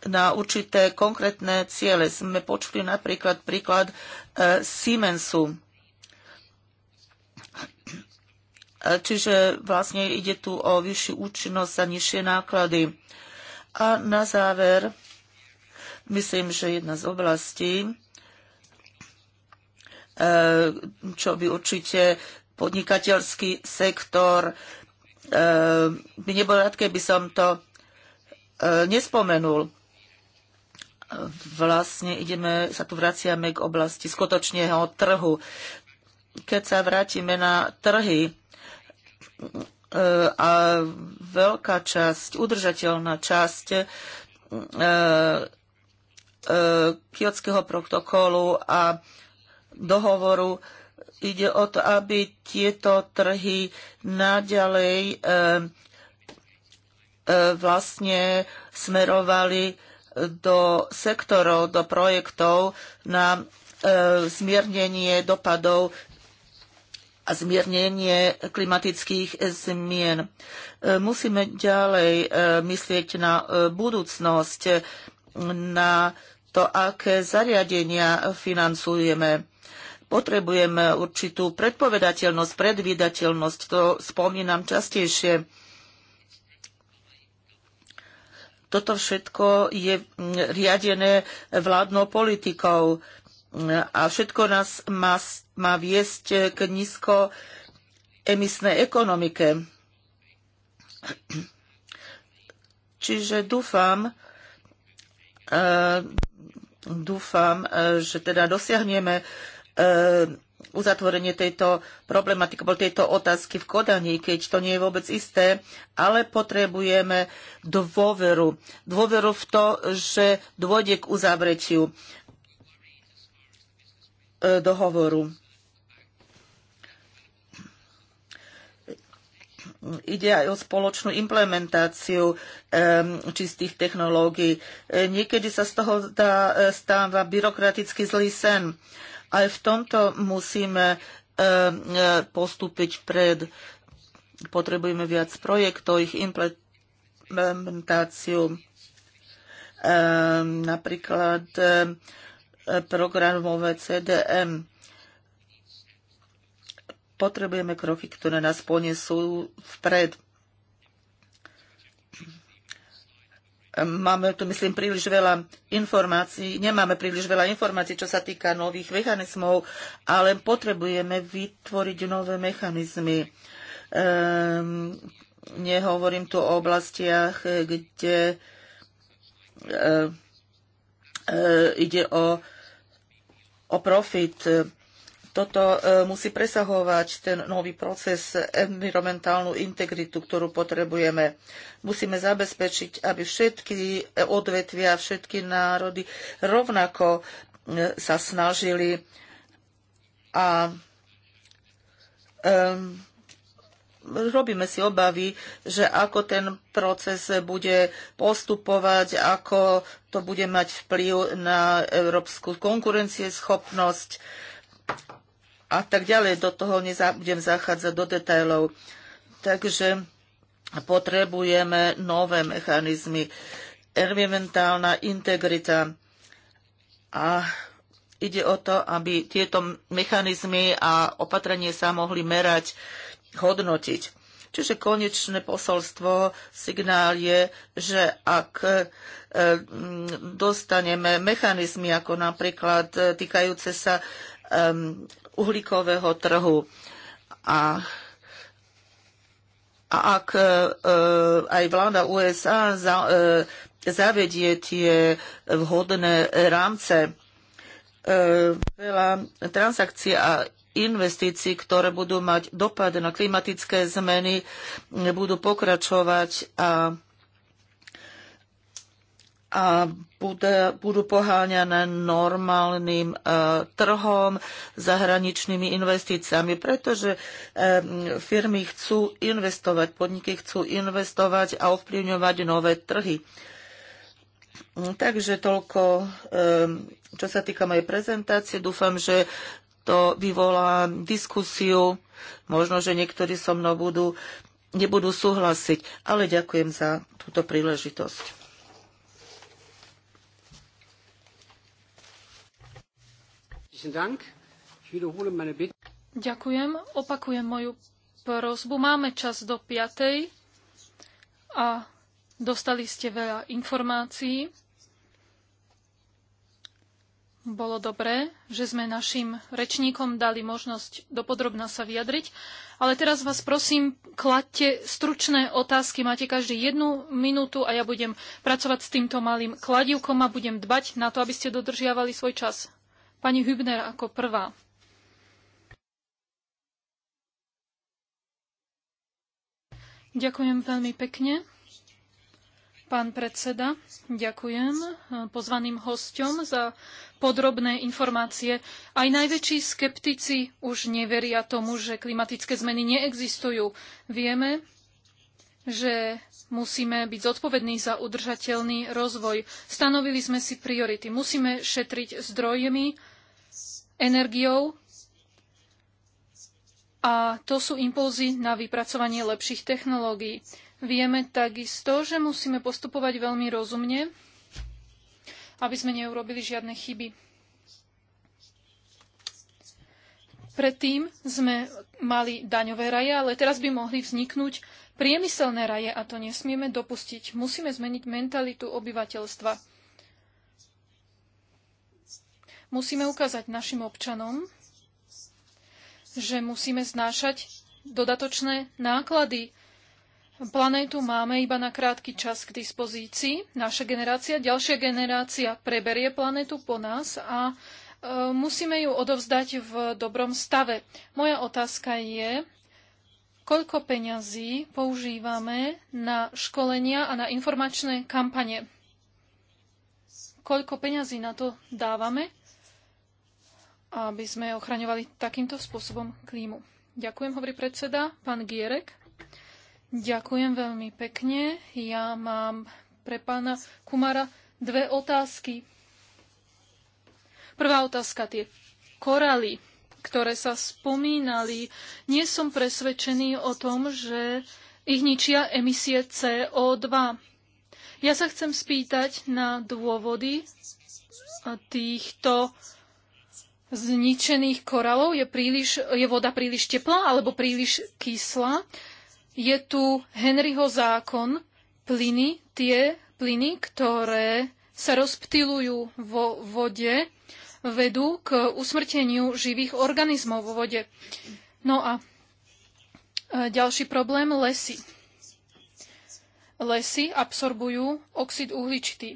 na určité konkrétne ciele. Sme počuli napríklad príklad e, Siemensu. E, čiže vlastne ide tu o vyššiu účinnosť a nižšie náklady. A na záver, myslím, že jedna z oblastí, e, čo by určite podnikateľský sektor, e, by nebol rád, keby som to nespomenul. Vlastne ideme, sa tu vraciame k oblasti skutočného trhu. Keď sa vrátime na trhy, a veľká časť, udržateľná časť e, e, kiotského protokolu a dohovoru ide o to, aby tieto trhy naďalej e, vlastne smerovali do sektorov, do projektov na zmiernenie dopadov a zmiernenie klimatických zmien. Musíme ďalej e, myslieť na e, budúcnosť, na to, aké zariadenia financujeme. Potrebujeme určitú predpovedateľnosť, predvídateľnosť, to spomínam častejšie. Toto všetko je riadené vládnou politikou a všetko nás má, má viesť k emisnej ekonomike. Čiže dúfam, eh, dúfam, eh, že teda dosiahneme eh, uzatvorenie tejto problematiky, bol tejto otázky v Kodani, keď to nie je vôbec isté, ale potrebujeme dôveru. Dôveru v to, že dôjde k uzavretiu E, dohovoru. ide aj o spoločnú implementáciu e, čistých technológií. E, niekedy sa z toho dá, stáva byrokraticky zlý sen. Aj v tomto musíme postúpiť pred. Potrebujeme viac projektov, ich implementáciu. napríklad programové CDM. Potrebujeme kroky, ktoré nás poniesú vpred. Máme tu, myslím, príliš veľa informácií, nemáme príliš veľa informácií, čo sa týka nových mechanizmov, ale potrebujeme vytvoriť nové mechanizmy. Um, nehovorím tu o oblastiach, kde ehm, ehm, ide o o profit. Toto e, musí presahovať ten nový proces environmentálnu integritu, ktorú potrebujeme. Musíme zabezpečiť, aby všetky odvetvia, všetky národy rovnako e, sa snažili a um, robíme si obavy, že ako ten proces bude postupovať, ako to bude mať vplyv na európsku konkurencieschopnosť a tak ďalej. Do toho nebudem zachádzať do detajlov. Takže potrebujeme nové mechanizmy. Environmentálna integrita a ide o to, aby tieto mechanizmy a opatrenie sa mohli merať hodnotiť. Čiže konečné posolstvo, signál je, že ak e, dostaneme mechanizmy ako napríklad e, týkajúce sa uhlíkového trhu a a ak e, aj vláda USA zavedie tie vhodné rámce, veľa transakcií a investícií, ktoré budú mať dopad na klimatické zmeny, budú pokračovať a, a bude, budú poháňané normálnym uh, trhom, zahraničnými investíciami, pretože um, firmy chcú investovať, podniky chcú investovať a ovplyvňovať nové trhy. Takže toľko, e, čo sa týka mojej prezentácie. Dúfam, že to vyvolá diskusiu. Možno, že niektorí so mnou budú, nebudú súhlasiť, ale ďakujem za túto príležitosť. Ďakujem. Opakujem moju prozbu. Máme čas do piatej a dostali ste veľa informácií. Bolo dobré, že sme našim rečníkom dali možnosť dopodrobná sa vyjadriť, ale teraz vás prosím, kladte stručné otázky. Máte každý jednu minútu a ja budem pracovať s týmto malým kladivkom a budem dbať na to, aby ste dodržiavali svoj čas. Pani Hübner ako prvá. Ďakujem veľmi pekne. Pán predseda, ďakujem pozvaným hosťom za podrobné informácie. Aj najväčší skeptici už neveria tomu, že klimatické zmeny neexistujú. Vieme, že musíme byť zodpovední za udržateľný rozvoj. Stanovili sme si priority. Musíme šetriť zdrojmi, energiou a to sú impulzy na vypracovanie lepších technológií. Vieme takisto, že musíme postupovať veľmi rozumne, aby sme neurobili žiadne chyby. Predtým sme mali daňové raje, ale teraz by mohli vzniknúť priemyselné raje a to nesmieme dopustiť. Musíme zmeniť mentalitu obyvateľstva. Musíme ukázať našim občanom, že musíme znášať dodatočné náklady Planétu máme iba na krátky čas k dispozícii. Naša generácia, ďalšia generácia preberie planétu po nás a e, musíme ju odovzdať v dobrom stave. Moja otázka je, koľko peňazí používame na školenia a na informačné kampane? Koľko peňazí na to dávame, aby sme ochraňovali takýmto spôsobom klímu? Ďakujem, hovorí predseda. Pán Gierek. Ďakujem veľmi pekne. Ja mám pre pána Kumara dve otázky. Prvá otázka, tie Korály, ktoré sa spomínali. Nie som presvedčený o tom, že ich ničia emisie CO2. Ja sa chcem spýtať na dôvody týchto zničených koralov. Je, príliš, je voda príliš teplá alebo príliš kyslá? Je tu Henryho zákon, plyny, tie plyny, ktoré sa rozptilujú vo vode, vedú k usmrteniu živých organizmov vo vode. No a e, ďalší problém lesy. Lesy absorbujú oxid uhličitý.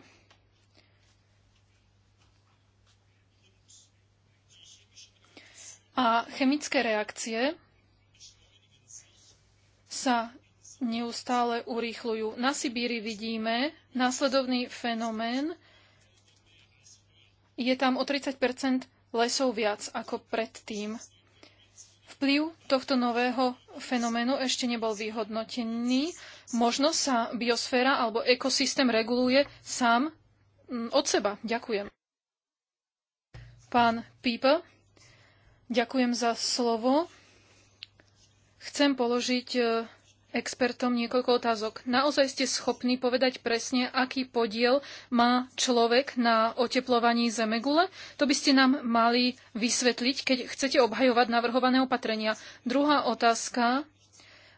A chemické reakcie sa neustále urýchľujú. Na Sibíri vidíme následovný fenomén. Je tam o 30 lesov viac ako predtým. Vplyv tohto nového fenoménu ešte nebol vyhodnotený. Možno sa biosféra alebo ekosystém reguluje sám mm, od seba. Ďakujem. Pán Pípa, ďakujem za slovo. Chcem položiť e, expertom niekoľko otázok. Naozaj ste schopní povedať presne, aký podiel má človek na oteplovaní Zemegule? To by ste nám mali vysvetliť, keď chcete obhajovať navrhované opatrenia. Druhá otázka.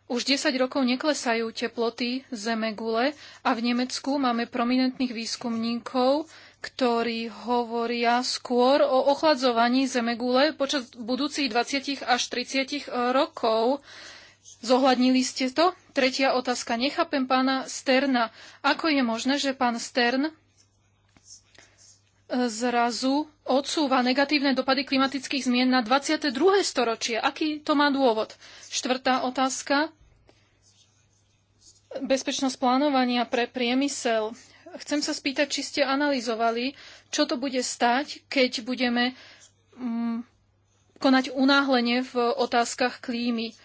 Už 10 rokov neklesajú teploty Zemegule a v Nemecku máme prominentných výskumníkov, ktorí hovoria skôr o ochladzovaní Zemegule počas budúcich 20 až 30 e, rokov. Zohľadnili ste to? Tretia otázka. Nechápem pána Sterna. Ako je možné, že pán Stern e, zrazu odsúva negatívne dopady klimatických zmien na 22. storočie. Aký to má dôvod? Štvrtá otázka. Bezpečnosť plánovania pre priemysel chcem sa spýtať, či ste analyzovali, čo to bude stať, keď budeme mm, konať unáhlenie v otázkach klímy.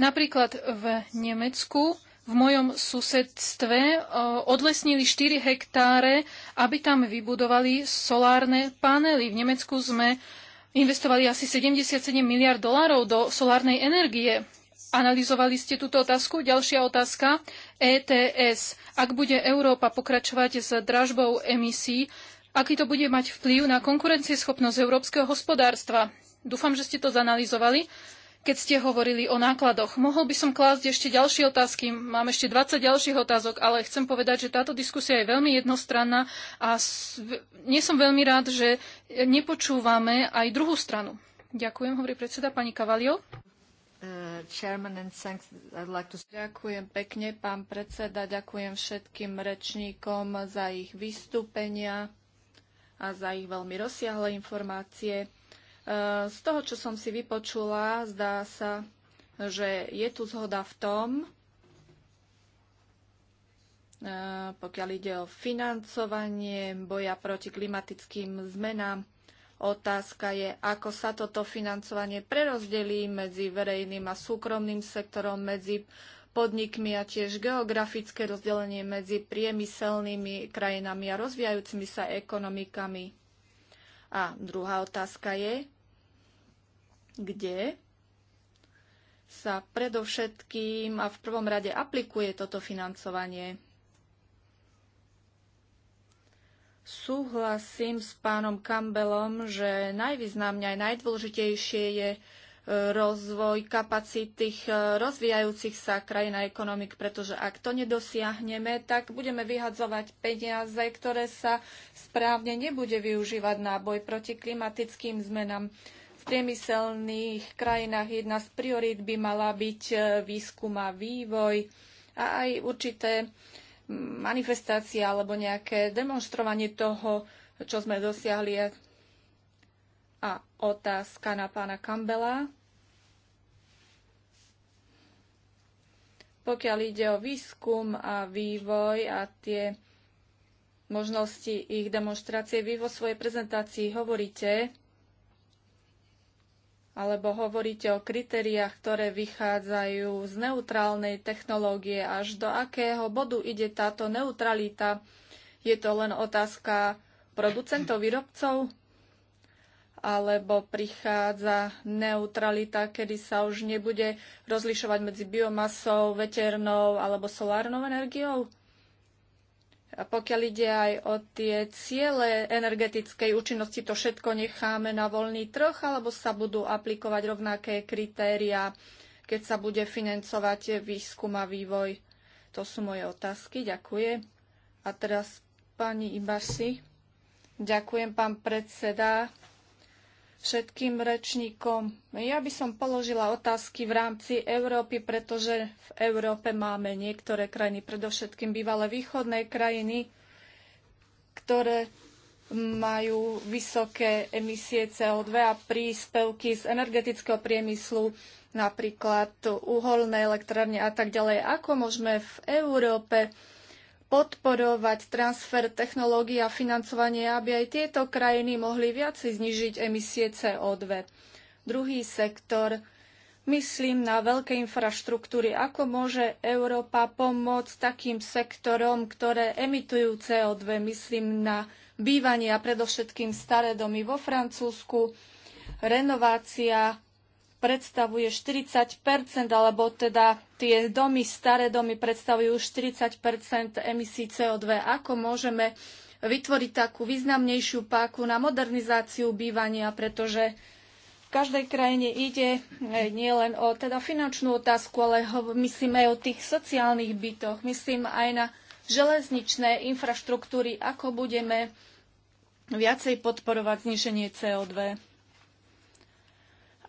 Napríklad v Nemecku v mojom susedstve e, odlesnili 4 hektáre, aby tam vybudovali solárne panely. V Nemecku sme investovali asi 77 miliard dolárov do solárnej energie. Analizovali ste túto otázku? Ďalšia otázka. ETS. Ak bude Európa pokračovať s dražbou emisí, aký to bude mať vplyv na konkurencieschopnosť európskeho hospodárstva? Dúfam, že ste to zanalizovali, keď ste hovorili o nákladoch. Mohol by som klásť ešte ďalšie otázky. Mám ešte 20 ďalších otázok, ale chcem povedať, že táto diskusia je veľmi jednostranná a nie som veľmi rád, že nepočúvame aj druhú stranu. Ďakujem, hovorí predseda pani Kavalio. Uh, Ďakujem pekne, pán predseda. Ďakujem všetkým rečníkom za ich vystúpenia a za ich veľmi rozsiahle informácie. Uh, z toho, čo som si vypočula, zdá sa, že je tu zhoda v tom, uh, pokiaľ ide o financovanie boja proti klimatickým zmenám, Otázka je, ako sa toto financovanie prerozdelí medzi verejným a súkromným sektorom, medzi podnikmi a tiež geografické rozdelenie medzi priemyselnými krajinami a rozvíjajúcimi sa ekonomikami. A druhá otázka je, kde sa predovšetkým a v prvom rade aplikuje toto financovanie. Súhlasím s pánom Campbellom, že najvýznamne aj najdôležitejšie je e, rozvoj kapacít tých e, rozvíjajúcich sa krajín a ekonomik, pretože ak to nedosiahneme, tak budeme vyhadzovať peniaze, ktoré sa správne nebude využívať na boj proti klimatickým zmenám. V priemyselných krajinách jedna z priorít by mala byť e, výskum a vývoj a aj určité manifestácia alebo nejaké demonstrovanie toho, čo sme dosiahli. A otázka na pána kambela. Pokiaľ ide o výskum a vývoj a tie možnosti ich demonstrácie, vy vo svojej prezentácii hovoríte, alebo hovoríte o kritériách, ktoré vychádzajú z neutrálnej technológie, až do akého bodu ide táto neutralita? Je to len otázka producentov, výrobcov? Alebo prichádza neutralita, kedy sa už nebude rozlišovať medzi biomasou, veternou alebo solárnou energiou? Pokiaľ ide aj o tie ciele energetickej účinnosti, to všetko necháme na voľný trh, alebo sa budú aplikovať rovnaké kritéria, keď sa bude financovať výskum a vývoj. To sú moje otázky. Ďakujem. A teraz pani Ibaši. Ďakujem, pán predseda všetkým rečníkom. Ja by som položila otázky v rámci Európy, pretože v Európe máme niektoré krajiny, predovšetkým bývalé východné krajiny, ktoré majú vysoké emisie CO2 a príspevky z energetického priemyslu, napríklad uholné elektrárne a tak ďalej. Ako môžeme v Európe podporovať transfer technológií a financovanie, aby aj tieto krajiny mohli viac znižiť emisie CO2. Druhý sektor, myslím na veľké infraštruktúry. Ako môže Európa pomôcť takým sektorom, ktoré emitujú CO2? Myslím na bývanie a predovšetkým staré domy vo Francúzsku, renovácia predstavuje 40 alebo teda tie domy, staré domy predstavujú 40 emisí CO2. Ako môžeme vytvoriť takú významnejšiu páku na modernizáciu bývania, pretože v každej krajine ide eh, nie len o teda finančnú otázku, ale myslím aj o tých sociálnych bytoch, myslím aj na železničné infraštruktúry, ako budeme viacej podporovať zniženie CO2.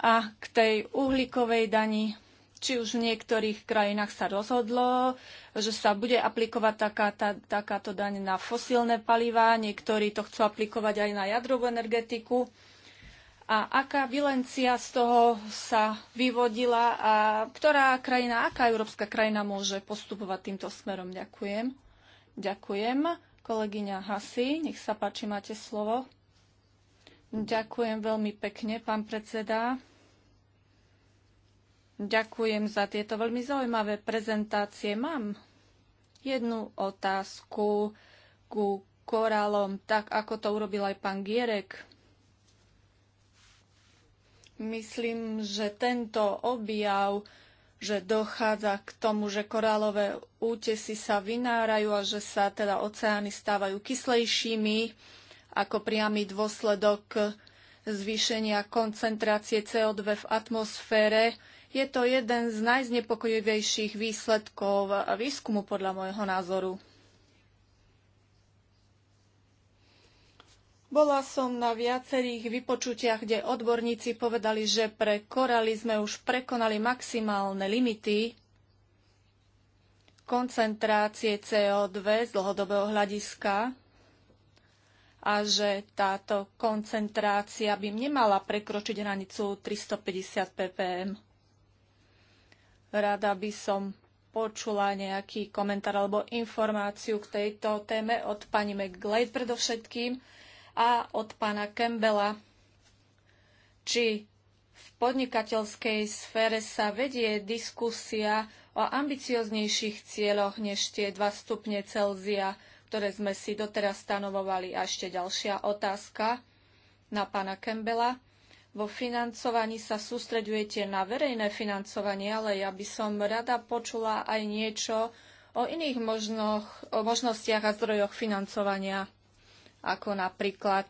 A k tej uhlíkovej dani, či už v niektorých krajinách sa rozhodlo, že sa bude aplikovať taká, tá, takáto daň na fosílne palivá, niektorí to chcú aplikovať aj na jadrovú energetiku. A aká bilencia z toho sa vyvodila a ktorá krajina, aká európska krajina môže postupovať týmto smerom? Ďakujem. Ďakujem. Kolegyňa Hasi, nech sa páči, máte slovo. Ďakujem veľmi pekne, pán predseda. Ďakujem za tieto veľmi zaujímavé prezentácie. Mám jednu otázku ku korálom, tak ako to urobil aj pán Gierek. Myslím, že tento objav, že dochádza k tomu, že korálové útesy sa vynárajú a že sa teda oceány stávajú kyslejšími ako priamy dôsledok zvýšenia koncentrácie CO2 v atmosfére, je to jeden z najznepokojivejších výsledkov výskumu podľa môjho názoru. Bola som na viacerých vypočutiach, kde odborníci povedali, že pre koraly sme už prekonali maximálne limity koncentrácie CO2 z dlhodobého hľadiska a že táto koncentrácia by nemala prekročiť hranicu 350 ppm. Rada by som počula nejaký komentár alebo informáciu k tejto téme od pani McGlade predovšetkým a od pána Campbella, či v podnikateľskej sfére sa vedie diskusia o ambicioznejších cieľoch než tie 2 stupne Celzia, ktoré sme si doteraz stanovovali. A ešte ďalšia otázka na pána Campbella vo financovaní sa sústreďujete na verejné financovanie, ale ja by som rada počula aj niečo o iných možnoch, o možnostiach a zdrojoch financovania, ako napríklad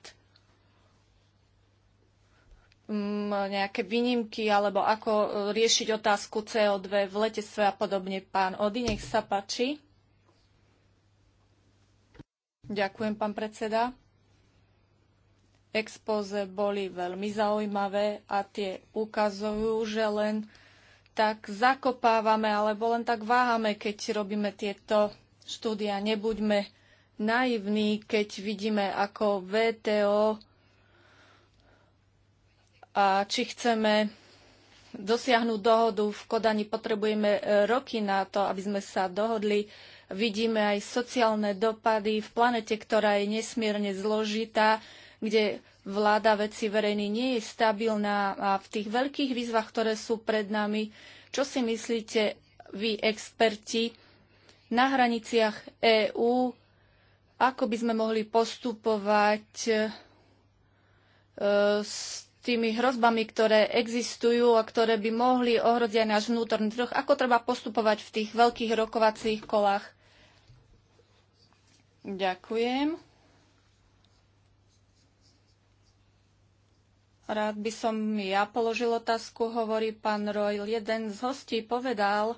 mm, nejaké výnimky alebo ako e, riešiť otázku CO2 v letectve a podobne. Pán Ody, nech sa páči. Ďakujem, pán predseda expoze boli veľmi zaujímavé a tie ukazujú, že len tak zakopávame alebo len tak váhame, keď robíme tieto štúdia. Nebuďme naivní, keď vidíme ako VTO a či chceme dosiahnuť dohodu v Kodani, potrebujeme e, roky na to, aby sme sa dohodli. Vidíme aj sociálne dopady v planete, ktorá je nesmierne zložitá kde vláda veci verejný nie je stabilná a v tých veľkých výzvach, ktoré sú pred nami, čo si myslíte vy, experti, na hraniciach EÚ, ako by sme mohli postupovať e, s tými hrozbami, ktoré existujú a ktoré by mohli ohroziť aj náš vnútorný trh, ako treba postupovať v tých veľkých rokovacích kolách. Ďakujem. Rád by som ja položil otázku, hovorí pán Royl. Jeden z hostí povedal,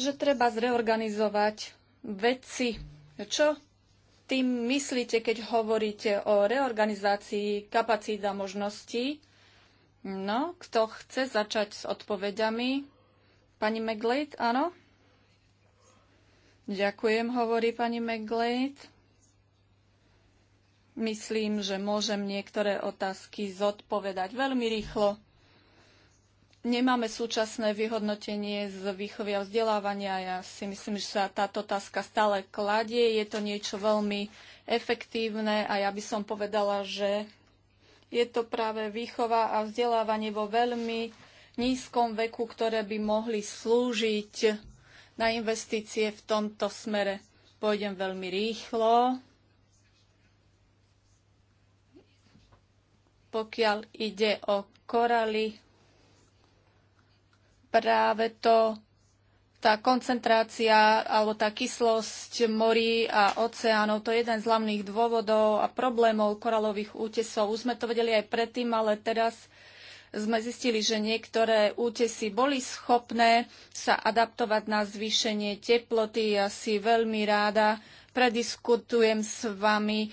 že treba zreorganizovať veci. Čo tým myslíte, keď hovoríte o reorganizácii kapacít a možností? No, kto chce začať s odpovediami? Pani McGlade, áno? Ďakujem, hovorí pani McGlade. Myslím, že môžem niektoré otázky zodpovedať veľmi rýchlo. Nemáme súčasné vyhodnotenie z výchovy a vzdelávania. Ja si myslím, že sa táto otázka stále kladie. Je to niečo veľmi efektívne a ja by som povedala, že je to práve výchova a vzdelávanie vo veľmi nízkom veku, ktoré by mohli slúžiť na investície v tomto smere. Pôjdem veľmi rýchlo. pokiaľ ide o koraly, práve to tá koncentrácia alebo tá kyslosť morí a oceánov, to je jeden z hlavných dôvodov a problémov koralových útesov. Už sme to vedeli aj predtým, ale teraz sme zistili, že niektoré útesy boli schopné sa adaptovať na zvýšenie teploty. Ja si veľmi ráda prediskutujem s vami e,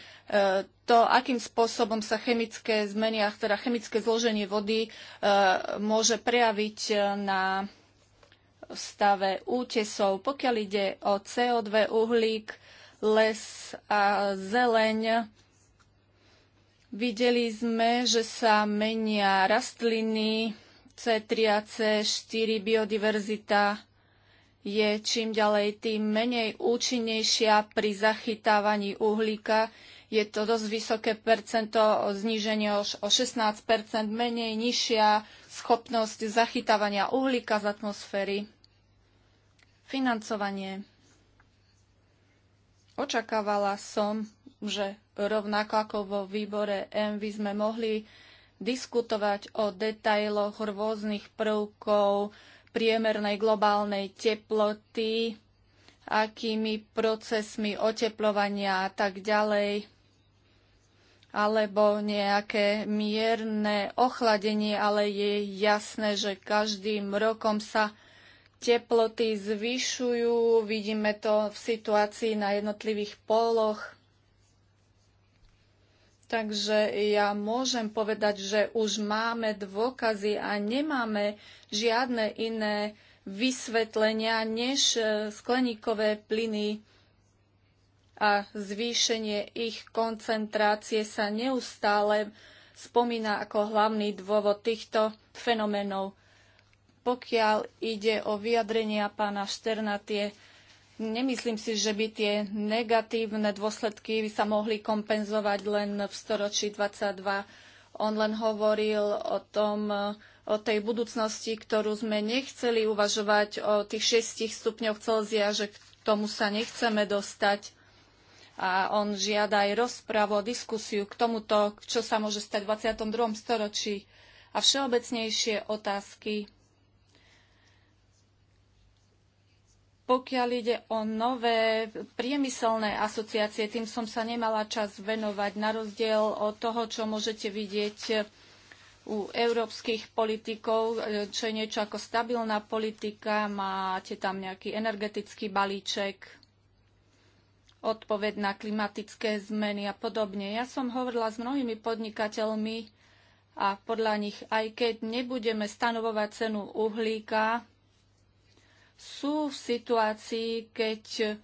to, akým spôsobom sa chemické zmeny, a teda chemické zloženie vody e, môže prejaviť e, na stave útesov. Pokiaľ ide o CO2, uhlík, les a zeleň, videli sme, že sa menia rastliny, C3 a C4 biodiverzita je čím ďalej tým menej účinnejšia pri zachytávaní uhlíka, je to dosť vysoké percento, zníženie o 16 menej nižšia schopnosť zachytávania uhlíka z atmosféry. Financovanie. Očakávala som, že rovnako ako vo výbore ENVY sme mohli diskutovať o detailoch rôznych prvkov priemernej globálnej teploty, akými procesmi oteplovania a tak ďalej alebo nejaké mierne ochladenie, ale je jasné, že každým rokom sa teploty zvyšujú. Vidíme to v situácii na jednotlivých poloch. Takže ja môžem povedať, že už máme dôkazy a nemáme žiadne iné vysvetlenia než skleníkové plyny a zvýšenie ich koncentrácie sa neustále spomína ako hlavný dôvod týchto fenoménov. Pokiaľ ide o vyjadrenia pána Šterna, tie Nemyslím si, že by tie negatívne dôsledky by sa mohli kompenzovať len v storočí 22. On len hovoril o tom, o tej budúcnosti, ktorú sme nechceli uvažovať o tých 6 stupňoch Celzia, že k tomu sa nechceme dostať a on žiada aj rozpravu, diskusiu k tomuto, čo sa môže stať v 22. storočí a všeobecnejšie otázky. Pokiaľ ide o nové priemyselné asociácie, tým som sa nemala čas venovať, na rozdiel od toho, čo môžete vidieť u európskych politikov, čo je niečo ako stabilná politika, máte tam nejaký energetický balíček, odpoveď na klimatické zmeny a podobne. Ja som hovorila s mnohými podnikateľmi a podľa nich, aj keď nebudeme stanovovať cenu uhlíka, sú v situácii, keď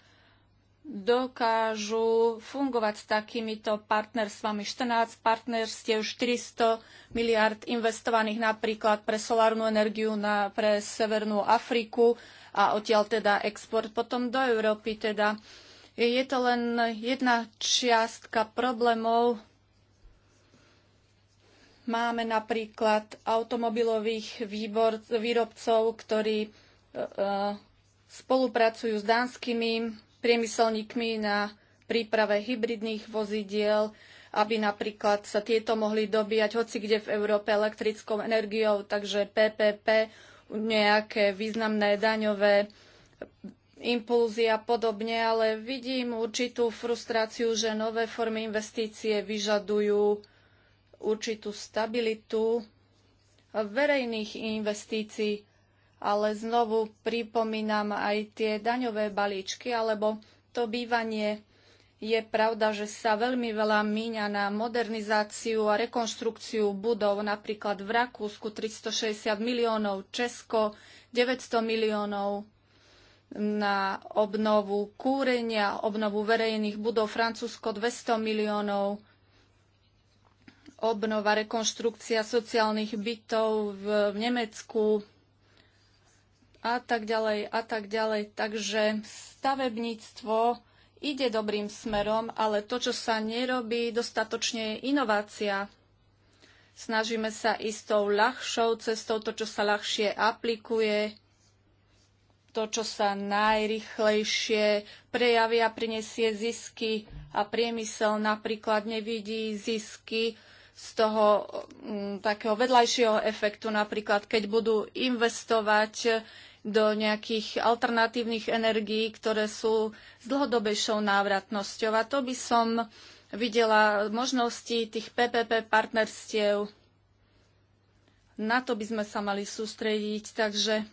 dokážu fungovať s takýmito partnerstvami. 14 partnerstiev, 400 miliard investovaných napríklad pre solárnu energiu, na, pre Severnú Afriku a odtiaľ teda export potom do Európy. Teda je to len jedna čiastka problémov. Máme napríklad automobilových výbor, výrobcov, ktorí e, e, spolupracujú s dánskymi priemyselníkmi na príprave hybridných vozidiel, aby napríklad sa tieto mohli dobíjať hoci kde v Európe elektrickou energiou, takže PPP, nejaké významné daňové impulzy a podobne, ale vidím určitú frustráciu, že nové formy investície vyžadujú určitú stabilitu verejných investícií, ale znovu pripomínam aj tie daňové balíčky alebo to bývanie. Je pravda, že sa veľmi veľa míňa na modernizáciu a rekonštrukciu budov, napríklad v Rakúsku 360 miliónov, Česko 900 miliónov, na obnovu kúrenia, obnovu verejných budov Francúzsko 200 miliónov, obnova, rekonštrukcia sociálnych bytov v, v Nemecku a tak ďalej a tak ďalej. Takže stavebníctvo ide dobrým smerom, ale to, čo sa nerobí dostatočne, je inovácia. Snažíme sa ísť tou ľahšou cestou, to, čo sa ľahšie aplikuje, to, čo sa najrychlejšie prejavia, prinesie zisky a priemysel napríklad nevidí zisky z toho m, mm, takého vedľajšieho efektu, napríklad keď budú investovať do nejakých alternatívnych energií, ktoré sú s dlhodobejšou návratnosťou. A to by som videla možnosti tých PPP partnerstiev. Na to by sme sa mali sústrediť, takže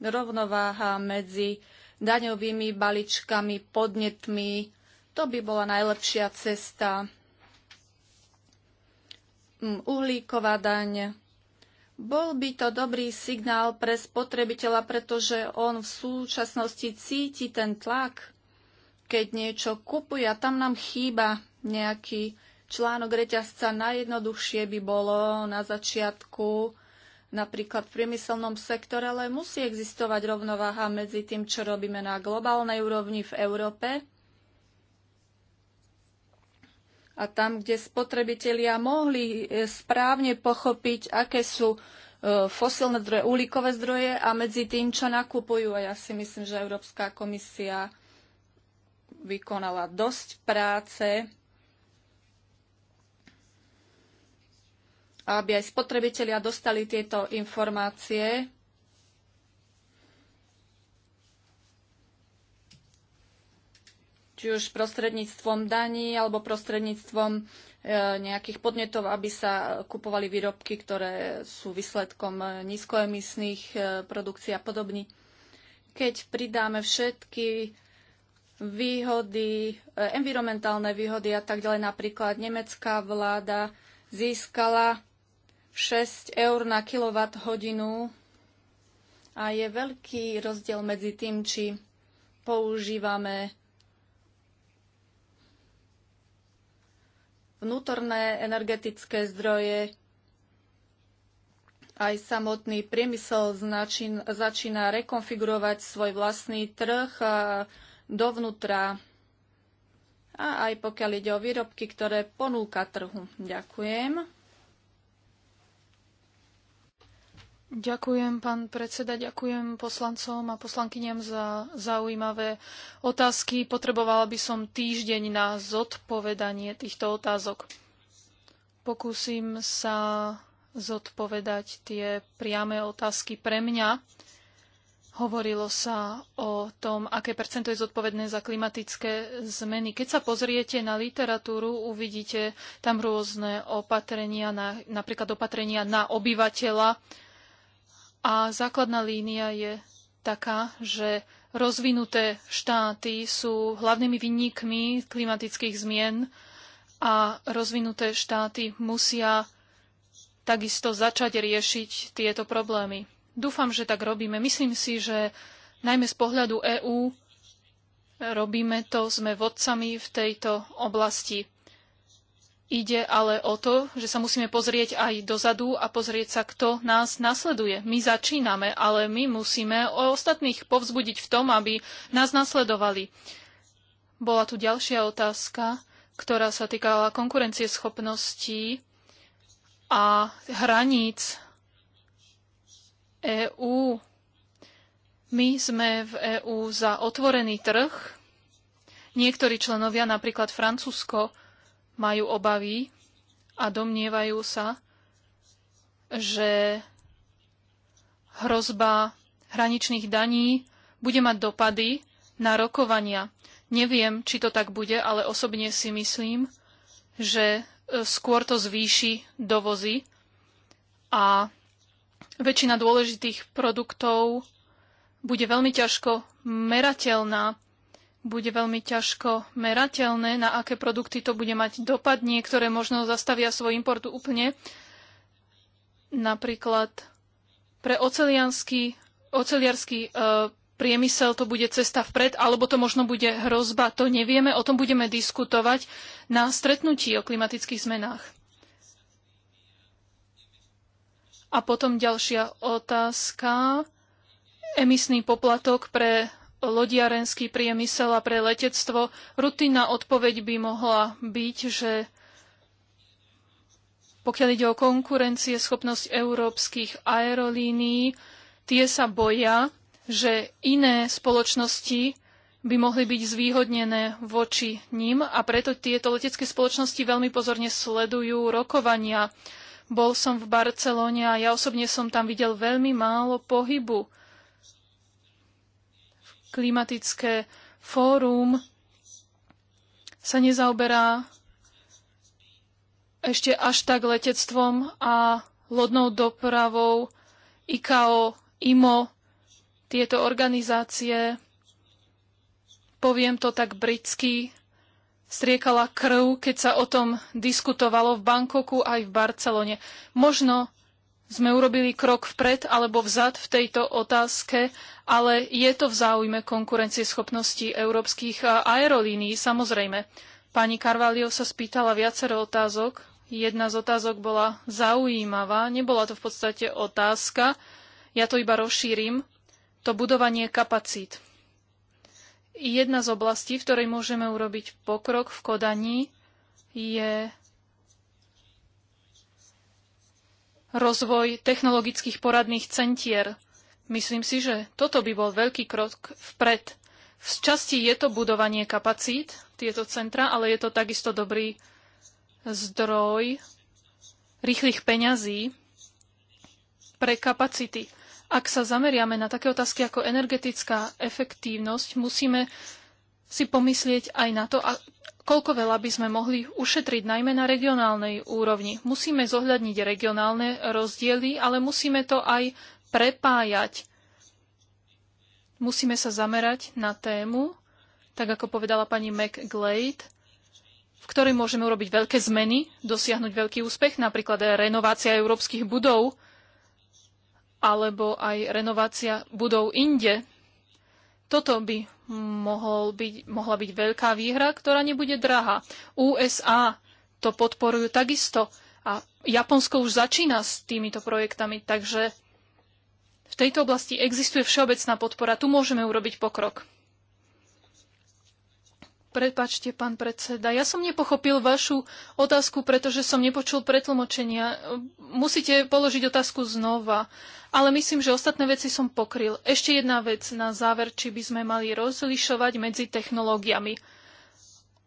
rovnováha medzi daňovými balíčkami, podnetmi. To by bola najlepšia cesta. Mm, Uhlíková daň. Bol by to dobrý signál pre spotrebiteľa, pretože on v súčasnosti cíti ten tlak, keď niečo kupuje a tam nám chýba nejaký článok reťazca. Najjednoduchšie by bolo na začiatku napríklad v priemyselnom sektore, ale musí existovať rovnováha medzi tým, čo robíme na globálnej úrovni v Európe a tam, kde spotrebitelia mohli eh, správne pochopiť, aké sú eh, fosilné zdroje, uhlíkové zdroje a medzi tým, čo nakupujú. A ja si myslím, že Európska komisia vykonala dosť práce aby aj spotrebitelia dostali tieto informácie. či už prostredníctvom daní alebo prostredníctvom e, nejakých podnetov, aby sa kupovali výrobky, ktoré sú výsledkom e, nízkoemisných e, produkcií a podobne. Keď pridáme všetky výhody, environmentálne výhody a tak ďalej, napríklad nemecká vláda získala 6 eur na kilowatt hodinu a je veľký rozdiel medzi tým, či používame vnútorné energetické zdroje. Aj samotný priemysel začína rekonfigurovať svoj vlastný trh dovnútra a aj pokiaľ ide o výrobky, ktoré ponúka trhu. Ďakujem. Ďakujem, pán predseda, ďakujem poslancom a poslankyňam za zaujímavé otázky. Potrebovala by som týždeň na zodpovedanie týchto otázok. Pokúsim sa zodpovedať tie priame otázky pre mňa. Hovorilo sa o tom, aké percento je zodpovedné za klimatické zmeny. Keď sa pozriete na literatúru, uvidíte tam rôzne opatrenia, na, napríklad opatrenia na obyvateľa, a základná línia je taká, že rozvinuté štáty sú hlavnými vinníkmi klimatických zmien a rozvinuté štáty musia takisto začať riešiť tieto problémy. Dúfam, že tak robíme. Myslím si, že najmä z pohľadu EÚ robíme to, sme vodcami v tejto oblasti. Ide ale o to, že sa musíme pozrieť aj dozadu a pozrieť sa, kto nás nasleduje. My začíname, ale my musíme ostatných povzbudiť v tom, aby nás nasledovali. Bola tu ďalšia otázka, ktorá sa týkala konkurencieschopnosti a hraníc EÚ. My sme v EÚ za otvorený trh. Niektorí členovia, napríklad Francúzsko, majú obavy a domnievajú sa, že hrozba hraničných daní bude mať dopady na rokovania. Neviem, či to tak bude, ale osobne si myslím, že e, skôr to zvýši dovozy a väčšina dôležitých produktov bude veľmi ťažko merateľná bude veľmi ťažko merateľné, na aké produkty to bude mať dopad. Niektoré možno zastavia svoj import úplne. Napríklad pre ocelianský, oceliarský e, priemysel to bude cesta vpred, alebo to možno bude hrozba. To nevieme, o tom budeme diskutovať na stretnutí o klimatických zmenách. A potom ďalšia otázka. Emisný poplatok pre lodiarenský priemysel a pre letectvo. Rutinná odpoveď by mohla byť, že pokiaľ ide o konkurencie, schopnosť európskych aerolínií, tie sa boja, že iné spoločnosti by mohli byť zvýhodnené voči ním a preto tieto letecké spoločnosti veľmi pozorne sledujú rokovania. Bol som v Barcelóne a ja osobne som tam videl veľmi málo pohybu klimatické fórum sa nezaoberá ešte až tak letectvom a lodnou dopravou, ICAO, IMO, tieto organizácie, poviem to tak britsky, striekala krv, keď sa o tom diskutovalo v Bankoku aj v Barcelone. Možno sme urobili krok vpred alebo vzad v tejto otázke, ale je to v záujme konkurencieschopnosti európskych aerolínií, samozrejme. Pani Carvalho sa spýtala viacero otázok. Jedna z otázok bola zaujímavá. Nebola to v podstate otázka. Ja to iba rozšírim. To budovanie kapacít. Jedna z oblastí, v ktorej môžeme urobiť pokrok v Kodaní, je rozvoj technologických poradných centier. Myslím si, že toto by bol veľký krok vpred. V časti je to budovanie kapacít, tieto centra, ale je to takisto dobrý zdroj rýchlych peňazí pre kapacity. Ak sa zameriame na také otázky ako energetická efektívnosť, musíme si pomyslieť aj na to, a koľko veľa by sme mohli ušetriť, najmä na regionálnej úrovni. Musíme zohľadniť regionálne rozdiely, ale musíme to aj prepájať. Musíme sa zamerať na tému, tak ako povedala pani McGlade, v ktorej môžeme urobiť veľké zmeny, dosiahnuť veľký úspech, napríklad renovácia európskych budov, alebo aj renovácia budov inde. Toto by mohol byť, mohla byť veľká výhra, ktorá nebude drahá. USA to podporujú takisto a Japonsko už začína s týmito projektami, takže v tejto oblasti existuje všeobecná podpora. Tu môžeme urobiť pokrok. Prepačte, pán predseda, ja som nepochopil vašu otázku, pretože som nepočul pretlmočenia. Musíte položiť otázku znova. Ale myslím, že ostatné veci som pokryl. Ešte jedna vec na záver, či by sme mali rozlišovať medzi technológiami.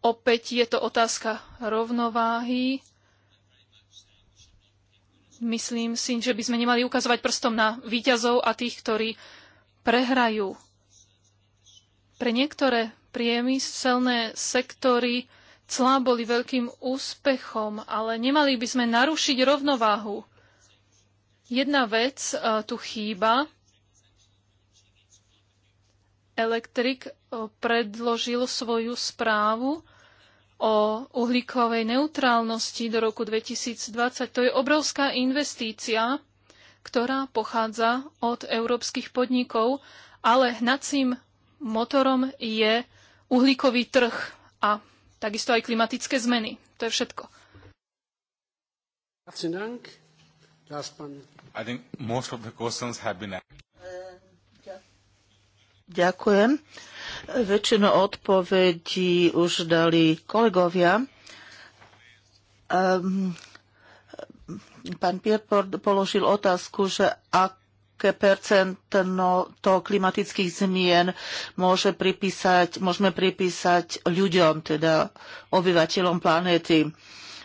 Opäť je to otázka rovnováhy. Myslím si, že by sme nemali ukazovať prstom na výťazov a tých, ktorí prehrajú. Pre niektoré priemyselné sektory clá boli veľkým úspechom, ale nemali by sme narušiť rovnováhu. Jedna vec e, tu chýba. Elektrik e, predložil svoju správu o uhlíkovej neutrálnosti do roku 2020. To je obrovská investícia, ktorá pochádza od európskych podnikov, ale hnacím motorom je uhlíkový trh a takisto aj klimatické zmeny. To je všetko. Ďakujem. Väčšinu odpovedí už dali kolegovia. Um, pán Pierpor položil otázku, že ak aké percento to klimatických zmien môže pripísať, môžeme pripísať ľuďom, teda obyvateľom planéty.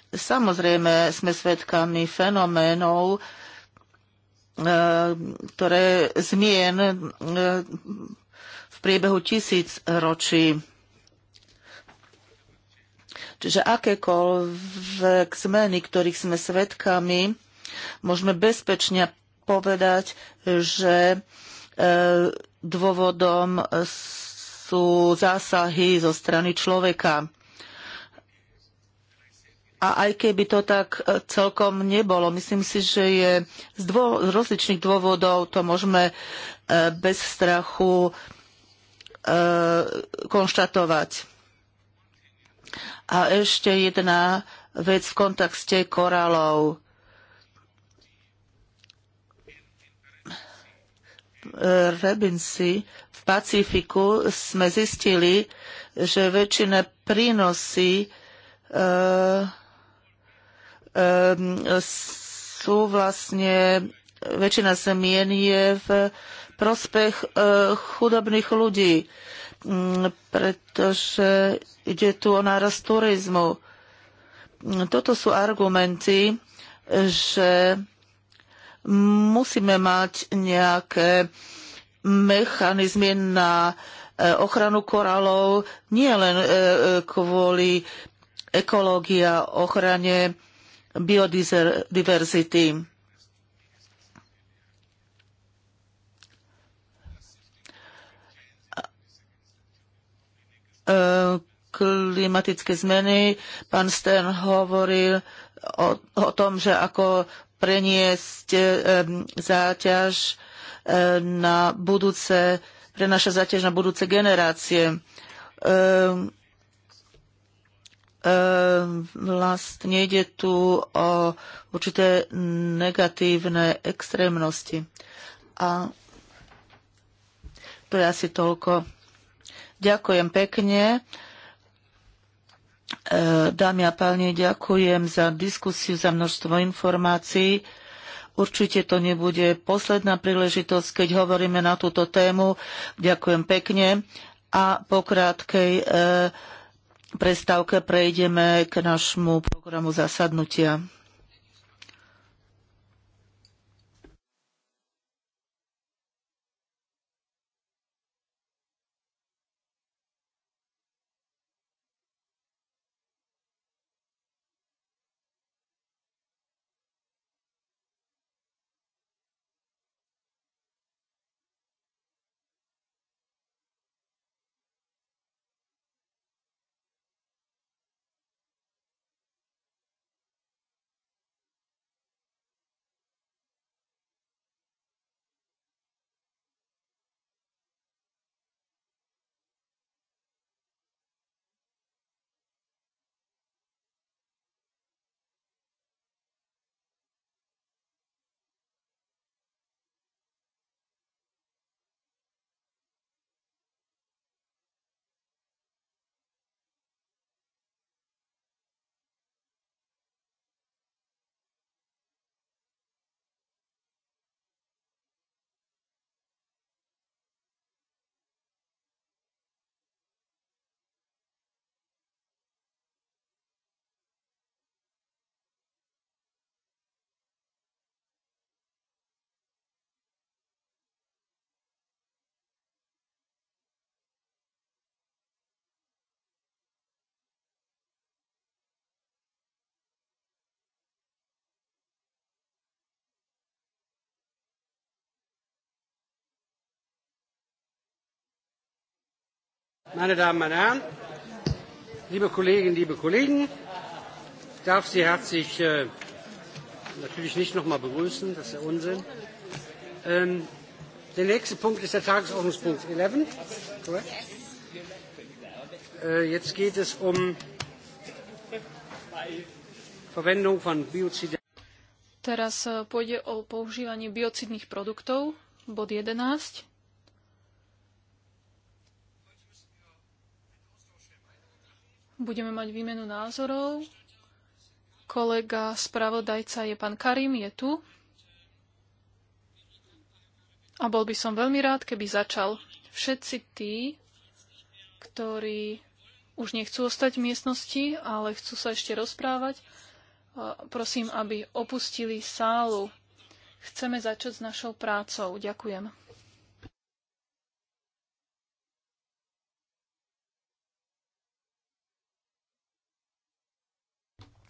Samozrejme sme svedkami fenoménov, e, ktoré zmien e, v priebehu tisíc ročí. Čiže akékoľvek zmeny, ktorých sme svedkami, môžeme bezpečne povedať, že e, dôvodom sú zásahy zo strany človeka. A aj keby to tak e, celkom nebolo, myslím si, že je z, dvo- z rozličných dôvodov to môžeme e, bez strachu konštatovať. A ešte jedna vec v kontexte korálov. Rebinsi v Pacifiku sme zistili, že väčšina prínosy e, e, sú vlastne, väčšina semien je v prospech e, chudobných ľudí, mm, pretože ide tu o nárast turizmu. Toto sú argumenty, že musíme mať nejaké mechanizmy na e, ochranu koralov, nie len e, e, kvôli ekológii a ochrane biodiverzity. klimatické zmeny. Pán Stern hovoril o, o tom, že ako preniesť e, záťaž e, na budúce, prenaša záťaž na budúce generácie. E, vlastne ide tu o určité negatívne extrémnosti. A to je asi toľko. Ďakujem pekne. E, dámy a páni, ďakujem za diskusiu, za množstvo informácií. Určite to nebude posledná príležitosť, keď hovoríme na túto tému. Ďakujem pekne a po krátkej e, prestávke prejdeme k našmu programu zasadnutia. Meine Damen und Herren, liebe Kolleginnen, liebe Kollegen, ich darf Sie herzlich äh, natürlich nicht noch mal begrüßen, das ist ja Unsinn. Ähm, der nächste Punkt ist der Tagesordnungspunkt 11. Correct? Äh, jetzt geht es um Verwendung von Bioziden. Teraz äh, pôjde o používanie biocidných produktov, bod 11. Budeme mať výmenu názorov. Kolega spravodajca je pán Karim, je tu. A bol by som veľmi rád, keby začal. Všetci tí, ktorí už nechcú ostať v miestnosti, ale chcú sa ešte rozprávať, prosím, aby opustili sálu. Chceme začať s našou prácou. Ďakujem.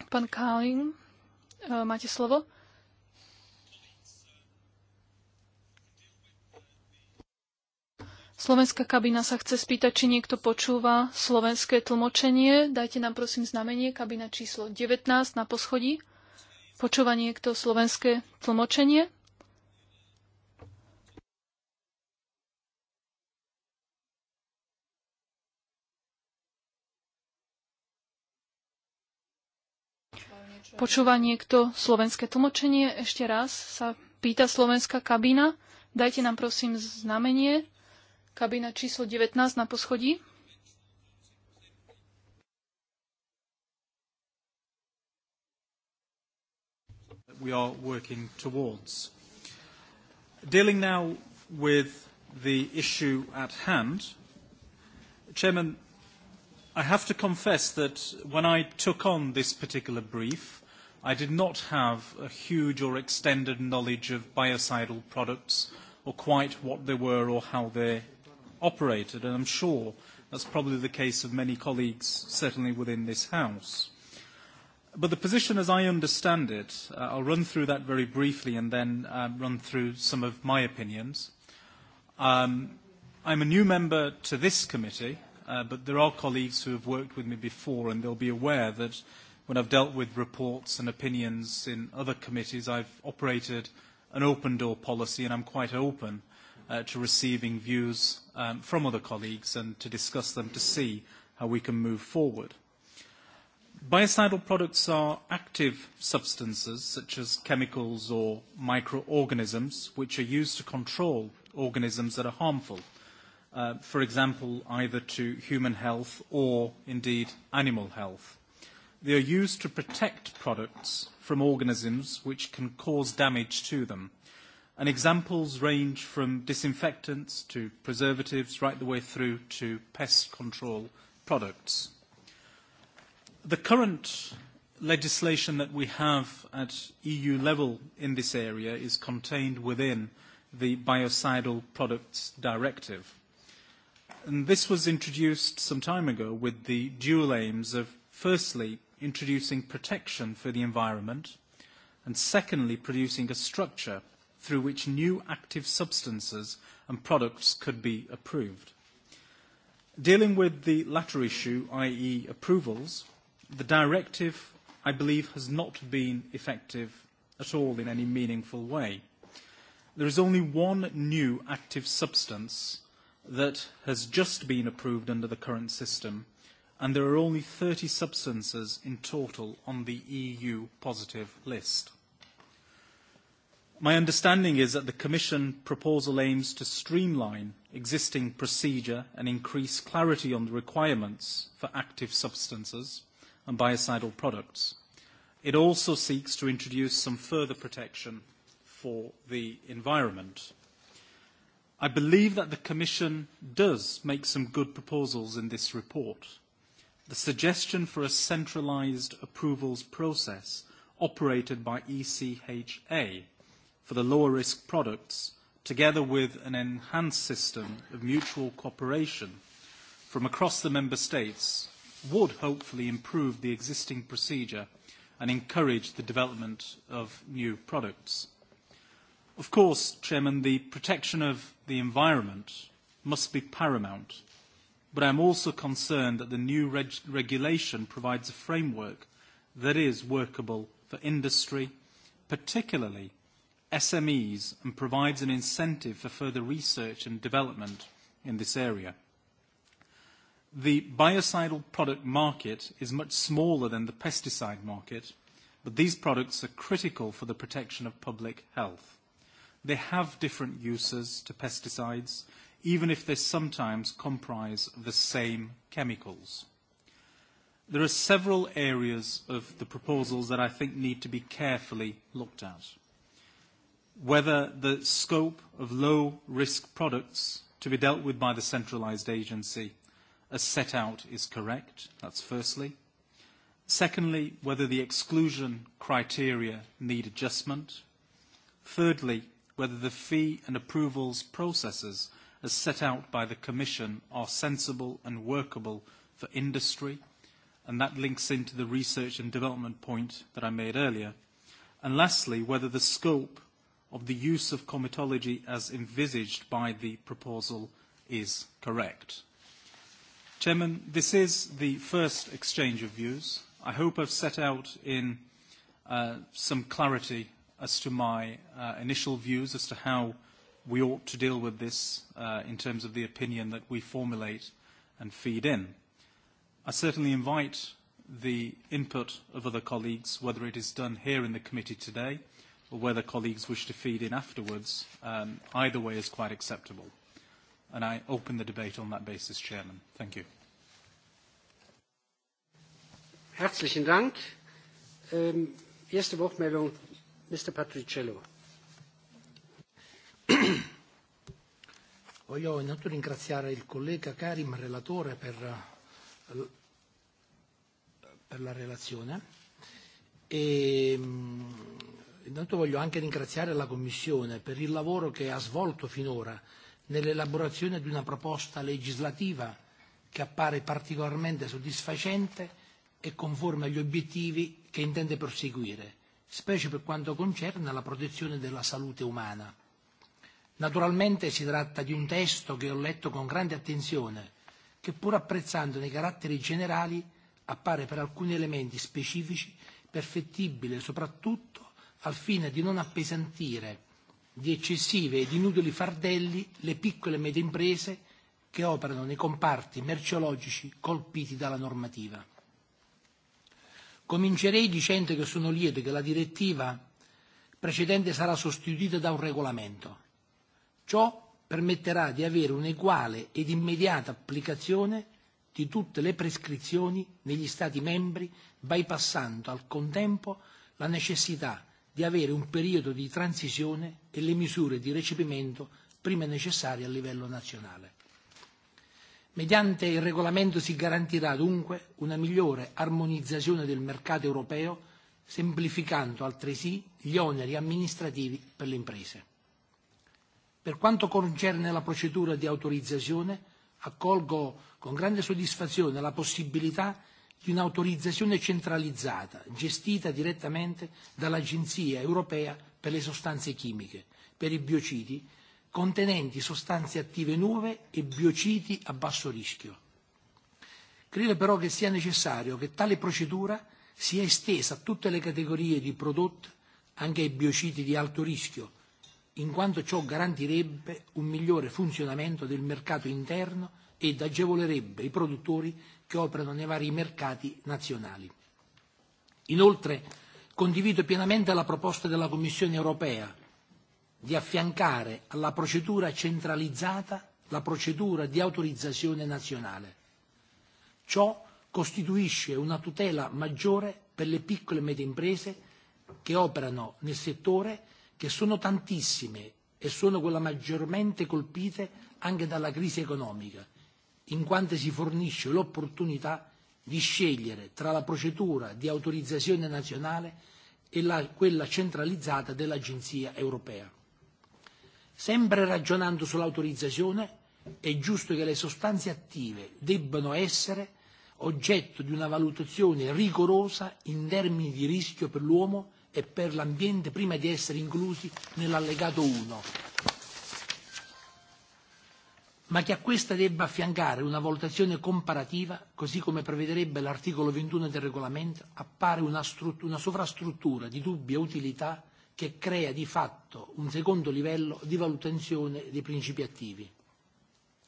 Pán Kalin, e, máte slovo? Slovenská kabína sa chce spýtať, či niekto počúva slovenské tlmočenie. Dajte nám prosím znamenie, kabína číslo 19 na poschodí. Počúva niekto slovenské tlmočenie? Počúva niekto slovenské tlmočenie? Ešte raz sa pýta slovenská kabína. Dajte nám prosím znamenie. Kabína číslo 19 na poschodí. we are working towards. Dealing now with the issue at hand, Chairman, I have to confess that when I took on this particular brief, i did not have a huge or extended knowledge of biocidal products or quite what they were or how they operated, and I'm sure that's probably the case of many colleagues, certainly within this House. But the position as I understand it, uh, I'll run through that very briefly and then uh, run through some of my opinions. Um, I'm a new member to this committee, uh, but there are colleagues who have worked with me before and they'll be aware that when I've dealt with reports and opinions in other committees, I've operated an open door policy and I'm quite open uh, to receiving views um, from other colleagues and to discuss them to see how we can move forward. Biocidal products are active substances such as chemicals or microorganisms which are used to control organisms that are harmful, uh, for example, either to human health or indeed animal health. They are used to protect products from organisms which can cause damage to them. And examples range from disinfectants to preservatives right the way through to pest control products. The current legislation that we have at EU level in this area is contained within the Biocidal Products Directive. And this was introduced some time ago with the dual aims of, firstly, introducing protection for the environment, and secondly, producing a structure through which new active substances and products could be approved. Dealing with the latter issue, i.e. approvals, the directive, I believe, has not been effective at all in any meaningful way. There is only one new active substance that has just been approved under the current system, and there are only 30 substances in total on the EU positive list. My understanding is that the Commission proposal aims to streamline existing procedure and increase clarity on the requirements for active substances and biocidal products. It also seeks to introduce some further protection for the environment. I believe that the Commission does make some good proposals in this report the suggestion for a centralised approvals process operated by ECHA for the lower risk products, together with an enhanced system of mutual cooperation from across the member states, would hopefully improve the existing procedure and encourage the development of new products. Of course, Chairman, the protection of the environment must be paramount but I'm also concerned that the new reg regulation provides a framework that is workable for industry, particularly SMEs, and provides an incentive for further research and development in this area. The biocidal product market is much smaller than the pesticide market, but these products are critical for the protection of public health. They have different uses to pesticides, even if they sometimes comprise the same chemicals. There are several areas of the proposals that I think need to be carefully looked at. Whether the scope of low-risk products to be dealt with by the centralised agency as set out is correct, that's firstly. Secondly, whether the exclusion criteria need adjustment. Thirdly, whether the fee and approvals processes as set out by the Commission are sensible and workable for industry, and that links into the research and development point that I made earlier. And lastly, whether the scope of the use of comitology as envisaged by the proposal is correct. Chairman, this is the first exchange of views. I hope I've set out in uh, some clarity as to my uh, initial views as to how we ought to deal with this uh, in terms of the opinion that we formulate and feed in. I certainly invite the input of other colleagues, whether it is done here in the committee today or whether colleagues wish to feed in afterwards. Um, either way is quite acceptable. And I open the debate on that basis, Chairman. Thank you. Herzlichen Dank. Ähm, erste Wortmeldung, Mr. Patriciello. Voglio innanzitutto ringraziare il collega Karim, relatore, per, eh, per la relazione e mm, intanto voglio anche ringraziare la Commissione per il lavoro che ha svolto finora nell'elaborazione di una proposta legislativa che appare particolarmente soddisfacente e conforme agli obiettivi che intende perseguire, specie per quanto concerne la protezione della salute umana. Naturalmente si tratta di un testo che ho letto con grande attenzione, che pur apprezzandone i caratteri generali appare per alcuni elementi specifici perfettibile soprattutto al fine di non appesantire di eccessive ed inutili fardelli le piccole e medie imprese che operano nei comparti merceologici colpiti dalla normativa. Comincerei dicendo che sono lieto che la direttiva precedente sarà sostituita da un regolamento Ciò permetterà di avere un'eguale ed immediata applicazione di tutte le prescrizioni negli Stati membri, bypassando al contempo la necessità di avere un periodo di transizione e le misure di recepimento prima necessarie a livello nazionale. Mediante il regolamento si garantirà dunque una migliore armonizzazione del mercato europeo, semplificando altresì gli oneri amministrativi per le imprese. Per quanto concerne la procedura di autorizzazione, accolgo con grande soddisfazione la possibilità di un'autorizzazione centralizzata, gestita direttamente dall'Agenzia europea per le sostanze chimiche, per i biocidi, contenenti sostanze attive nuove e biocidi a basso rischio. Credo però che sia necessario che tale procedura sia estesa a tutte le categorie di prodotti, anche ai biocidi di alto rischio, in quanto ciò garantirebbe un migliore funzionamento del mercato interno ed agevolerebbe i produttori che operano nei vari mercati nazionali. Inoltre, condivido pienamente la proposta della Commissione europea di affiancare alla procedura centralizzata la procedura di autorizzazione nazionale. Ciò costituisce una tutela maggiore per le piccole e medie imprese che operano nel settore che sono tantissime e sono quelle maggiormente colpite anche dalla crisi economica, in quanto si fornisce l'opportunità di scegliere tra la procedura di autorizzazione nazionale e la, quella centralizzata dell'Agenzia europea. Sempre ragionando sull'autorizzazione, è giusto che le sostanze attive debbano essere oggetto di una valutazione rigorosa in termini di rischio per l'uomo e per l'ambiente prima di essere inclusi nell'allegato 1, ma che a questa debba affiancare una valutazione comparativa, così come prevederebbe l'articolo 21 del regolamento, appare una, una sovrastruttura di dubbia e utilità che crea di fatto un secondo livello di valutazione dei principi attivi.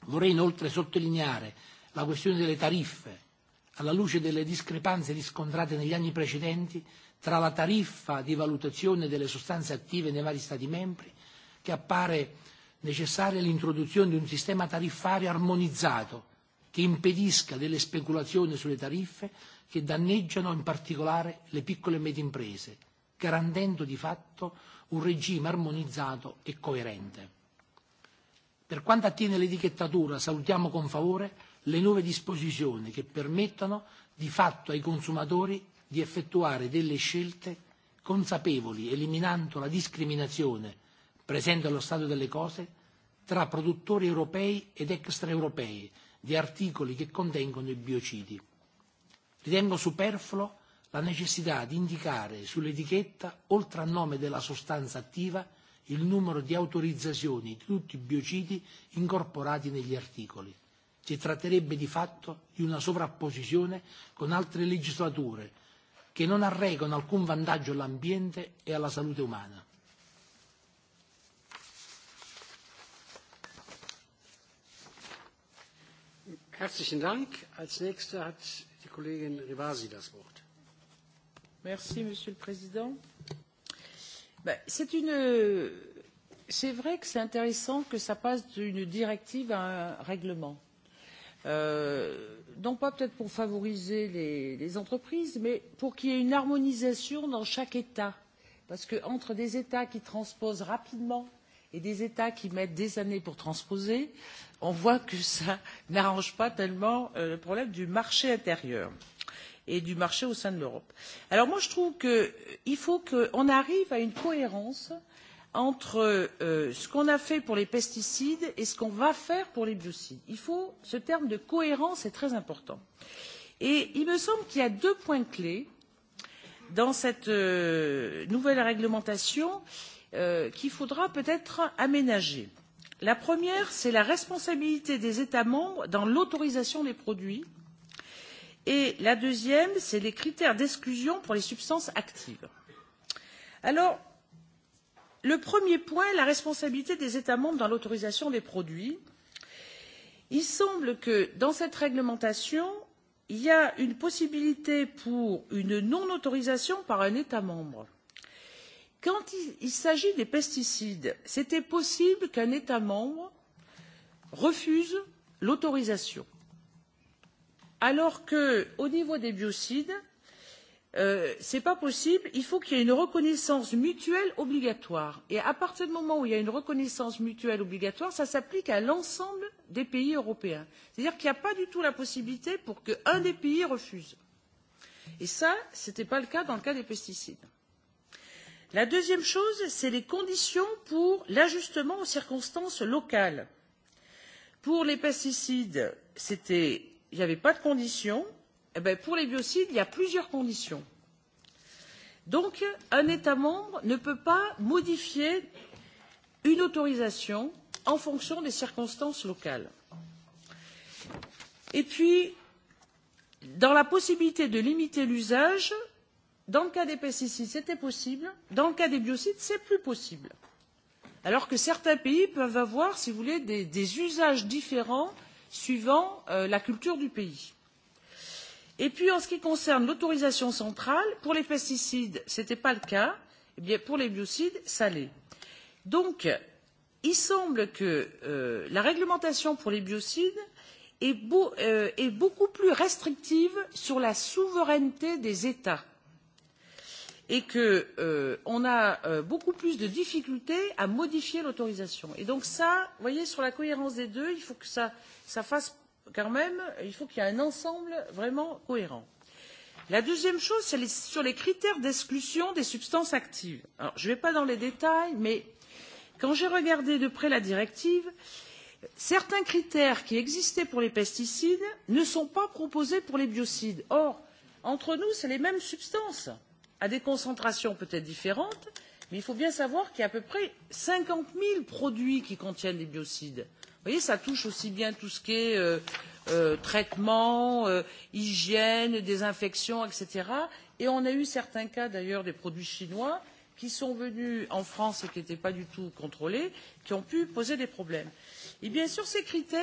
Vorrei inoltre sottolineare la questione delle tariffe, alla luce delle discrepanze riscontrate negli anni precedenti tra la tariffa di valutazione delle sostanze attive nei vari Stati membri, che appare necessaria l'introduzione di un sistema tariffario armonizzato che impedisca delle speculazioni sulle tariffe che danneggiano in particolare le piccole e medie imprese, garantendo di fatto un regime armonizzato e coerente. Per quanto attiene l'etichettatura, salutiamo con favore le nuove disposizioni che permettono di fatto ai consumatori di effettuare delle scelte consapevoli, eliminando la discriminazione presente allo stato delle cose tra produttori europei ed extraeuropei di articoli che contengono i biocidi. Ritengo superfluo la necessità di indicare sull'etichetta, oltre al nome della sostanza attiva, il numero di autorizzazioni di tutti i biocidi incorporati negli articoli. Si tratterebbe di fatto di una sovrapposizione con altre legislature che non arrecano alcun vantaggio all'ambiente e alla salute umana. Herzlichen Dank. Als nächste hat die Kollegin Rivasi das Wort. Merci, Monsieur le Président. Ben, c'est une... C'est vrai que c'est intéressant que ça passe d'une directive à un règlement euh, non pas peut-être pour favoriser les, les entreprises, mais pour qu'il y ait une harmonisation dans chaque État. Parce qu'entre des États qui transposent rapidement et des États qui mettent des années pour transposer, on voit que ça n'arrange pas tellement euh, le problème du marché intérieur et du marché au sein de l'Europe. Alors moi je trouve qu'il euh, faut qu'on arrive à une cohérence euh, entre euh, ce qu'on a fait pour les pesticides et ce qu'on va faire pour les biocides. Il faut, ce terme de cohérence est très important. Et il me semble qu'il y a deux points clés dans cette euh, nouvelle réglementation euh, qu'il faudra peut être aménager. La première, c'est la responsabilité des États membres dans l'autorisation des produits et la deuxième, c'est les critères d'exclusion pour les substances actives. Alors, le premier point la responsabilité des états membres dans l'autorisation des produits il semble que dans cette réglementation il y a une possibilité pour une non autorisation par un état membre. quand il s'agit des pesticides c'était possible qu'un état membre refuse l'autorisation alors qu'au niveau des biocides Euh, ce n'est pas possible il faut qu'il y ait une reconnaissance mutuelle obligatoire et à partir du moment où il y a une reconnaissance mutuelle obligatoire cela s'applique à l'ensemble des pays européens c'est à dire qu'il n'y a pas du tout la possibilité pour qu'un des pays refuse et ça ce n'était pas le cas dans le cas des pesticides. la deuxième chose c'est les conditions pour l'ajustement aux circonstances locales. pour les pesticides il n'y avait pas de conditions Eh pour les biocides, il y a plusieurs conditions. Donc, un État membre ne peut pas modifier une autorisation en fonction des circonstances locales. Et puis, dans la possibilité de limiter l'usage, dans le cas des pesticides, c'était possible, dans le cas des biocides, c'est plus possible. Alors que certains pays peuvent avoir, si vous voulez, des, des usages différents suivant euh, la culture du pays et puis en ce qui concerne l'autorisation centrale pour les pesticides ce n'était pas le cas et eh bien pour les biocides ça l'est. donc il semble que euh, la réglementation pour les biocides est, euh, est beaucoup plus restrictive sur la souveraineté des états et qu'on euh, a euh, beaucoup plus de difficultés à modifier l'autorisation. et donc ça vous voyez sur la cohérence des deux il faut que ça, ça fasse quand même il faut qu'il y ait un ensemble vraiment cohérent. La deuxième chose, c'est sur les critères d'exclusion des substances actives. Alors, je ne vais pas dans les détails, mais quand j'ai regardé de près la directive, certains critères qui existaient pour les pesticides ne sont pas proposés pour les biocides. Or, entre nous, c'est les mêmes substances, à des concentrations peut-être différentes, mais il faut bien savoir qu'il y a à peu près cinquante 000 produits qui contiennent des biocides voyez, ça touche aussi bien tout ce qui est euh, euh, traitement, euh, hygiène, désinfection, etc. Et on a eu certains cas d'ailleurs des produits chinois qui sont venus en France et qui n'étaient pas du tout contrôlés, qui ont pu poser des problèmes. Et bien sur ces critères,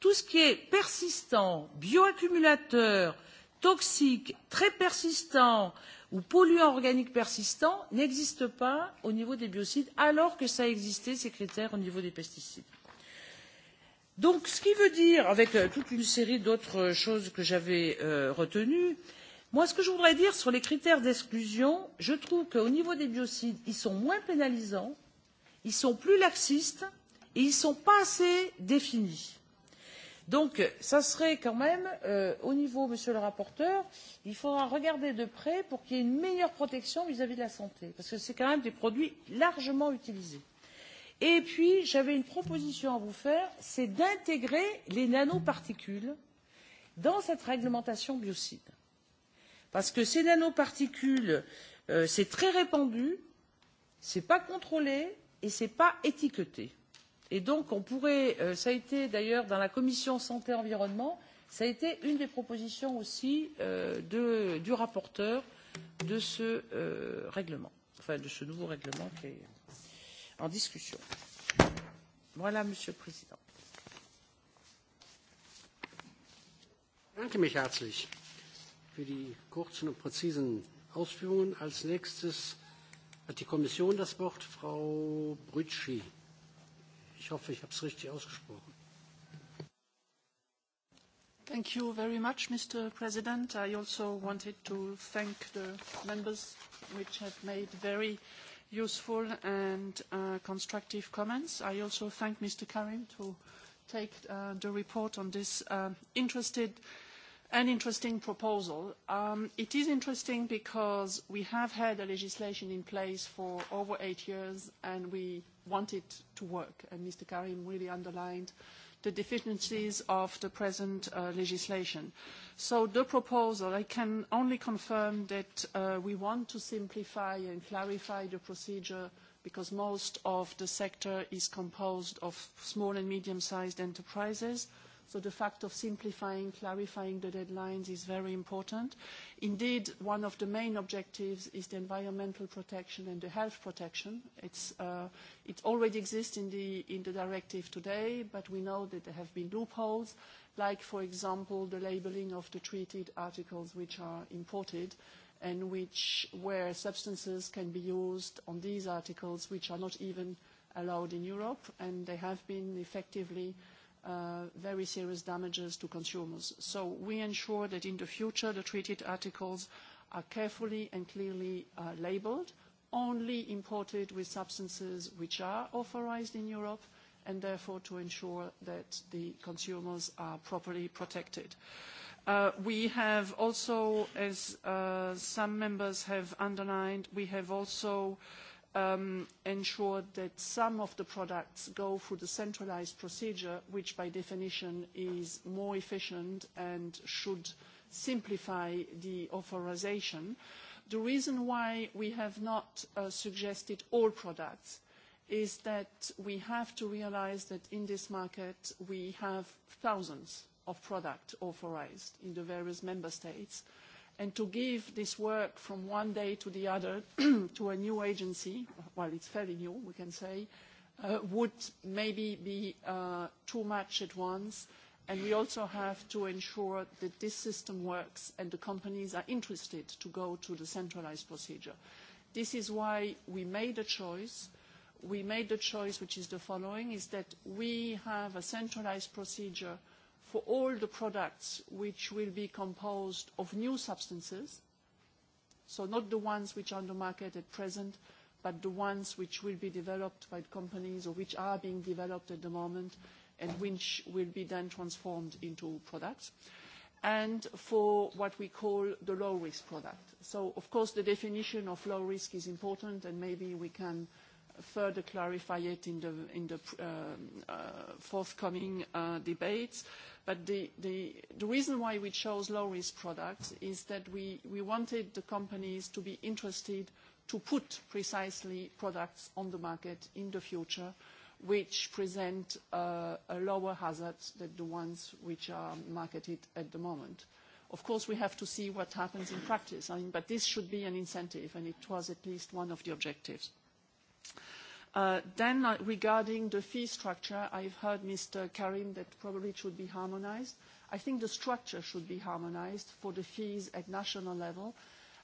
tout ce qui est persistant, bioaccumulateur, toxique, très persistant ou polluant organique persistant n'existe pas au niveau des biocides alors que ça existait ces critères au niveau des pesticides donc ce qui veut dire avec euh, toute une série d'autres choses que j'avais euh, retenues moi ce que je voudrais dire sur les critères d'exclusion je trouve qu'au niveau des biocides ils sont moins pénalisants ils sont plus laxistes et ils ne sont pas assez définis. donc ça serait quand même euh, au niveau monsieur le rapporteur il faudra regarder de près pour qu'il y ait une meilleure protection vis à vis de la santé parce que c'est quand même des produits largement utilisés et puis j'avais une proposition à vous faire c'est d'intégrer les nanoparticules dans cette réglementation biocides parce que ces nanoparticules euh, c'est très répandu ce n'est pas contrôlé et ce n'est pas étiqueté et donc on pourrait euh, ça a été d'ailleurs dans la commission santé environnement ça a été une des propositions aussi euh, de, du rapporteur de ce euh, règlement enfin de ce nouveau règlement qui est en discussion. Voilà, Monsieur le Président. Ich bedanke mich herzlich für die kurzen und präzisen Ausführungen. Als nächstes hat die Kommission das Wort, Frau Brütschi. Ich hoffe, ich habe es richtig ausgesprochen. Thank you very much, Mr. President. I also wanted to thank the members which have made very uh, useful and uh, constructive comments. I also thank Mr. Karim to take uh, the report on this um, interested and interesting proposal. Um, it is interesting because we have had a legislation in place for over eight years and we want it to work. And Mr. Karim really underlined the deficiencies of the present uh, legislation. So the proposal, I can only confirm that uh, we want to simplify and clarify the procedure because most of the sector is composed of small and medium-sized enterprises. So the fact of simplifying, clarifying the deadlines is very important. Indeed, one of the main objectives is the environmental protection and the health protection. It's, uh, it already exists in the, in the directive today, but we know that there have been loopholes, like, for example, the labeling of the treated articles which are imported and which, where substances can be used on these articles which are not even allowed in Europe, and they have been effectively Uh, very serious damages to consumers. So we ensure that in the future, the treated articles are carefully and clearly uh, labeled, only imported with substances which are authorized in Europe, and therefore to ensure that the consumers are properly protected. Uh, we have also, as uh, some members have underlined, we have also uh, um, ensure that some of the products go through the centralized procedure, which by definition is more efficient and should simplify the authorization. The reason why we have not uh, suggested all products is that we have to realize that in this market, we have thousands of products authorized in the various member states, and to give this work from one day to the other to a new agency, well, it's fairly new, we can say, uh, would maybe be uh, too much at once. And we also have to ensure that this system works and the companies are interested to go to the centralized procedure. This is why we made a choice. We made the choice, which is the following, is that we have a centralized procedure – for all the products which will be composed of new substances, so not the ones which are on the market at present, but the ones which will be developed by companies or which are being developed at the moment and which will be then transformed into products, and for what we call the low-risk product. So Of course, the definition of low risk is important, and maybe we can further clarify it in the, in the uh, uh, forthcoming uh, debates. But the, the, the reason why we chose low-risk products is that we, we wanted the companies to be interested to put precisely products on the market in the future which present uh, a lower hazard than the ones which are marketed at the moment. Of course, we have to see what happens in practice, I mean, but this should be an incentive, and it was at least one of the objectives. Uh, then uh, regarding the fee structure, I've heard Mr. Karim that probably it should be harmonized. I think the structure should be harmonized for the fees at national level.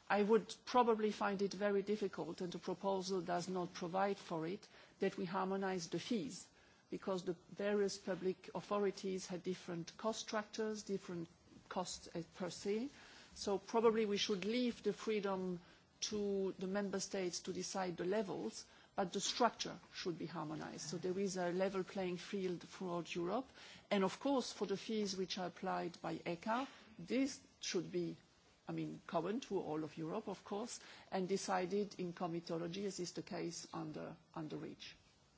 I would probably find it very difficult, and the proposal does not provide for it, that we harmonize the fees, because the various public authorities have different cost structures, different costs per se. So probably we should leave the freedom to the member states to decide the levels, but the structure should be harmonized. So there is a level playing field throughout Europe. And of course, for the fees which are applied by ECHA, this should be, I mean, common to all of Europe, of course, and decided in comitology, as is the case under, under REACH.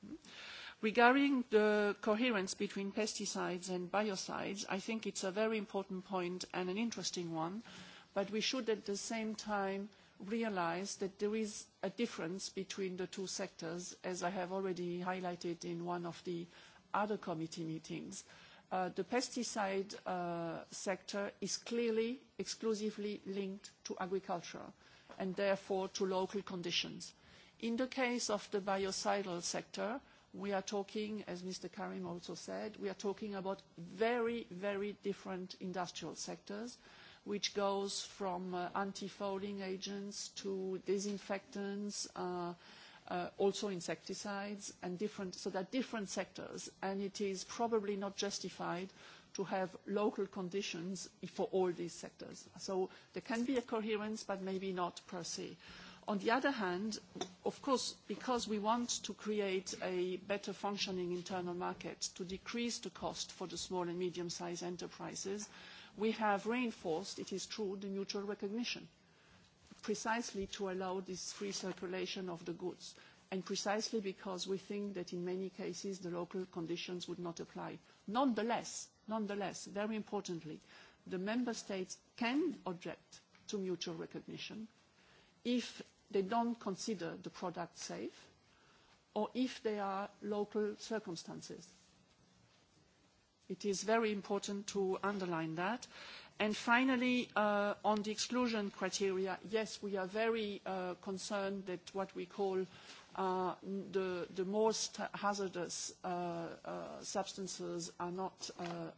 Hmm? Regarding the coherence between pesticides and biocides, I think it's a very important point and an interesting one, but we should at the same time realize that there is a difference between the two sectors, as I have already highlighted in one of the other committee meetings. Uh, the pesticide uh, sector is clearly exclusively linked to agriculture and therefore to local conditions. In the case of the biocidal sector, we are talking, as Mr. Karim also said, we are talking about very, very different industrial sectors which goes from uh, anti-fouling agents to disinfectants, uh, uh, also insecticides, and different, so there are different sectors, and it is probably not justified to have local conditions for all these sectors. So there can be a coherence, but maybe not per se. On the other hand, of course, because we want to create a better functioning internal market to decrease the cost for the small and medium-sized enterprises, we have reinforced, it is true, the mutual recognition, precisely to allow this free circulation of the goods, and precisely because we think that in many cases the local conditions would not apply. Nonetheless, nonetheless, very importantly, the member states can object to mutual recognition if they don't consider the product safe or if there are local circumstances It is very important to underline that. And finally, uh, on the exclusion criteria, yes, we are very uh, concerned that what we call uh, the, most hazardous substances are not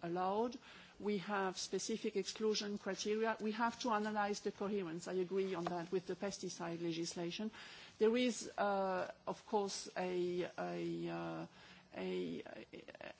allowed. We have specific exclusion criteria. We have to analyze the coherence, I agree on that, with the pesticide legislation. There is, of course, a a,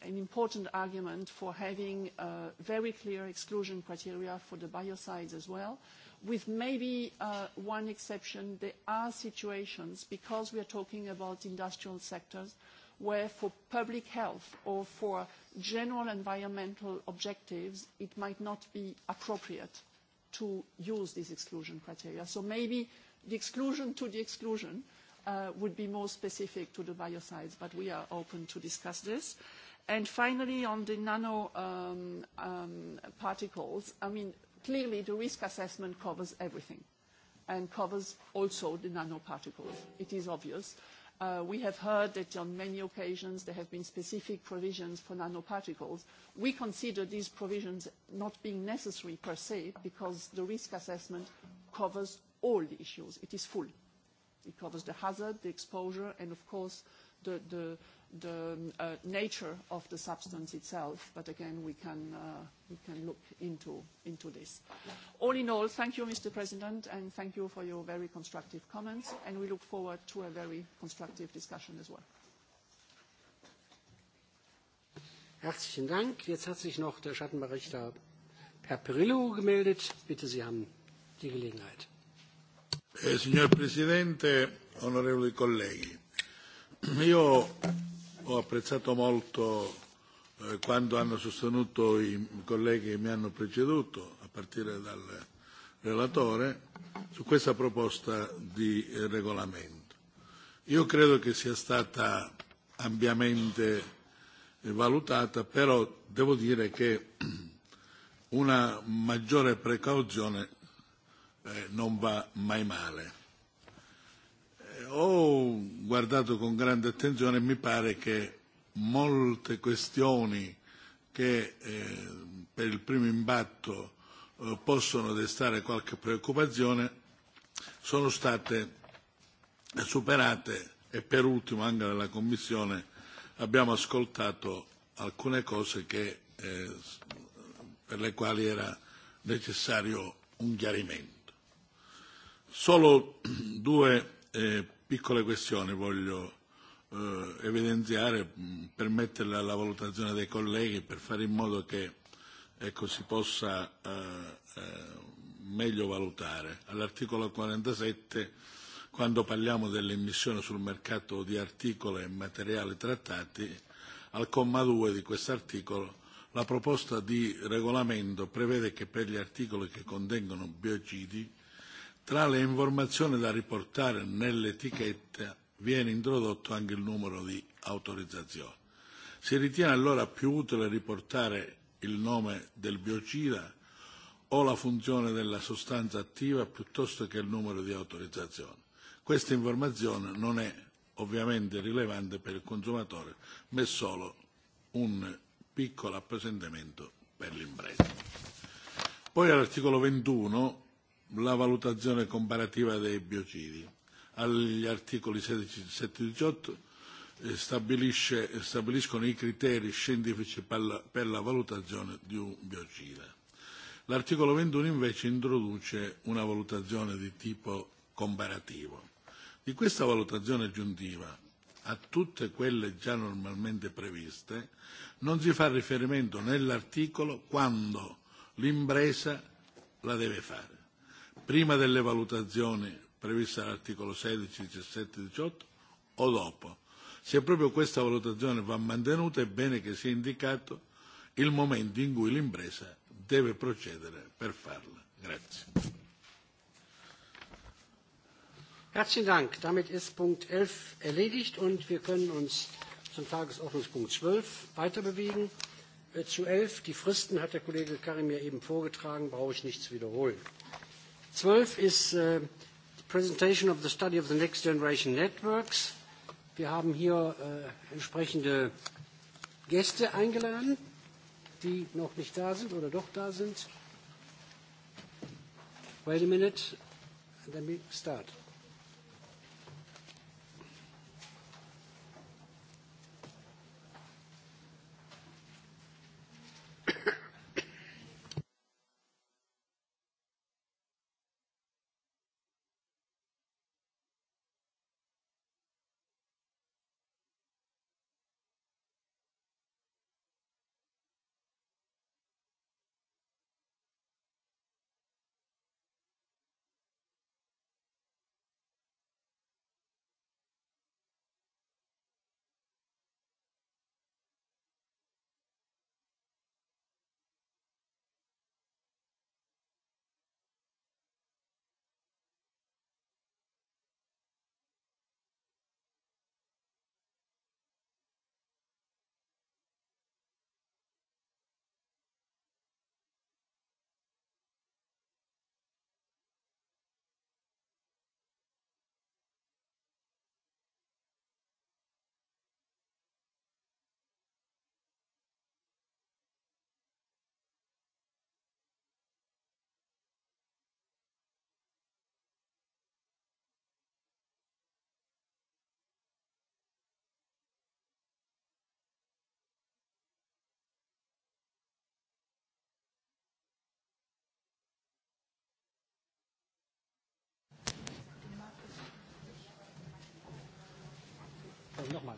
an important argument for having a uh, very clear exclusion criteria for the biocides as well, with maybe uh, one exception. There are situations, because we are talking about industrial sectors, where for public health or for general environmental objectives, it might not be appropriate to use these exclusion criteria. So maybe the exclusion to the exclusion uh, Uh, would be more specific to the biocides, but we are open to discuss this. And finally, on the nano um, um, particles, I mean, clearly the risk assessment covers everything and covers also the nanoparticles. It is obvious. Uh, we have heard that on many occasions there have been specific provisions for nanoparticles. We consider these provisions not being necessary per se because the risk assessment covers all the issues. It is full. It covers the hazard, the exposure, and of course, the, the, the uh, nature of the substance itself. But again, we can, uh, we can look into, into this. All in all, thank you, Mr. President, and thank you for your very constructive comments, and we look forward to a very constructive discussion as well. Herzlichen Dank. Jetzt hat sich noch der Schattenberichter Herr Perillo gemeldet. Bitte, Sie haben die Gelegenheit. Eh, signor Presidente, onorevoli colleghi, io ho apprezzato molto eh, quando hanno sostenuto i colleghi che mi hanno preceduto, a partire dal relatore, su questa proposta di eh, regolamento. Io credo che sia stata ampiamente eh, valutata, però devo dire che una maggiore precauzione Eh, non va mai male. Eh, ho guardato con grande attenzione e mi pare che molte questioni che eh, per il primo impatto eh, possono destare qualche preoccupazione sono state superate e per ultimo anche dalla Commissione abbiamo ascoltato alcune cose che, eh, per le quali era necessario un chiarimento. Solo due eh, piccole questioni voglio eh, evidenziare mm, per metterle alla valutazione dei colleghi, per fare in modo che ecco, si possa eh, eh, meglio valutare. All'articolo 47, quando parliamo dell'immissione sul mercato di articoli e materiali trattati, al comma 2 di quest'articolo la proposta di regolamento prevede che per gli articoli che contengono biocidi Tra le informazioni da riportare nell'etichetta viene introdotto anche il numero di autorizzazione. Si ritiene allora più utile riportare il nome del biocida o la funzione della sostanza attiva piuttosto che il numero di autorizzazione. Questa informazione non è ovviamente rilevante per il consumatore, ma è solo un piccolo appresentamento per l'impresa. Poi all'articolo 21 la valutazione comparativa dei biocidi. Agli articoli 16 17 e 18 eh, stabilisce, stabiliscono i criteri scientifici per la, per la valutazione di un biocida. L'articolo 21 invece introduce una valutazione di tipo comparativo. Di questa valutazione aggiuntiva a tutte quelle già normalmente previste non si fa riferimento nell'articolo quando l'impresa la deve fare prima delle valutazioni previste all'articolo 16, 17 e 18 o dopo. Se proprio questa valutazione va mantenuta è bene che sia indicato il momento in cui l'impresa deve procedere per farla. Grazie. Herzlichen Dank. Damit ist Punkt 11 erledigt und wir können uns zum Tagesordnungspunkt 12 weiterbewegen. Äh, zu 11, die Fristen hat der Kollege Karim ja eben vorgetragen, brauche ich nichts wiederholen. Zwölf ist uh, die Presentation of the Study of the Next Generation Networks. Wir haben hier äh, entsprechende Gäste eingeladen, die noch nicht da sind oder doch da sind. Wait a minute, and then we start. nochmal.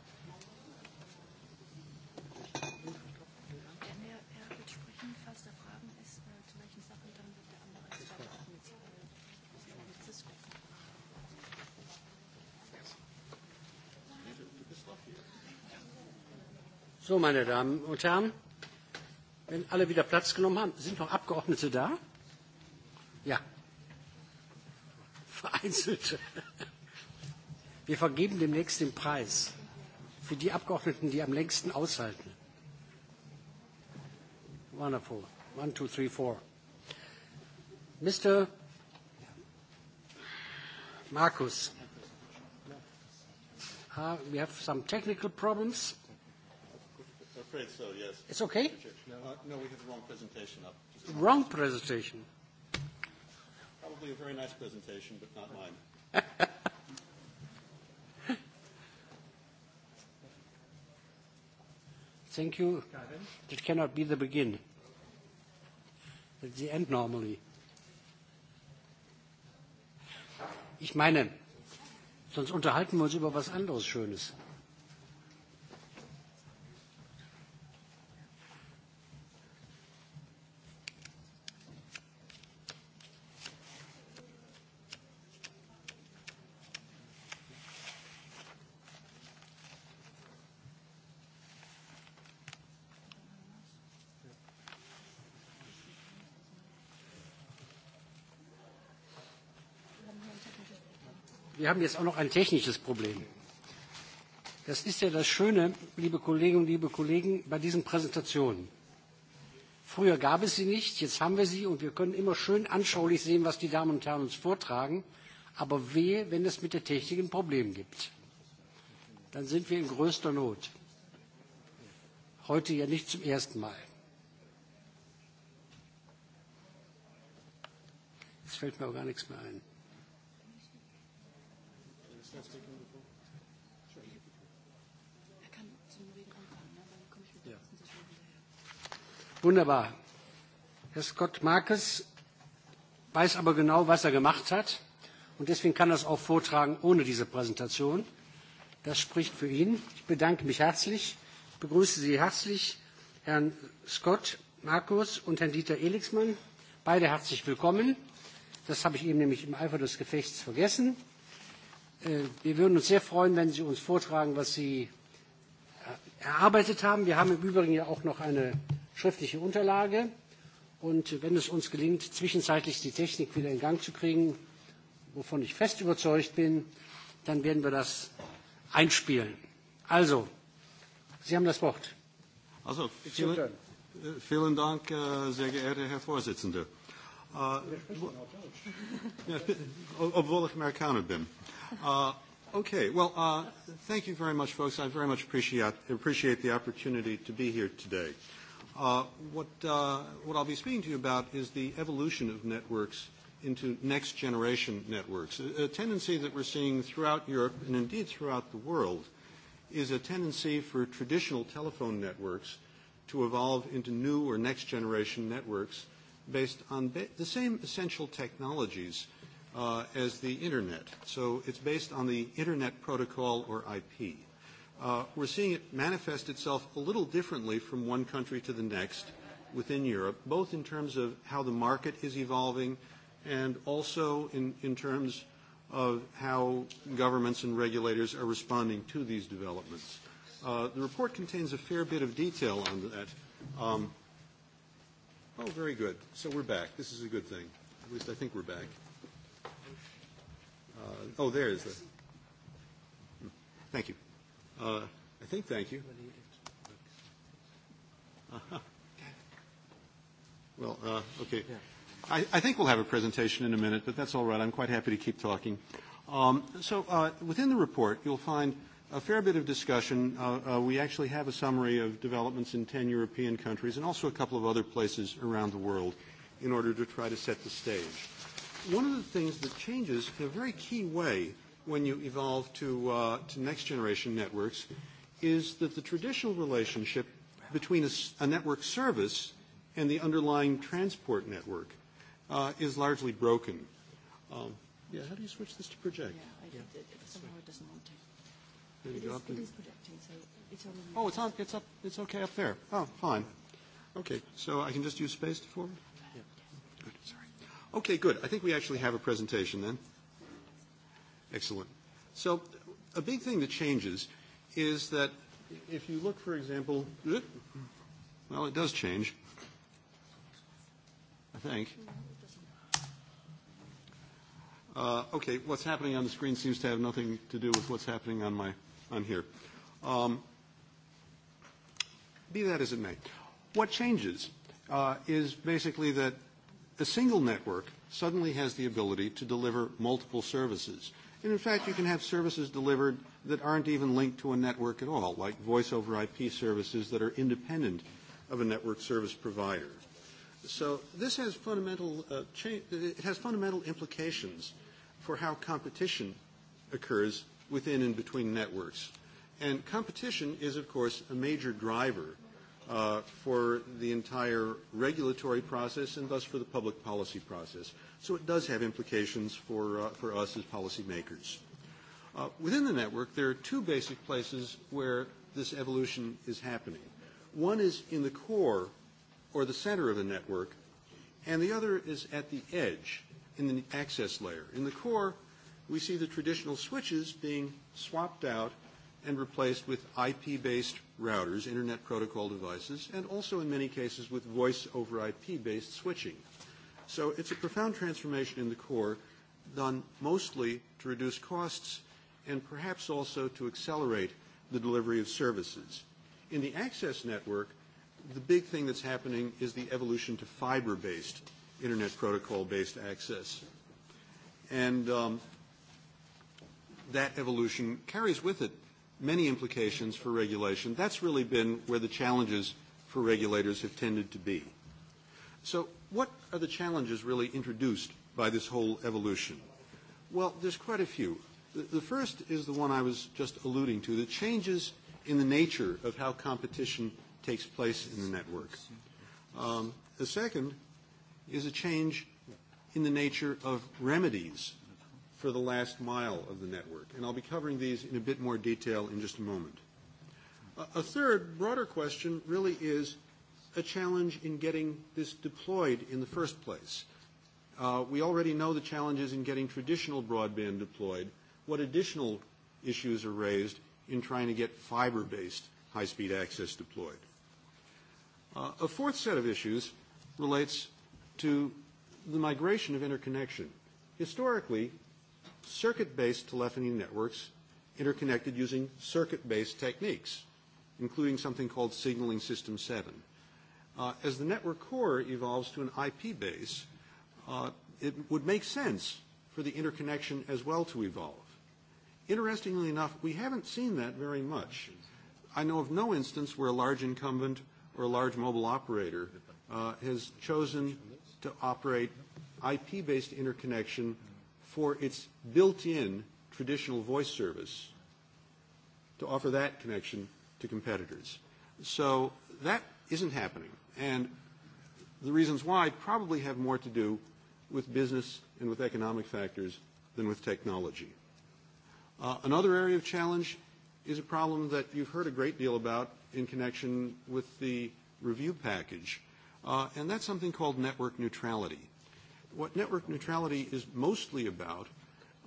So, meine Damen und Herren, wenn alle wieder Platz genommen haben, sind noch Abgeordnete da? Ja. Vereinzelte. Wir vergeben demnächst den Preis für die Abgeordneten, die am längsten aushalten. Wonderful. One, two, three, four. Mr. Markus. Uh, we have some technical problems. I'm afraid so, yes. It's okay? No, uh, no, we have the wrong presentation up. Just wrong presentation? Probably a very nice presentation, but not mine. Thank you. That cannot be the begin. It's the end normally. Ich meine, sonst unterhalten wir uns über was anderes Schönes. wir haben jetzt auch noch ein technisches Problem. Das ist ja das Schöne, liebe Kolleginnen und liebe Kollegen, bei diesen Präsentationen. Früher gab es sie nicht, jetzt haben wir sie und wir können immer schön anschaulich sehen, was die Damen und Herren uns vortragen. Aber wehe, wenn es mit der Technik ein Problem gibt. Dann sind wir in größter Not. Heute ja nicht zum ersten Mal. Jetzt fällt mir auch gar nichts mehr ein. Wunderbar. Herr Scott Marcus weiß aber genau, was er gemacht hat. Und deswegen kann er es auch vortragen ohne diese Präsentation. Das spricht für ihn. Ich bedanke mich herzlich, begrüße Sie herzlich, Herrn Scott Markus und Herrn Dieter Elixmann. Beide herzlich willkommen. Das habe ich eben nämlich im Eifer des Gefechts vergessen. Äh, wir würden uns sehr freuen, wenn Sie uns vortragen, was Sie äh, erarbeitet haben. Wir haben im Übrigen ja auch noch eine schriftliche Unterlage. Und wenn es uns gelingt, zwischenzeitlich die Technik wieder in Gang zu kriegen, wovon ich fest überzeugt bin, dann werden wir das einspielen. Also, Sie haben das Wort. Also, vielen, äh, vielen Dank, sehr geehrter Herr Vorsitzender. Äh, obwohl ich Amerikaner bin. Uh, okay. Well, uh, thank you very much, folks. I very much appreciate, appreciate the opportunity to be here today. Uh, what, uh, what I'll be speaking to you about is the evolution of networks into next generation networks. A, a tendency that we're seeing throughout Europe and indeed throughout the world is a tendency for traditional telephone networks to evolve into new or next generation networks based on ba- the same essential technologies uh, as the Internet. So it's based on the Internet Protocol, or IP. Uh, we're seeing it manifest itself a little differently from one country to the next within Europe, both in terms of how the market is evolving and also in, in terms of how governments and regulators are responding to these developments. Uh, the report contains a fair bit of detail on that. Um, oh, very good. So we're back. This is a good thing. At least I think we're back. Uh, oh, there is. The, thank you. Uh, I think thank you. Uh-huh. Well, uh, okay. I, I think we'll have a presentation in a minute, but that's all right. I'm quite happy to keep talking. Um, so uh, within the report, you'll find a fair bit of discussion. Uh, uh, we actually have a summary of developments in 10 European countries and also a couple of other places around the world in order to try to set the stage one of the things that changes in a very key way when you evolve to, uh, to next generation networks is that the traditional relationship between a, a network service and the underlying transport network uh, is largely broken. Um, yeah, how do you switch this to project? Yeah, I yeah. It, It, somehow it doesn't want to. it, is, it is projecting, so it's on. Oh, it's on. It's up. It's okay up there. Oh, fine. Okay, so I can just use space to forward. Yeah. Good. Sorry. Okay, good. I think we actually have a presentation then. Excellent. So a big thing that changes is that if you look, for example, well, it does change, I think. Uh, okay, what's happening on the screen seems to have nothing to do with what's happening on my on here. Um, be that as it may, what changes uh, is basically that a single network suddenly has the ability to deliver multiple services. And in fact, you can have services delivered that aren't even linked to a network at all, like voice over IP services that are independent of a network service provider. So this has fundamental, uh, change, it has fundamental implications for how competition occurs within and between networks. And competition is, of course, a major driver uh, for the entire regulatory process and thus for the public policy process. So it does have implications for, uh, for us as policymakers. Uh, within the network, there are two basic places where this evolution is happening. One is in the core or the center of the network, and the other is at the edge in the access layer. In the core, we see the traditional switches being swapped out and replaced with IP-based routers, Internet Protocol devices, and also in many cases with voice over IP-based switching. So it's a profound transformation in the core done mostly to reduce costs and perhaps also to accelerate the delivery of services. In the access network, the big thing that's happening is the evolution to fiber-based, Internet Protocol-based access. And um, that evolution carries with it many implications for regulation. That's really been where the challenges for regulators have tended to be. So what are the challenges really introduced by this whole evolution? Well, there's quite a few. The first is the one I was just alluding to, the changes in the nature of how competition takes place in the network. Um, the second is a change in the nature of remedies for the last mile of the network, and I'll be covering these in a bit more detail in just a moment. A third, broader question really is a challenge in getting this deployed in the first place. Uh, we already know the challenges in getting traditional broadband deployed. What additional issues are raised in trying to get fiber-based high-speed access deployed? Uh, a fourth set of issues relates to the migration of interconnection. Historically, circuit-based telephony networks interconnected using circuit-based techniques, including something called Signaling System 7. Uh, as the network core evolves to an IP base, uh, it would make sense for the interconnection as well to evolve. Interestingly enough, we haven't seen that very much. I know of no instance where a large incumbent or a large mobile operator uh, has chosen to operate IP-based interconnection for its built-in traditional voice service to offer that connection to competitors. So that isn't happening. And the reasons why probably have more to do with business and with economic factors than with technology. Uh, another area of challenge is a problem that you've heard a great deal about in connection with the review package, uh, and that's something called network neutrality. What network neutrality is mostly about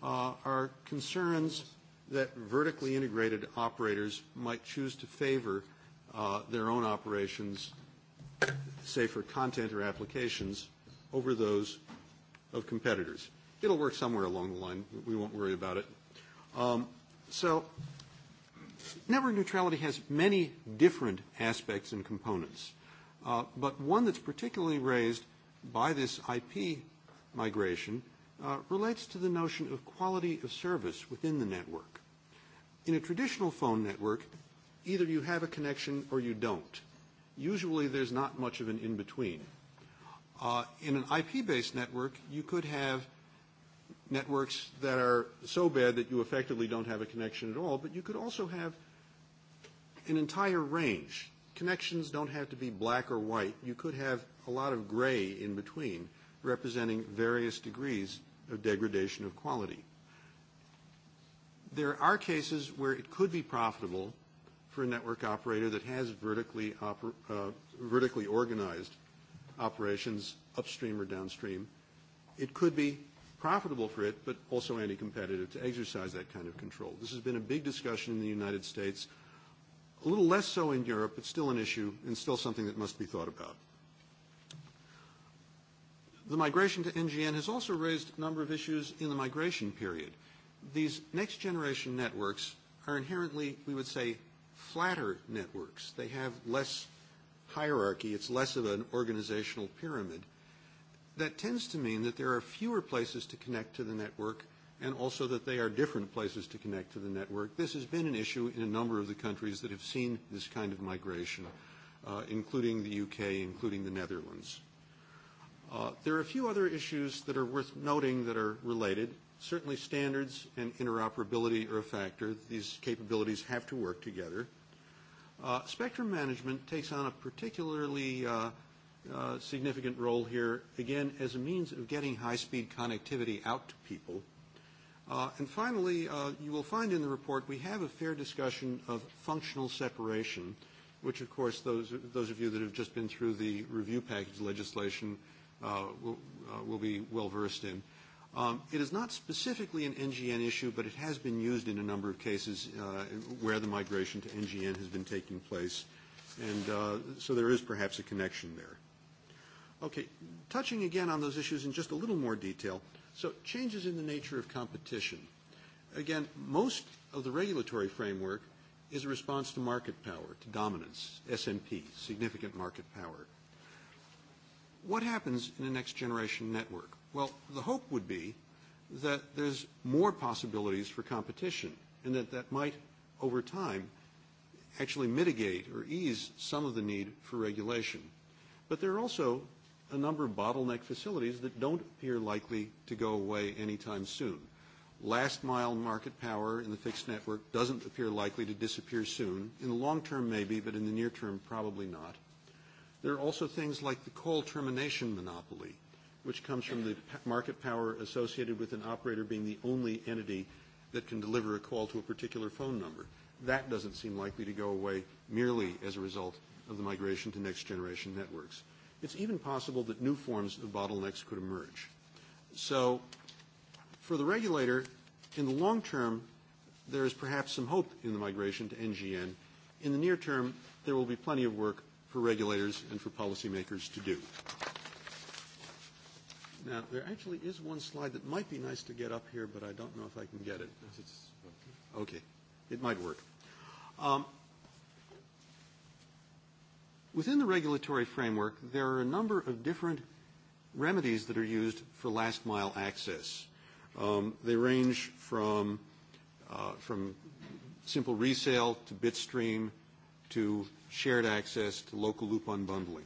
uh, are concerns that vertically integrated operators might choose to favor uh, their own operations, say for content or applications, over those of competitors. It'll work somewhere along the line. We won't worry about it. Um, so network neutrality has many different aspects and components, uh, but one that's particularly raised by this IP migration uh, relates to the notion of quality of service within the network. In a traditional phone network, either you have a connection or you don't. Usually there's not much of an in-between. Uh, in an IP-based network, you could have networks that are so bad that you effectively don't have a connection at all, but you could also have an entire range. Connections don't have to be black or white. You could have a lot of gray in between representing various degrees of degradation of quality. There are cases where it could be profitable for a network operator that has vertically, oper- uh, vertically organized operations upstream or downstream. It could be profitable for it, but also anti-competitive to exercise that kind of control. This has been a big discussion in the United States, a little less so in Europe, but still an issue and still something that must be thought about. The migration to NGN has also raised a number of issues in the migration period. These next generation networks are inherently, we would say, flatter networks. They have less hierarchy. It's less of an organizational pyramid. That tends to mean that there are fewer places to connect to the network and also that they are different places to connect to the network. This has been an issue in a number of the countries that have seen this kind of migration, uh, including the UK, including the Netherlands. Uh, there are a few other issues that are worth noting that are related. Certainly standards and interoperability are a factor. These capabilities have to work together. Uh, spectrum management takes on a particularly uh, uh, significant role here, again, as a means of getting high-speed connectivity out to people. Uh, and finally, uh, you will find in the report we have a fair discussion of functional separation, which, of course, those, those of you that have just been through the review package legislation – uh, will, uh, be well versed in. Um, it is not specifically an NGN issue, but it has been used in a number of cases uh, where the migration to NGN has been taking place. And uh, so there is perhaps a connection there. Okay, touching again on those issues in just a little more detail. So changes in the nature of competition. Again, most of the regulatory framework is a response to market power, to dominance, SMP, significant market power what happens in a next generation network? Well, the hope would be that there's more possibilities for competition and that that might, over time, actually mitigate or ease some of the need for regulation. But there are also a number of bottleneck facilities that don't appear likely to go away anytime soon. Last mile market power in the fixed network doesn't appear likely to disappear soon. In the long term, maybe, but in the near term, probably not. There are also things like the coal termination monopoly, which comes from the market power associated with an operator being the only entity that can deliver a call to a particular phone number. That doesn't seem likely to go away merely as a result of the migration to next generation networks. It's even possible that new forms of bottlenecks could emerge. So for the regulator, in the long term, there is perhaps some hope in the migration to NGN. In the near term, there will be plenty of work for regulators and for policymakers to do. Now, there actually is one slide that might be nice to get up here, but I don't know if I can get it. Okay, it might work. Um, within the regulatory framework, there are a number of different remedies that are used for last mile access. Um, they range from, uh, from simple resale to bitstream to shared access to local loop unbundling.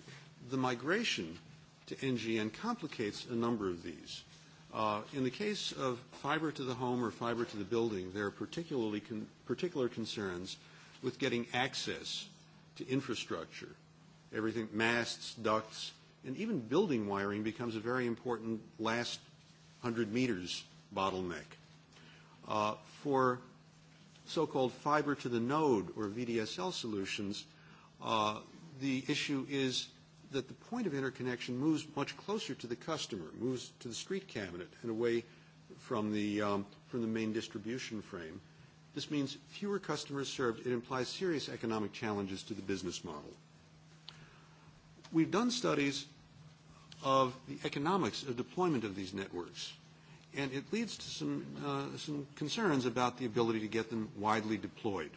The migration to NGN complicates a number of these. Uh, in the case of fiber to the home or fiber to the building, there are particularly con- particular concerns with getting access to infrastructure. Everything, masts, ducts, and even building wiring becomes a very important last 100 meters bottleneck. Uh, for so-called fiber to the node or VDSL solutions, Uh, the issue is that the point of interconnection moves much closer to the customer, moves to the street cabinet and away from the, um, from the main distribution frame. This means fewer customers served. It implies serious economic challenges to the business model. We've done studies of the economics of deployment of these networks, and it leads to some, uh, some concerns about the ability to get them widely deployed.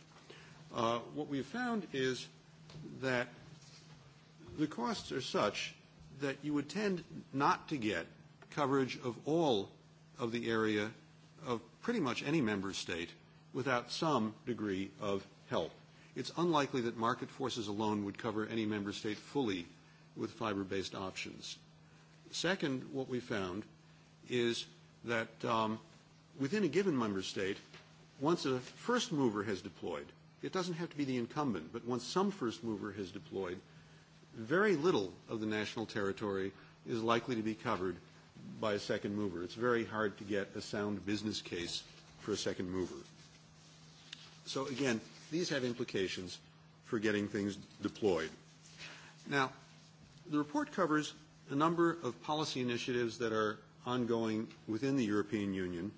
Uh, what we've found is – that the costs are such that you would tend not to get coverage of all of the area of pretty much any member state without some degree of help. It's unlikely that market forces alone would cover any member state fully with fiber-based options. Second, what we found is that um, within a given member state, once a first mover has deployed, It doesn't have to be the incumbent, but once some first mover has deployed, very little of the national territory is likely to be covered by a second mover. It's very hard to get a sound business case for a second mover. So again, these have implications for getting things deployed. Now, the report covers a number of policy initiatives that are ongoing within the European Union.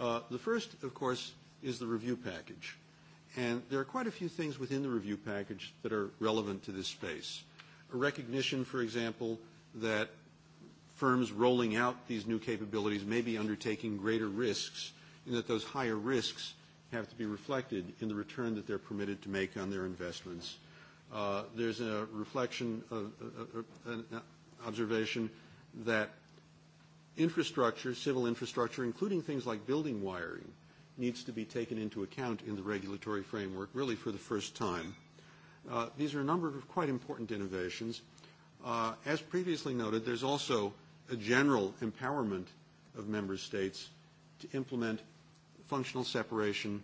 Uh, the first, of course, is the review package. And there are quite a few things within the review package that are relevant to this space. A recognition, for example, that firms rolling out these new capabilities may be undertaking greater risks and that those higher risks have to be reflected in the return that they're permitted to make on their investments. Uh, there's a reflection, of, uh, uh, an uh, observation that infrastructure, civil infrastructure, including things like building wiring, needs to be taken into account in the regulatory framework, really for the first time. Uh, these are a number of quite important innovations. Uh, as previously noted, there's also a general empowerment of member states to implement functional separation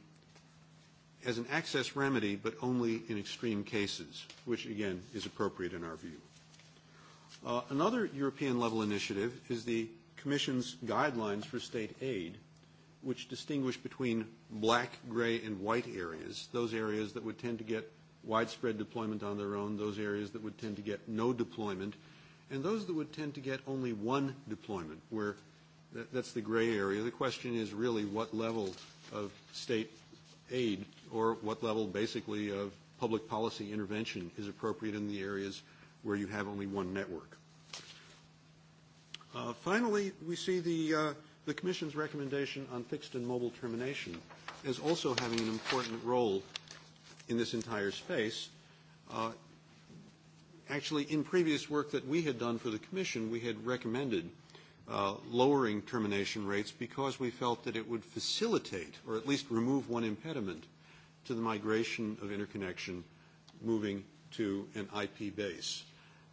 as an access remedy, but only in extreme cases, which again is appropriate in our view. Uh, another European level initiative is the Commission's guidelines for state aid, which distinguish between black, gray, and white areas, those areas that would tend to get widespread deployment on their own, those areas that would tend to get no deployment, and those that would tend to get only one deployment, where that's the gray area. The question is really what level of state aid or what level basically of public policy intervention is appropriate in the areas where you have only one network. Uh, finally, we see the uh, The Commission's recommendation on fixed and mobile termination is also having an important role in this entire space. Uh, actually, in previous work that we had done for the Commission, we had recommended uh, lowering termination rates because we felt that it would facilitate or at least remove one impediment to the migration of interconnection moving to an IP base.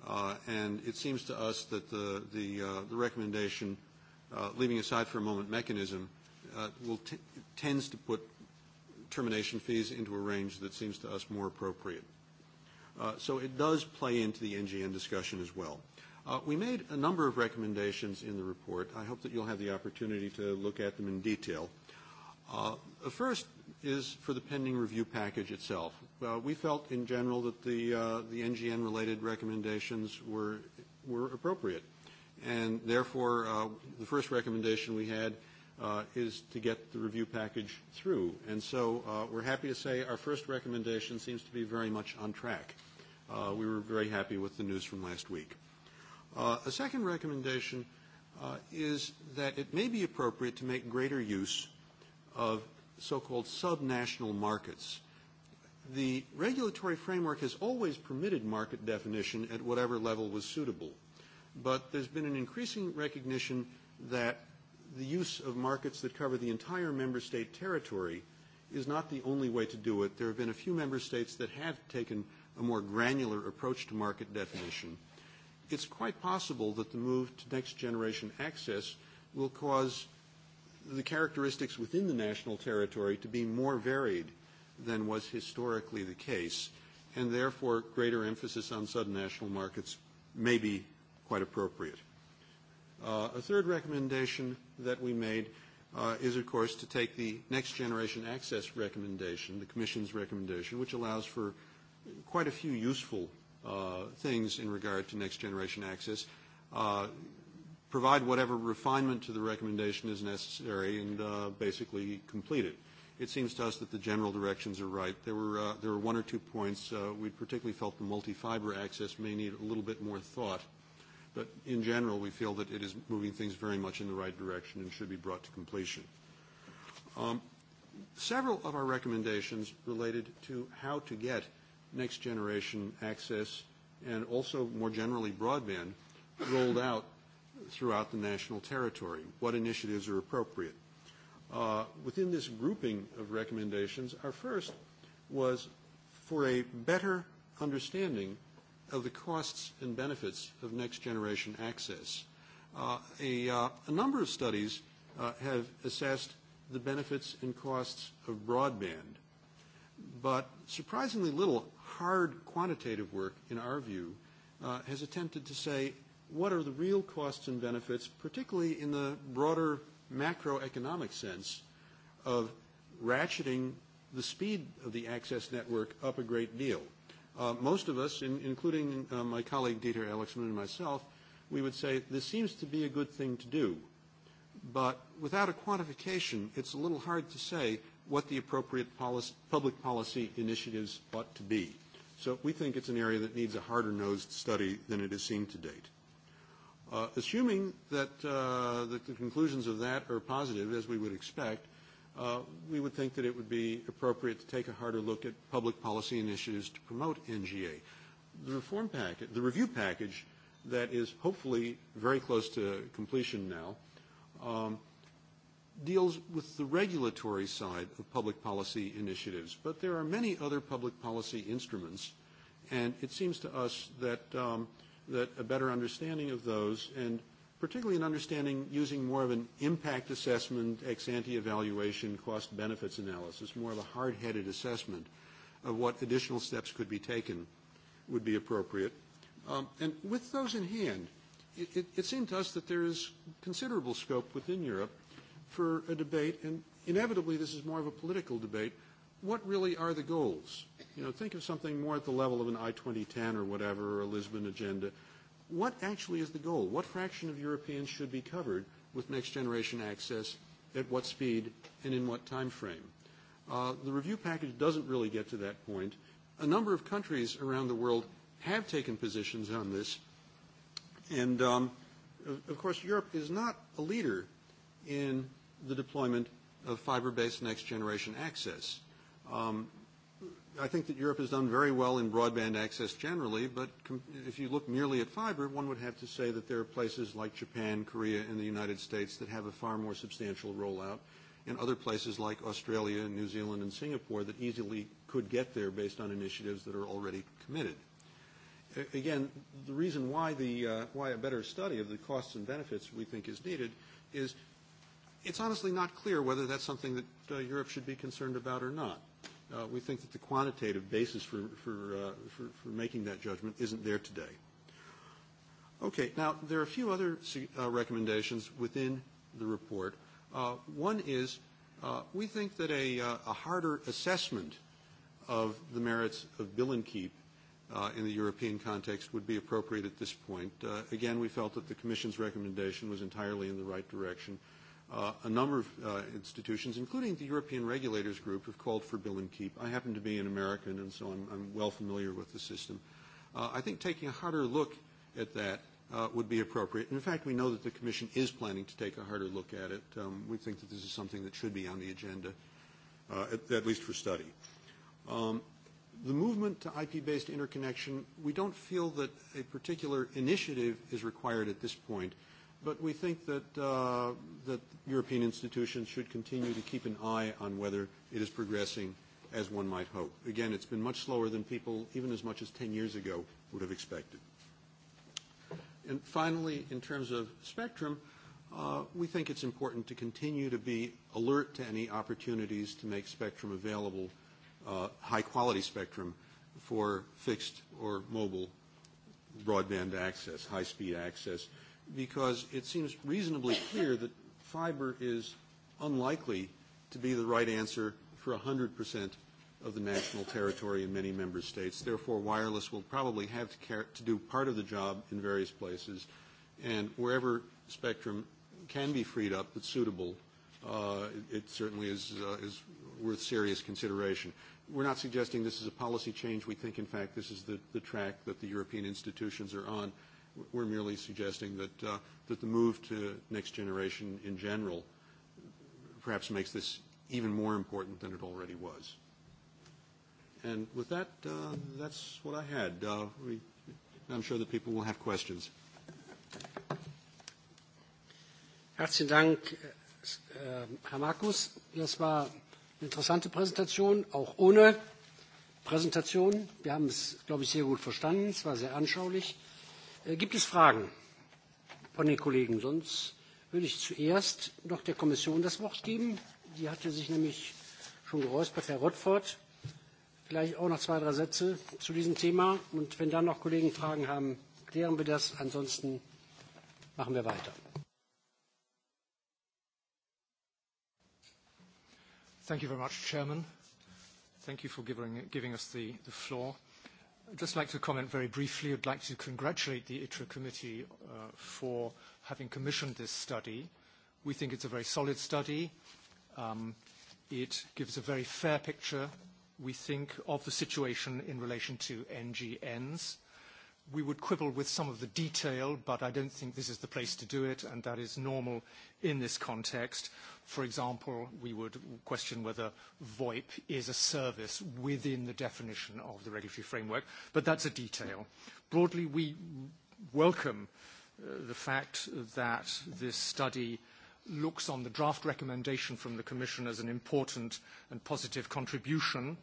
Uh, and it seems to us that the, the, uh, the recommendation uh, leaving aside for a moment mechanism, uh, will t- tends to put termination fees into a range that seems to us more appropriate. Uh, so it does play into the NGN discussion as well. Uh, we made a number of recommendations in the report. I hope that you'll have the opportunity to look at them in detail. Uh, the first is for the pending review package itself. Uh, we felt in general that the, uh, the NGN-related recommendations were, were appropriate. And therefore, uh, the first recommendation we had uh, is to get the review package through. And so uh, we're happy to say our first recommendation seems to be very much on track. Uh, we were very happy with the news from last week. Uh, a second recommendation uh, is that it may be appropriate to make greater use of so-called subnational markets. The regulatory framework has always permitted market definition at whatever level was suitable but there's been an increasing recognition that the use of markets that cover the entire member state territory is not the only way to do it. There have been a few member states that have taken a more granular approach to market definition. It's quite possible that the move to next generation access will cause the characteristics within the national territory to be more varied than was historically the case, and therefore greater emphasis on national markets may be quite appropriate. Uh, a third recommendation that we made uh, is, of course, to take the next generation access recommendation, the Commission's recommendation, which allows for quite a few useful uh, things in regard to next generation access, uh, provide whatever refinement to the recommendation is necessary, and uh, basically complete it. It seems to us that the general directions are right. There were, uh, there were one or two points. Uh, we particularly felt the multi-fiber access may need a little bit more thought But in general, we feel that it is moving things very much in the right direction and should be brought to completion. Um, several of our recommendations related to how to get next generation access and also more generally broadband rolled out throughout the national territory, what initiatives are appropriate. Uh, within this grouping of recommendations, our first was for a better understanding of the costs and benefits of next generation access. Uh, a, uh, a number of studies uh, have assessed the benefits and costs of broadband, but surprisingly little hard quantitative work, in our view, uh, has attempted to say what are the real costs and benefits, particularly in the broader macroeconomic sense of ratcheting the speed of the access network up a great deal uh, most of us, in, including uh, my colleague Dieter Alexman and myself, we would say this seems to be a good thing to do. But without a quantification, it's a little hard to say what the appropriate policy, public policy initiatives ought to be. So we think it's an area that needs a harder-nosed study than it has seen to date. Uh, assuming that, uh, that the conclusions of that are positive, as we would expect, uh, we would think that it would be appropriate to take a harder look at public policy initiatives to promote NGA. The reform package, the review package that is hopefully very close to completion now, um, deals with the regulatory side of public policy initiatives, but there are many other public policy instruments, and it seems to us that, um, that a better understanding of those and – particularly in understanding using more of an impact assessment, ex ante evaluation, cost benefits analysis, more of a hard headed assessment of what additional steps could be taken would be appropriate. Um, and with those in hand, it, it, it seemed to us that there is considerable scope within Europe for a debate, and inevitably this is more of a political debate. What really are the goals? You know, think of something more at the level of an I-2010 or whatever, or a Lisbon agenda what actually is the goal? What fraction of Europeans should be covered with next generation access at what speed and in what time frame? Uh, the review package doesn't really get to that point. A number of countries around the world have taken positions on this. And um, of course, Europe is not a leader in the deployment of fiber-based next generation access. Um, i think that Europe has done very well in broadband access generally, but com- if you look merely at fiber, one would have to say that there are places like Japan, Korea, and the United States that have a far more substantial rollout, and other places like Australia, New Zealand, and Singapore that easily could get there based on initiatives that are already committed. A again, the reason why, the, uh, why a better study of the costs and benefits we think is needed is it's honestly not clear whether that's something that uh, Europe should be concerned about or not uh, we think that the quantitative basis for, for, uh, for, for making that judgment isn't there today. Okay, now there are a few other uh, recommendations within the report. Uh, one is uh, we think that a, uh, a harder assessment of the merits of bill and keep uh, in the European context would be appropriate at this point. Uh, again, we felt that the Commission's recommendation was entirely in the right direction. Uh, Uh, a number of uh, institutions, including the European Regulators Group, have called for bill and keep. I happen to be an American, and so I'm, I'm well familiar with the system. Uh, I think taking a harder look at that uh, would be appropriate. And in fact, we know that the Commission is planning to take a harder look at it. Um, we think that this is something that should be on the agenda, uh, at, at least for study. Um, the movement to IP-based interconnection, we don't feel that a particular initiative is required at this point. Uh, but we think that, uh, that European institutions should continue to keep an eye on whether it is progressing as one might hope. Again, it's been much slower than people, even as much as 10 years ago, would have expected. And finally, in terms of spectrum, uh, we think it's important to continue to be alert to any opportunities to make spectrum available, uh, high-quality spectrum, for fixed or mobile broadband access, high-speed access because it seems reasonably clear that fiber is unlikely to be the right answer for 100% of the national territory in many member states. Therefore, wireless will probably have to, care, to do part of the job in various places. And wherever spectrum can be freed up that's suitable, uh, it, it certainly is, uh, is worth serious consideration. We're not suggesting this is a policy change. We think, in fact, this is the, the track that the European institutions are on. We're merely suggesting that, uh, that the move to next generation in general perhaps makes this even more important than it already was. And with that, uh, that's what I had. Uh, we, I'm sure that people will have questions. Herzlichen Dank, äh, Herr Markus. Das war eine interessante Präsentation, auch ohne Präsentation. Wir haben es, glaube ich, sehr gut verstanden. Es war sehr anschaulich. Äh, gibt es Fragen von den Kollegen? Sonst würde ich zuerst noch der Kommission das Wort geben. Die hatte sich nämlich schon geräuspert, Herr Rottfort. Vielleicht auch noch zwei, drei Sätze zu diesem Thema. Und wenn dann noch Kollegen Fragen haben, klären wir das. Ansonsten machen wir weiter. Thank you very much, Chairman. Thank you for giving, giving us the, the floor. I'd just like to comment very briefly. I'd like to congratulate the ITRA committee uh, for having commissioned this study. We think it's a very solid study. Um, it gives a very fair picture, we think, of the situation in relation to NGNs we would quibble with some of the detail, but I don't think this is the place to do it, and that is normal in this context. For example, we would question whether VoIP is a service within the definition of the regulatory framework, but that's a detail. Broadly, we welcome uh, the fact that this study looks on the draft recommendation from the Commission as an important and positive contribution,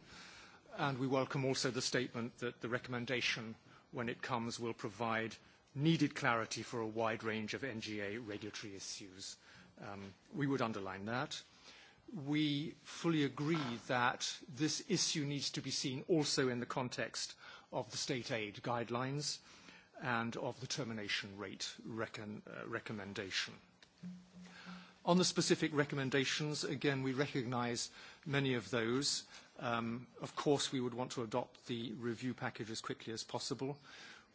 and we welcome also the statement that the recommendation – when it comes, will provide needed clarity for a wide range of NGA regulatory issues. Um, we would underline that. We fully agree that this issue needs to be seen also in the context of the state aid guidelines and of the termination rate recon, uh, recommendation. On the specific recommendations, again, we recognize many of those. Um, of course, we would want to adopt the review package as quickly as possible.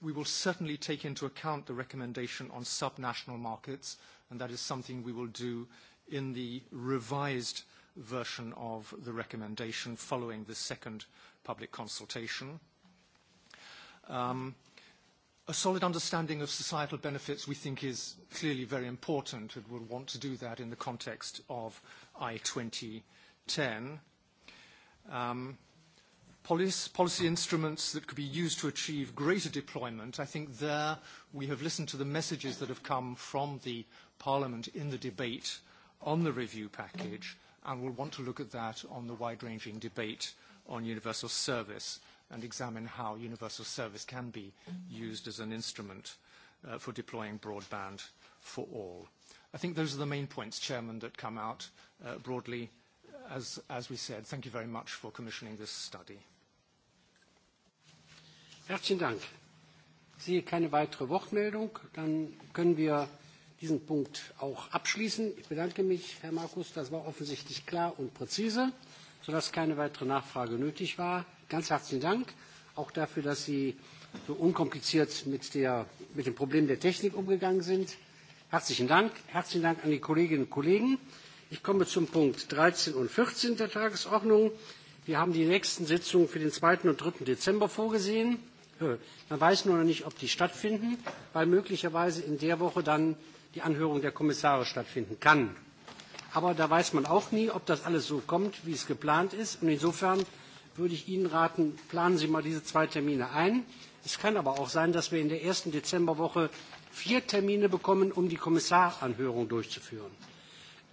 We will certainly take into account the recommendation on subnational markets, and that is something we will do in the revised version of the recommendation following the second public consultation. Um, a solid understanding of societal benefits we think is clearly very important and we'll want to do that in the context of i 10 um, policy instruments that could be used to achieve greater deployment. I think there we have listened to the messages that have come from the Parliament in the debate on the review package and we'll want to look at that on the wide-ranging debate on universal service and examine how universal service can be used as an instrument uh, for deploying broadband for all. I think those are the main points, Chairman, that come out uh, broadly as, as we said, thank you very much for commissioning this study. Herzlichen Dank. Ich sehe keine weitere Wortmeldung. Dann können wir diesen Punkt auch abschließen. Ich bedanke mich, Herr Markus. Das war offensichtlich klar und präzise, sodass keine weitere Nachfrage nötig war. Ganz herzlichen Dank auch dafür, dass Sie so unkompliziert mit, der, mit dem Problem der Technik umgegangen sind. Herzlichen Dank. Herzlichen Dank an die Kolleginnen und Kollegen. Ich komme zum Punkt 13 und 14 der Tagesordnung. Wir haben die nächsten Sitzungen für den 2. und 3. Dezember vorgesehen. Äh, man weiß nur noch nicht, ob die stattfinden, weil möglicherweise in der Woche dann die Anhörung der Kommissare stattfinden kann. Aber da weiß man auch nie, ob das alles so kommt, wie es geplant ist. Und insofern würde ich Ihnen raten, planen Sie mal diese zwei Termine ein. Es kann aber auch sein, dass wir in der ersten Dezemberwoche vier Termine bekommen, um die Kommissaranhörung durchzuführen.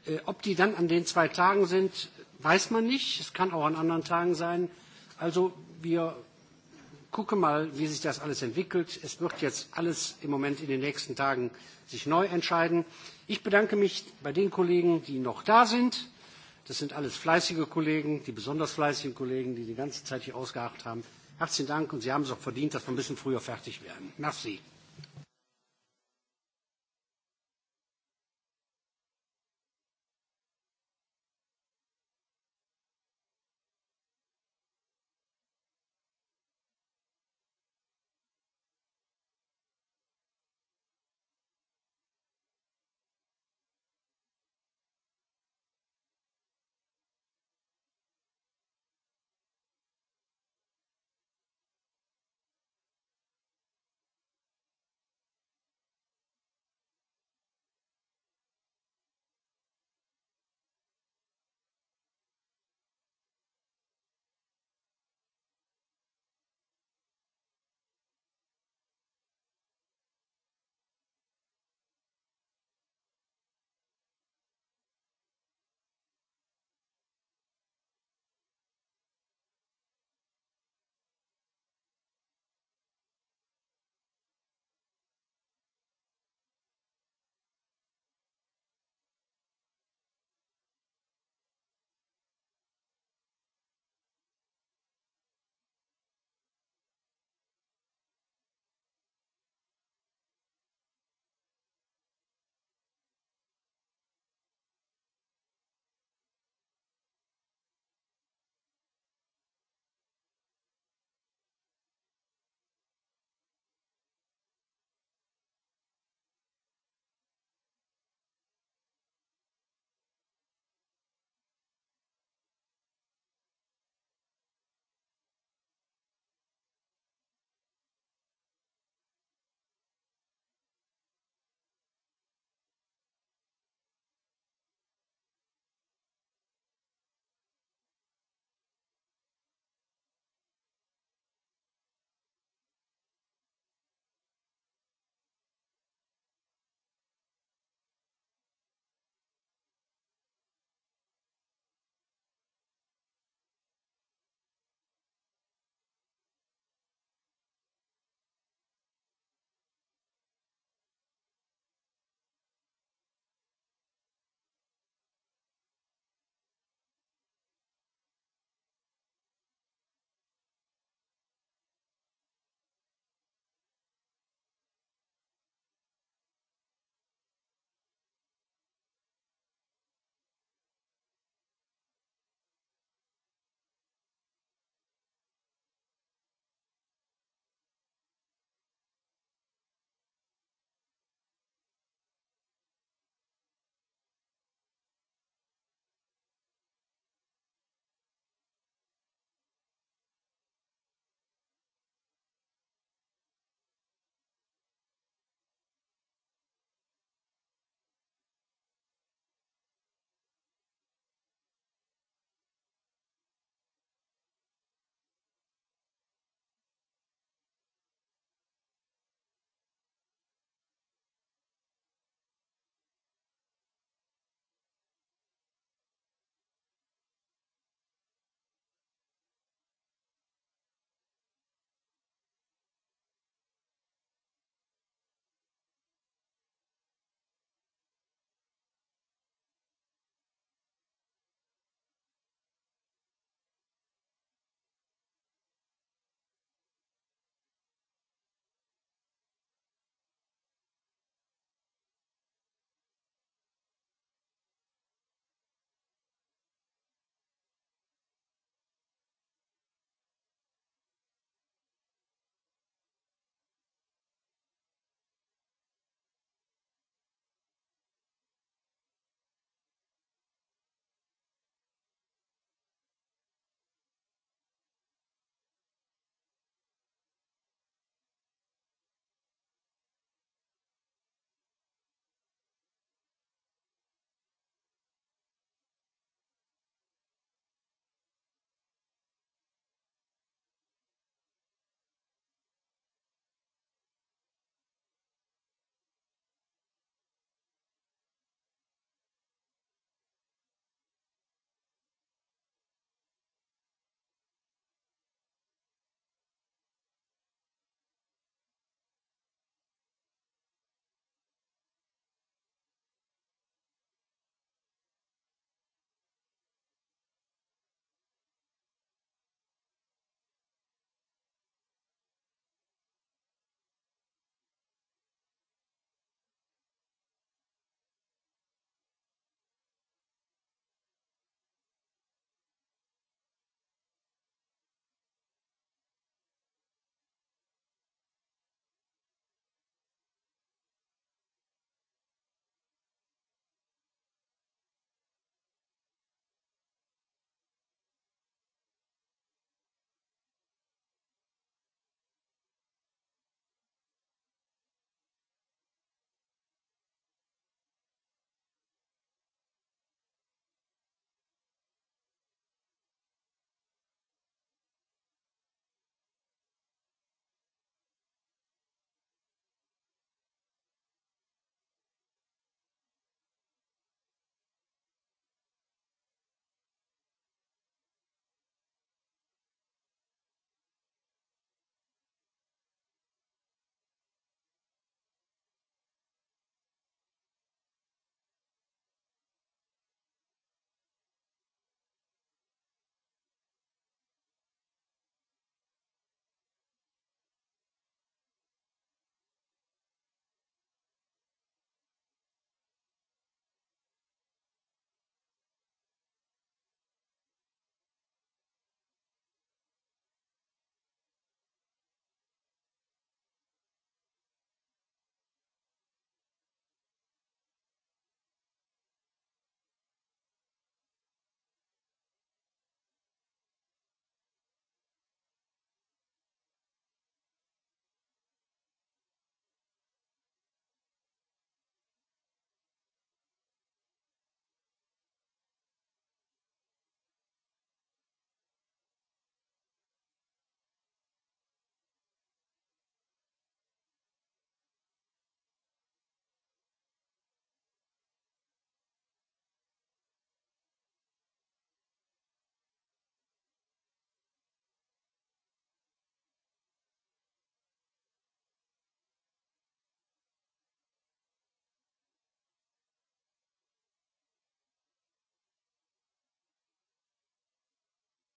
Äh, ob die dann an den zwei Tagen sind, weiß man nicht. Es kann auch an anderen Tagen sein. Also wir gucken mal, wie sich das alles entwickelt. Es wird jetzt alles im Moment in den nächsten Tagen sich neu entscheiden. Ich bedanke mich bei den Kollegen, die noch da sind. Das sind alles fleißige Kollegen, die besonders fleißigen Kollegen, die die ganze Zeit hier ausgeharrt haben. Herzlichen Dank und Sie haben es auch verdient, dass wir ein bisschen früher fertig werden. Merci.